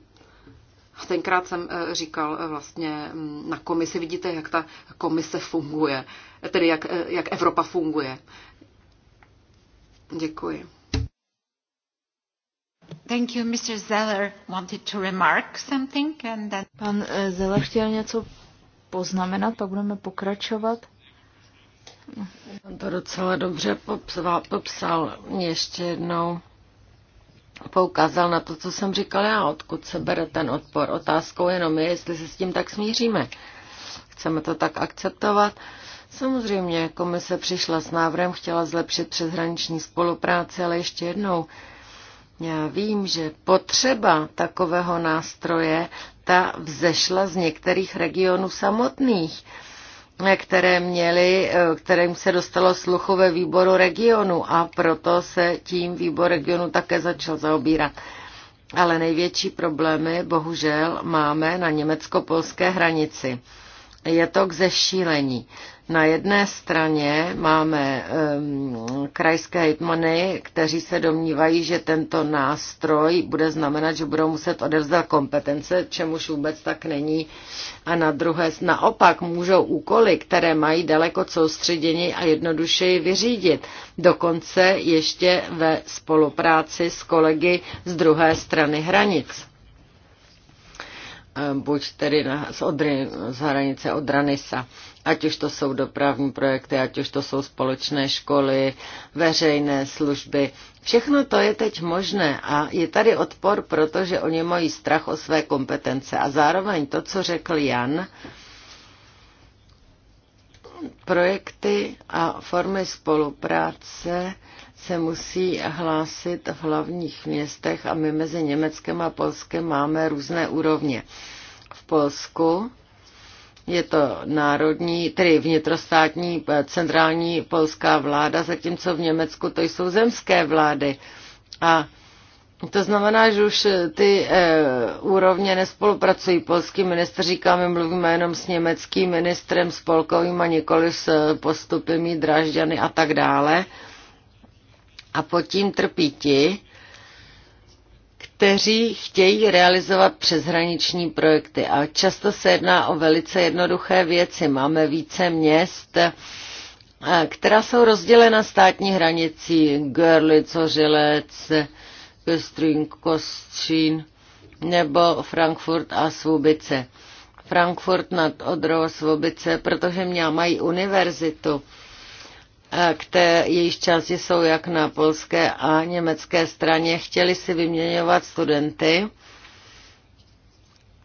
Tenkrát jsem eh, říkal eh, vlastně mm, na komisi, vidíte, jak ta komise funguje, tedy jak, eh, jak Evropa funguje. Děkuji. Thank you, Mr. Zeller wanted to remark something and then... Pan eh, Zeller chtěl něco poznamenat, pak budeme pokračovat. On to docela dobře popsal, popsal ještě jednou poukázal na to, co jsem říkala já, odkud se bere ten odpor. Otázkou jenom je, jestli se s tím tak smíříme. Chceme to tak akceptovat. Samozřejmě komise přišla s návrhem, chtěla zlepšit přeshraniční spolupráci, ale ještě jednou já vím, že potřeba takového nástroje ta vzešla z některých regionů samotných, které měly, eh, kterým se dostalo sluchu ve výboru regionu a proto se tím výbor regionu také začal zaobírat. Ale největší problémy bohužel máme na německo-polské hranici. Je to k zešílení. Na jedné straně máme um, krajské hitmany, kteří se domnívají, že tento nástroj bude znamenat, že budou muset odevzdat kompetence, čemuž vůbec tak není. A na druhé, naopak můžou úkoly, které mají daleko soustředění a jednodušeji vyřídit. Dokonce ještě ve spolupráci s kolegy z druhé strany hranic buď tedy na, z, Odry, z hranice od Ranisa ať už to jsou dopravní projekty, ať už to jsou společné školy, veřejné služby. Všechno to je teď možné a je tady odpor, protože oni mají strach o své kompetence. A zároveň to, co řekl Jan, projekty a formy spolupráce se musí hlásit v hlavních městech a my mezi Německem a Polskem máme různé úrovně. V Polsku je to národní, tedy vnitrostátní eh, centrální polská vláda, zatímco v Německu to jsou zemské vlády. A to znamená, že už eh, ty e, úrovně nespolupracují. Polský minister říká, my mluvíme jenom s německým ministrem spolkovým a nikoli s postupy mít a tak dále. A pod tím trpí ti, kteří chtějí realizovat přeshraniční projekty. A často se jedná o velice jednoduché věci. Máme více měst, eh, která jsou rozdělena státní hranicí. Görlitz, Ořilec, Köstrín, Kostřín nebo Frankfurt a Svobice. Frankfurt nad Odrou a Svobice, protože mě mají univerzitu které jejich části jsou jak na polské a německé straně, chtěli si vyměňovat studenty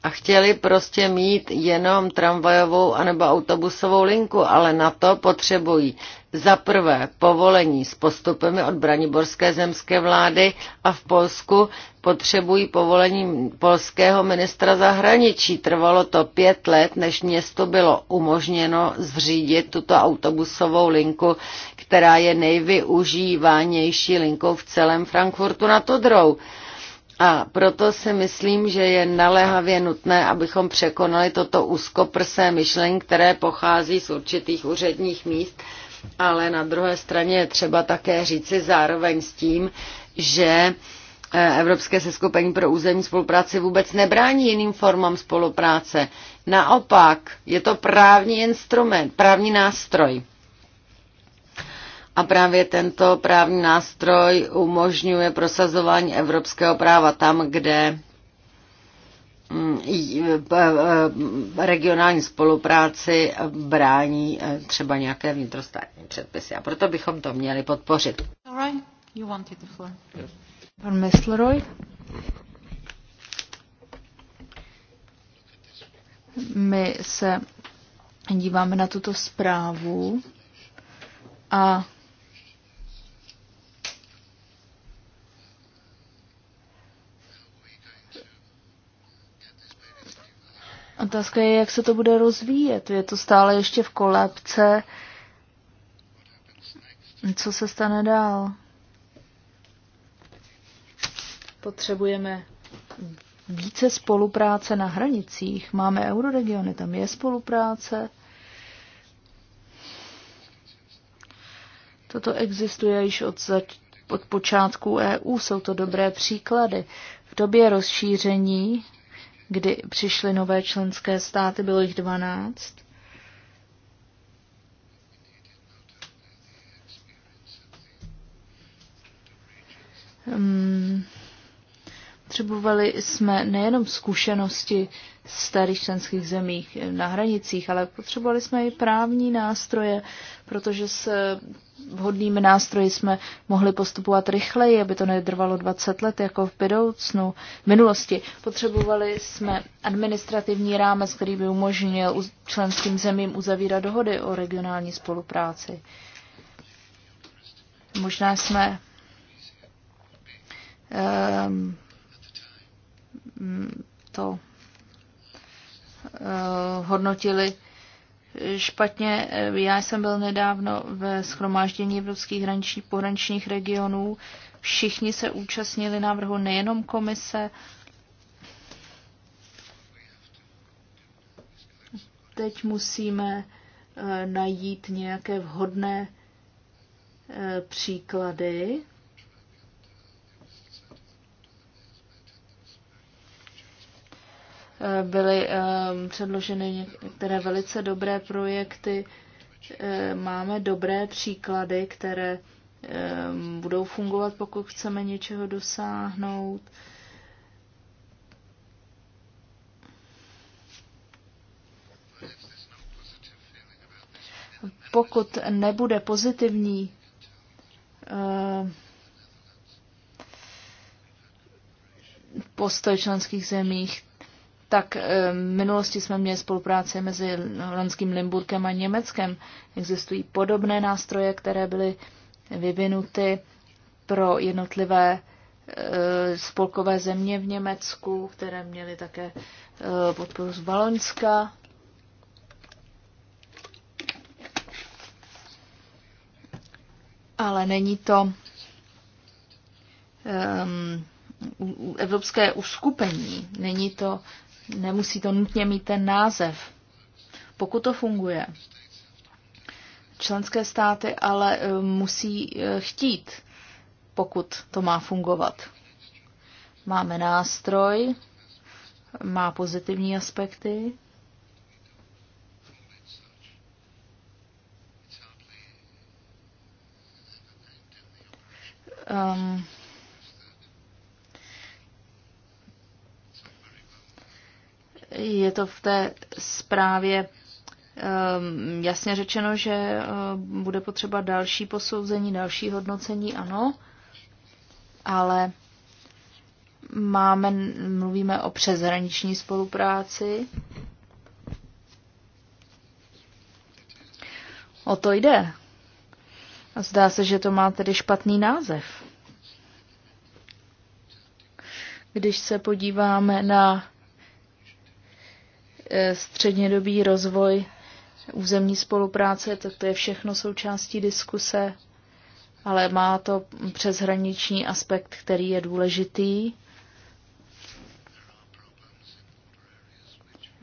a chtěli prostě mít jenom tramvajovou anebo autobusovou linku, ale na to potřebují za prvé povolení s postupem od Braniborské zemské vlády a v Polsku potřebují povolení polského ministra zahraničí. Trvalo to pět let, než město bylo umožněno zřídit tuto autobusovou linku, která je nejvyužívanější linkou v celém Frankfurtu na Todrou. A proto si myslím, že je naléhavě nutné, abychom překonali toto úzkoprsé myšlení, které pochází z určitých úředních míst, ale na druhé straně je třeba také říci zároveň s tím, že Eh, Evropské seskupení pro územní spolupráci vůbec nebrání jiným formám spolupráce. Naopak, je to právní instrument, právní nástroj. A právě tento právní nástroj umožňuje prosazování evropského práva tam, kde mm, eh, eh, regionální spolupráci brání třeba nějaké vnitrostátní předpisy. A proto bychom to měli podpořit. All right. you Pan Mesleroy. My se díváme na tuto zprávu a Otázka je, jak se to bude rozvíjet. Je to stále ještě v kolébce. Co se stane dál? Potřebujeme více spolupráce na hranicích. Máme euroregiony, tam je spolupráce. Toto existuje již od, zač- od počátku EU, jsou to dobré příklady. V době rozšíření, kdy přišly nové členské státy, bylo jich 12, Hmm. Potřebovali jsme nejenom zkušenosti starých členských zemích na hranicích, ale potřebovali jsme i právní nástroje, protože s vhodnými nástroji jsme mohli postupovat rychleji, aby to nedrvalo 20 let jako v budoucnu, v minulosti. Potřebovali jsme administrativní rámec, který by umožnil členským zemím uzavírat dohody o regionální spolupráci. Možná jsme um, Mm, to eh, hodnotili špatně. Já jsem byl nedávno ve schromáždění evropských hraničních pohraničních regionů. Všichni se účastnili návrhu, nejenom komise. Teď musíme eh, najít nějaké vhodné eh, příklady byly ehm, předloženy některé velice dobré projekty. Ehm, máme dobré příklady, které ehm, budou fungovat, pokud chceme něčeho dosáhnout. Pokud nebude pozitivní postoj členských zemích, tak eh, v minulosti jsme měli spolupráci mezi holandským Limburkem a Německem. Existují podobné nástroje, které byly vyvinuty pro jednotlivé eh, spolkové země v Německu, které měly také eh, podporu z Valoňska. Ale není to um, evropské uskupení, není to Nemusí to nutně mít ten název. Pokud to funguje, členské státy ale e, musí e, chtít, pokud to má fungovat. Máme nástroj, má pozitivní aspekty. Um, Je to v té zprávě ehm, jasně řečeno, že ehm, bude potřeba další posouzení, další hodnocení, ano, ale máme, mluvíme o přeshraniční spolupráci. O to jde. A zdá se, že to má tedy špatný název. Když se podíváme na Eh, střednědobý rozvoj územní spolupráce, tak to je všechno součástí diskuse, ale má to přeshraniční aspekt, který je důležitý.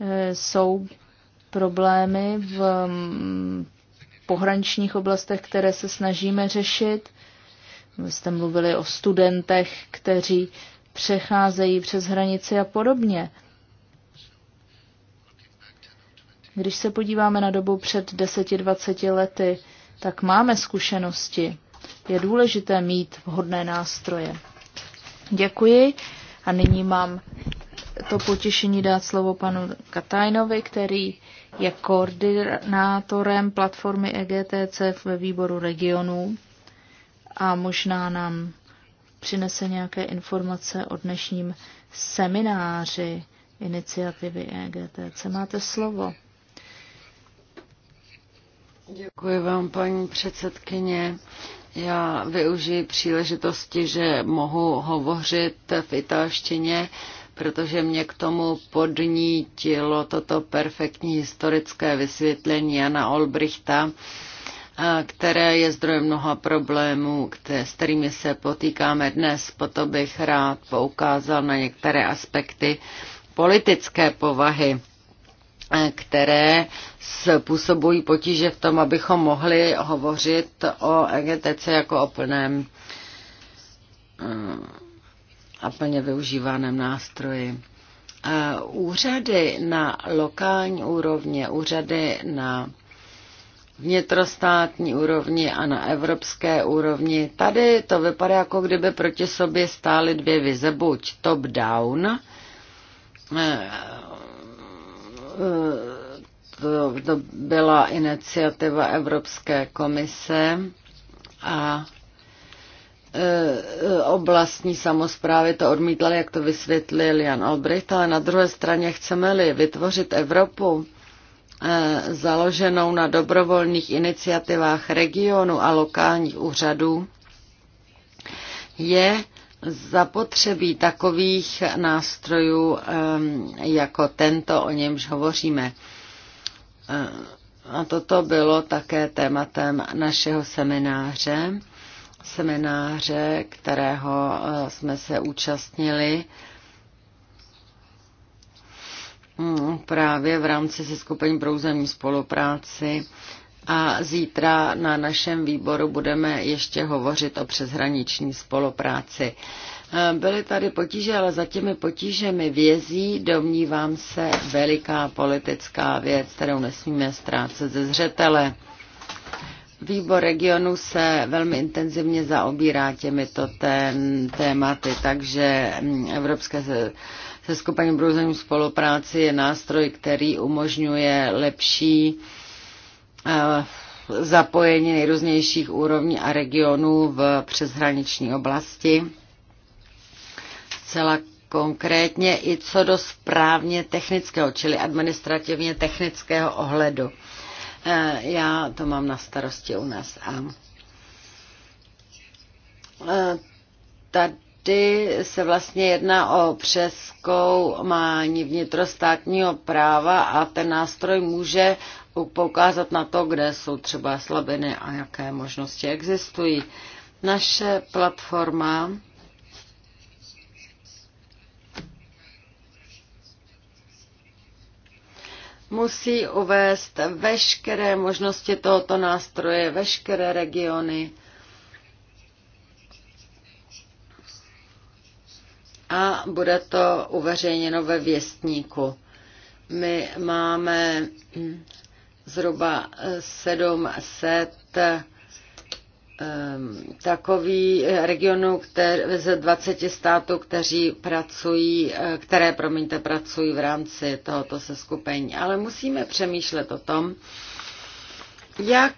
Eh, jsou problémy v mm, pohraničních oblastech, které se snažíme řešit. Vy jste mluvili o studentech, kteří přecházejí přes hranici a podobně. Když se podíváme na dobu před 10-20 lety, tak máme zkušenosti. Je důležité mít vhodné nástroje. Děkuji a nyní mám to potěšení dát slovo panu Katajnovi, který je koordinátorem platformy EGTC ve výboru regionů a možná nám přinese nějaké informace o dnešním semináři iniciativy EGTC. Máte slovo. Děkuji vám, paní předsedkyně. Já využiji příležitosti, že mohu hovořit v italštině, protože mě k tomu podnítilo toto perfektní historické vysvětlení Jana Olbrichta, které je zdrojem mnoha problémů, které, s kterými se potýkáme dnes. Proto bych rád poukázal na některé aspekty politické povahy které způsobují potíže v tom, abychom mohli hovořit o EGTC jako o plném eh, a plně využívaném nástroji. Eh, úřady na lokální úrovně, úřady na vnitrostátní úrovni a na evropské úrovni. Tady to vypadá, jako kdyby proti sobě stály dvě vize, buď top-down, eh, to, to byla iniciativa Evropské komise a e, e, oblastní samozprávy to odmítali, jak to vysvětlil Jan Albrecht, ale na druhé straně chceme-li vytvořit Evropu e, založenou na dobrovolných iniciativách regionu a lokálních úřadů, je zapotřebí takových nástrojů jako tento, o němž hovoříme. A toto bylo také tématem našeho semináře, semináře, kterého eh, jsme se účastnili mm, právě v rámci seskupení pro územní spolupráci. A zítra na našem výboru budeme ještě hovořit o přeshraniční spolupráci. Eh, byly tady potíže, ale za těmi potížemi vězí, domnívám se, veliká politická věc, kterou nesmíme ztrácet ze zřetele. Výbor regionu se velmi intenzivně zaobírá těmito ten, tématy, takže mm, Evropské se, se skupením budou spolupráci je nástroj, který umožňuje lepší eh, zapojení nejrůznějších úrovní a regionů v přeshraniční oblasti zcela konkrétně i co do správně technického, čili administrativně technického ohledu. E, já to mám na starosti u nás. A e, tady se vlastně jedná o přeskoumání vnitrostátního práva a ten nástroj může poukázat na to, kde jsou třeba slabiny a jaké možnosti existují. Naše platforma musí uvést veškeré možnosti tohoto nástroje, veškeré regiony. A bude to uveřejněno ve věstníku. My máme zhruba 700 Ehm, takový eh, regionů kter, z 20 států, kteří pracují, eh, které, promiňte, pracují v rámci tohoto seskupení. Ale musíme přemýšlet o tom, jak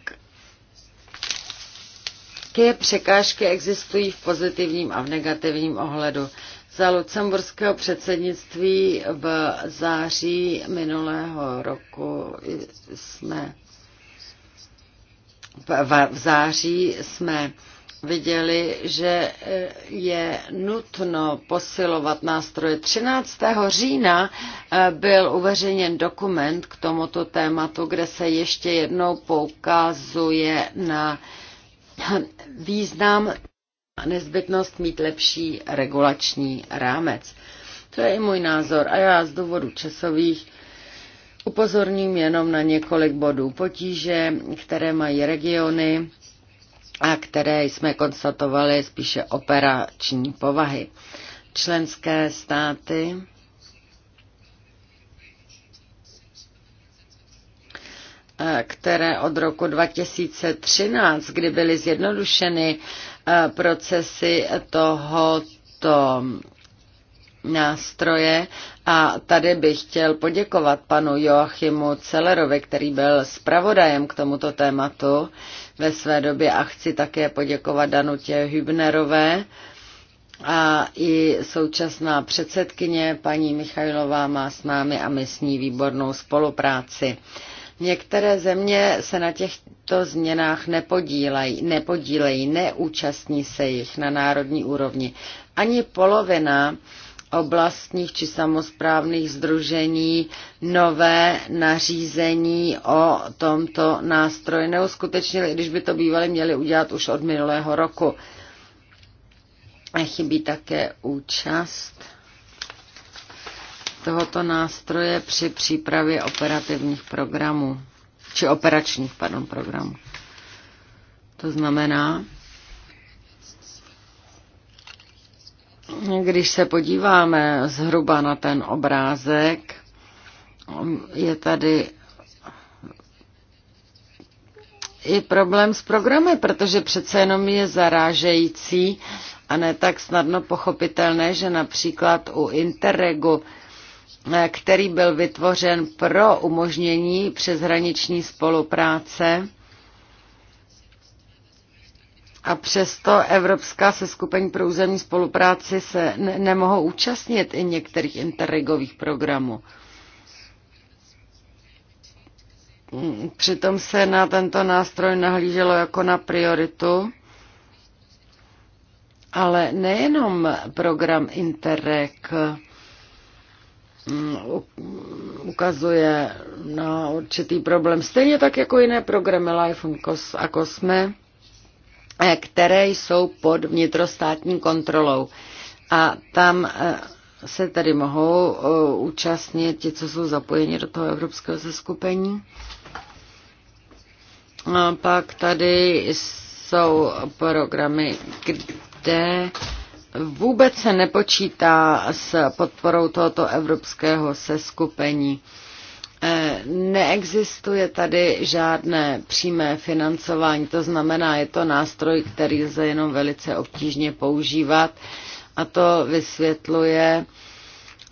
jaké překážky existují v pozitivním a v negativním ohledu. Za lucemburského předsednictví v září minulého roku jsme v září jsme viděli, že eh, je nutno posilovat nástroje. 13. října eh, byl uveřejněn dokument k tomuto tématu, kde se ještě jednou poukazuje na význam a nezbytnost mít lepší regulační rámec. To je i můj názor a já z důvodu časových Upozorním jenom na několik bodů potíže, které mají regiony a které jsme konstatovali spíše operační povahy. Členské státy které od roku 2013, kdy byly zjednodušeny eh, procesy tohoto nástroje a tady bych chtěl poděkovat panu Joachimu Celerovi, který byl zpravodajem k tomuto tématu ve své době a chci také poděkovat Danutě Hübnerové a i současná předsedkyně paní Michajlová má s námi a my s ní výbornou spolupráci. Některé země se na těchto změnách nepodílejí, nepodílejí neúčastní se jich na národní úrovni. Ani polovina oblastních či samozprávných združení nové nařízení o tomto nástroji neuskutečnili, když by to bývali měli udělat už od minulého roku. Chybí také účast tohoto nástroje při přípravě operativních programů, či operačních pardon, programů. To znamená, Když se podíváme zhruba na ten obrázek, je tady i problém s programy, protože přece jenom je zarážející a ne tak snadno pochopitelné, že například u Interregu, eh, který byl vytvořen pro umožnění přeshraniční spolupráce, a přesto Evropská seskupení pro územní spolupráci se ne- nemohou účastnit i některých interregových programů. Mm, přitom se na tento nástroj nahlíželo jako na prioritu, ale nejenom program Interreg mm, ukazuje na určitý problém. Stejně tak jako jiné programy Life a Cosme, Eh, které jsou pod vnitrostátní kontrolou. A tam eh, se tady mohou eh, účastnit ti, co jsou zapojeni do toho evropského seskupení. A pak tady jsou programy, kde vůbec se nepočítá s podporou tohoto evropského seskupení. Eh, neexistuje tady žádné přímé financování, to znamená, je to nástroj, který lze jenom velice obtížně používat a to vysvětluje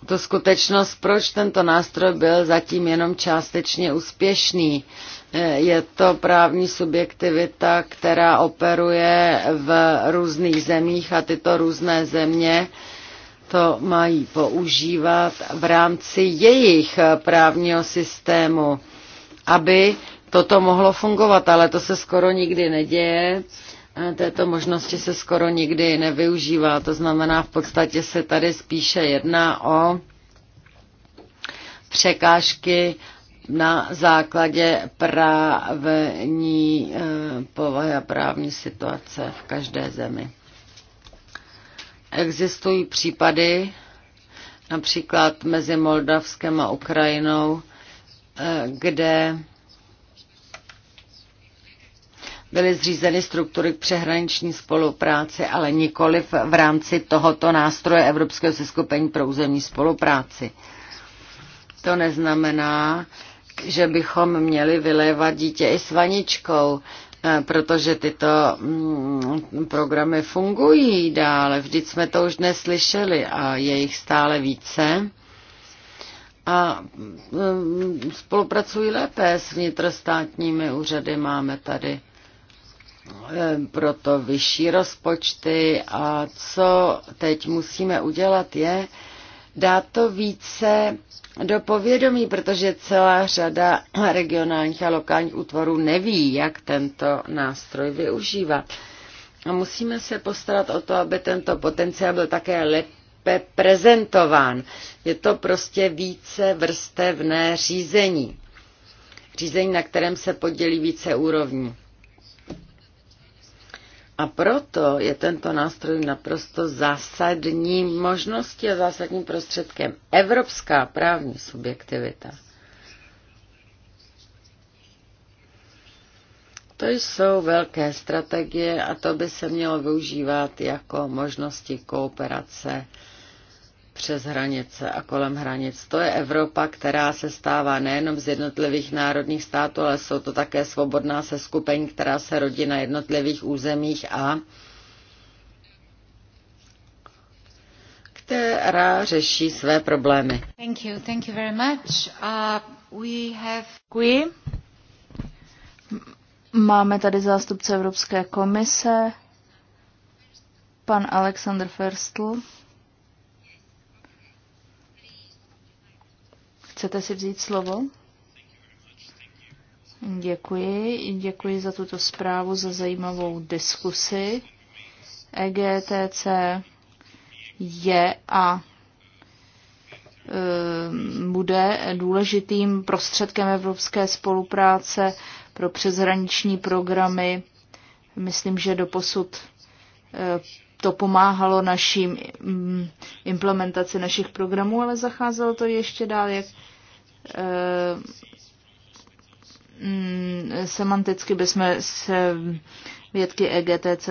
to skutečnost, proč tento nástroj byl zatím jenom částečně úspěšný. Eh, je to právní subjektivita, která operuje v různých zemích a tyto různé země to mají používat v rámci jejich právního systému, aby toto mohlo fungovat, ale to se skoro nikdy neděje. Této možnosti se skoro nikdy nevyužívá. To znamená, v podstatě se tady spíše jedná o překážky na základě právní eh, povahy a právní situace v každé zemi. Existují případy, například mezi Moldavskem a Ukrajinou, eh, kde byly zřízeny struktury k přehraniční spolupráci, ale nikoli v rámci tohoto nástroje Evropského seskupení pro územní spolupráci. To neznamená, že bychom měli vylévat dítě i s vaničkou. Eh, protože tyto mm, programy fungují dále. Vždyť jsme to už neslyšeli a je jich stále více. A mm, spolupracují lépe s vnitrostátními úřady. Máme tady eh, proto vyšší rozpočty a co teď musíme udělat je, Dá to více do povědomí, protože celá řada regionálních a lokálních útvorů neví, jak tento nástroj využívat. A musíme se postarat o to, aby tento potenciál byl také lépe prezentován. Je to prostě více vrstevné řízení. Řízení, na kterém se podělí více úrovní. A proto je tento nástroj naprosto zásadní možností a zásadním prostředkem. Evropská právní subjektivita. To jsou velké strategie a to by se mělo využívat jako možnosti kooperace přes hranice a kolem hranic. To je Evropa, která se stává nejenom z jednotlivých národních států, ale jsou to také svobodná seskupení, která se rodí na jednotlivých územích a která řeší své problémy. Thank you, thank you very much. Uh, we have... Děkuji. Máme tady zástupce Evropské komise, pan Alexander Ferstl. Chcete si vzít slovo? Děkuji. Děkuji za tuto zprávu, za zajímavou diskusi. EGTC je a e, bude důležitým prostředkem evropské spolupráce pro přeshraniční programy. Myslím, že doposud e, to pomáhalo našim mm, implementaci našich programů, ale zacházelo to ještě dál, jak eh, mm, semanticky bychom se vědky EGTC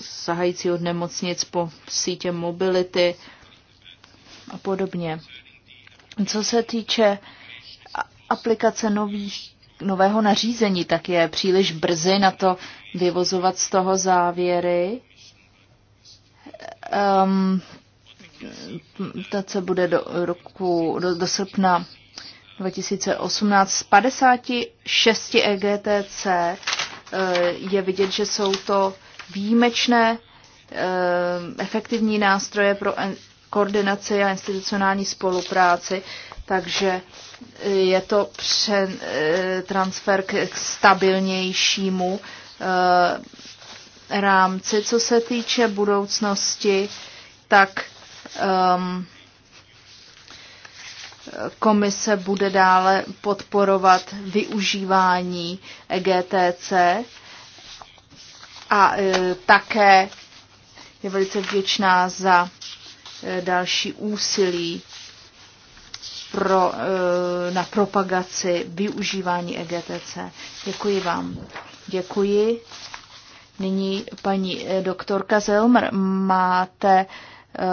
sahající od nemocnic po sítě mobility a podobně. Co se týče aplikace nových, nového nařízení, tak je příliš brzy na to vyvozovat z toho závěry um, ta, co bude do roku, do, do srpna 2018 z 56 EGTC eh, je vidět, že jsou to výjimečné eh, efektivní nástroje pro koordinaci a institucionální spolupráci, takže eh, je to transfer k stabilnějšímu rámci. Co se týče budoucnosti, tak um, komise bude dále podporovat využívání EGTC a e, také je velice vděčná za e, další úsilí pro, e, na propagaci využívání EGTC. Děkuji vám. Děkuji. Nyní paní eh, doktorka Zelmer, máte eh,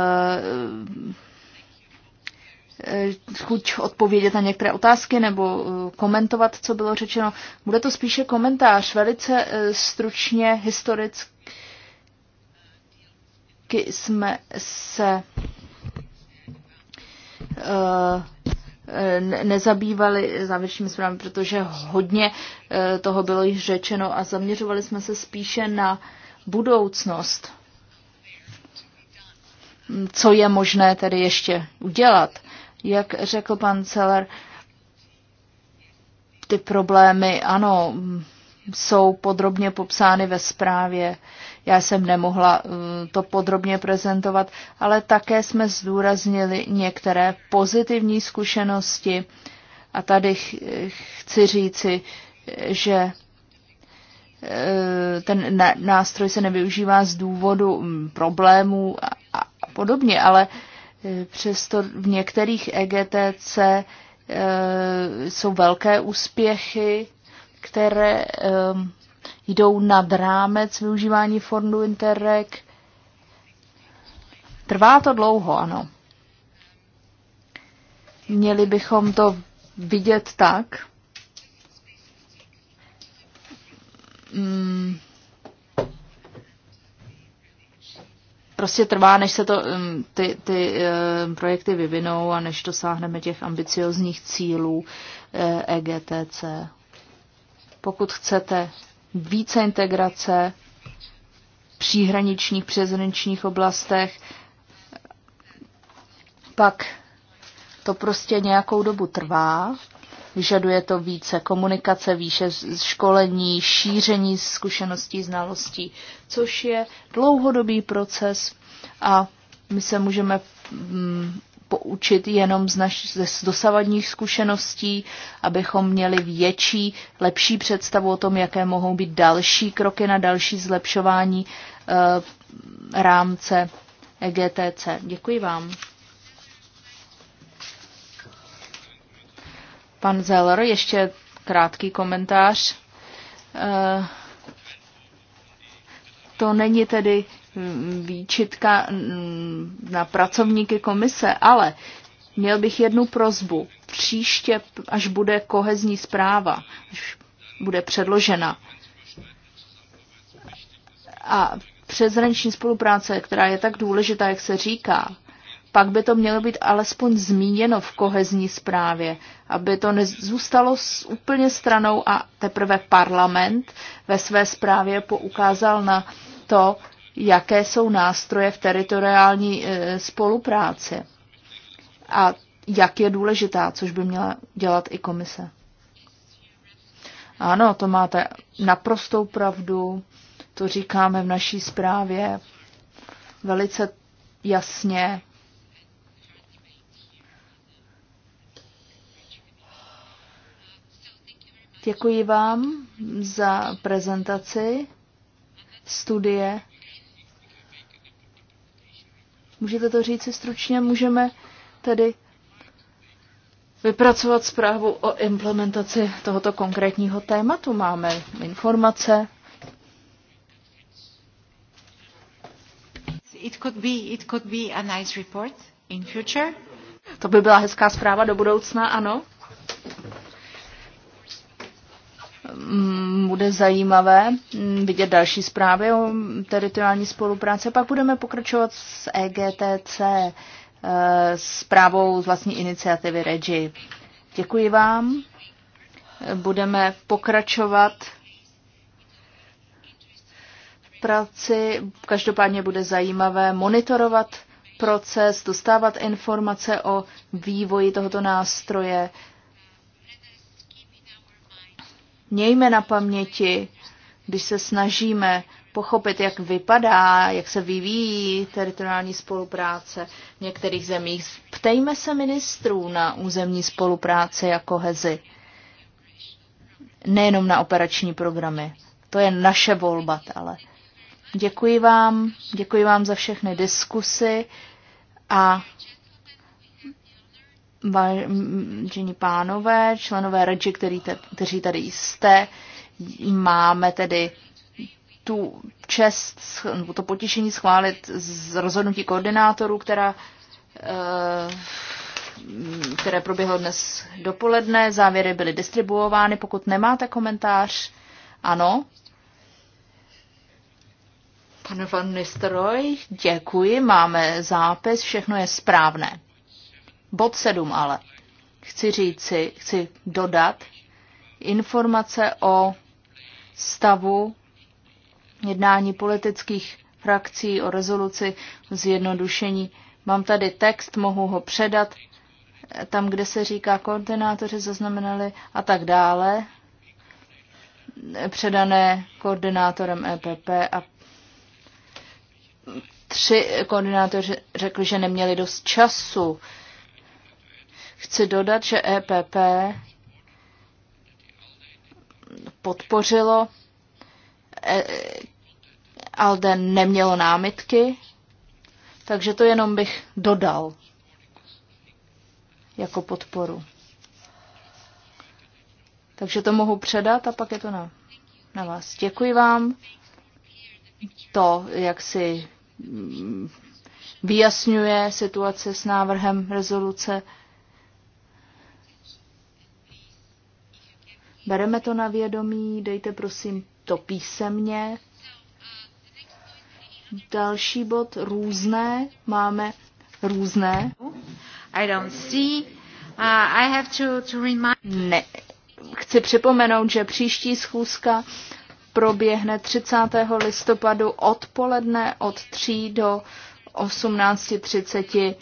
eh, chuť odpovědět na některé otázky nebo komentovat, co bylo řečeno. Bude to spíše komentář, velice stručně, historicky jsme se nezabývali závěrečnými zprávami, protože hodně eh, toho bylo již řečeno a zaměřovali jsme se spíše na budoucnost, co je možné tedy ještě udělat. Jak řekl pan Celer, ty problémy, ano, jsou podrobně popsány ve zprávě. Já jsem nemohla eh, to podrobně prezentovat, ale také jsme zdůraznili některé pozitivní zkušenosti a tady eh, chci říci, že eh, ten nástroj se nevyužívá z důvodu mm, problémů a podobně, ale přesto v některých EGTC jsou velké úspěchy, které jdou nad rámec využívání fondu Interreg. Trvá to dlouho, ano. Měli bychom to vidět tak, mm, prostě trvá, než se to, mm, ty, ty eh, projekty vyvinou a než dosáhneme těch ambiciozních cílů EGTC. Eh, e Pokud chcete více integrace v příhraničních přezhraničních oblastech, pak to prostě nějakou dobu trvá, vyžaduje to více komunikace, výše školení, šíření zkušeností, znalostí, což je dlouhodobý proces a my se můžeme mm, poučit jenom z, naš, z dosavadních zkušeností, abychom měli větší, lepší představu o tom, jaké mohou být další kroky na další zlepšování eh, e, rámce EGTC. Děkuji vám. Pan Zeller, ještě krátký komentář. E, to není tedy výčitka mm, na pracovníky komise, ale měl bych jednu prozbu. Příště, až bude kohezní zpráva, až bude předložena a přezranční spolupráce, která je tak důležitá, jak se říká, pak by to mělo být alespoň zmíněno v kohezní zprávě, aby to nezůstalo úplně stranou a teprve parlament ve své zprávě poukázal na to, jaké jsou nástroje v teritoriální e, spolupráci a jak je důležitá, což by měla dělat i komise. Ano, to máte naprostou pravdu, to říkáme v naší zprávě velice jasně. Děkuji vám za prezentaci studie Můžete to říct si stručně? Můžeme tedy vypracovat zprávu o implementaci tohoto konkrétního tématu. Máme informace. It could be, it could be a nice report in future. To by byla hezká zpráva do budoucna, ano. Mm, bude zajímavé vidět další zprávy o teritoriální spolupráci. Pak budeme pokračovat s EGTC, eh, zprávou z vlastní iniciativy REGI. Děkuji vám. Budeme pokračovat v práci. Každopádně bude zajímavé monitorovat proces, dostávat informace o vývoji tohoto nástroje mějme na paměti, když se snažíme pochopit, jak vypadá, jak se vyvíjí teritoriální spolupráce v některých zemích. Ptejme se ministrů na územní spolupráce jako hezy, nejenom na operační programy. To je naše volba, ale. Děkuji vám, děkuji vám za všechny diskusy a Vážení pánové, členové Radži, který te, kteří tady jste, máme tedy tu čest, to potěšení schválit z rozhodnutí koordinátorů, která, eh, které proběhlo dnes dopoledne. Závěry byly distribuovány. Pokud nemáte komentář, ano. Pane van Nistelrooy, děkuji, máme zápis, všechno je správné. Bod 7 ale. Chci říci, chci dodat informace o stavu jednání politických frakcí o rezoluci zjednodušení. Mám tady text, mohu ho předat tam, kde se říká koordinátoři zaznamenali a tak dále, předané koordinátorem EPP a tři koordinátoři řekli, že neměli dost času Chci dodat, že EPP podpořilo, e, ALDE nemělo námitky, takže to jenom bych dodal jako podporu. Takže to mohu předat a pak je to na, na vás. Děkuji vám. To, jak si mm, vyjasňuje situace s návrhem rezoluce. Bereme to na vědomí, dejte prosím to písemně. Další bod různé, máme různé. I don't see. Uh, I have to, to remind... Ne. Chci připomenout, že příští schůzka proběhne 30. listopadu odpoledne od 3 do 18.30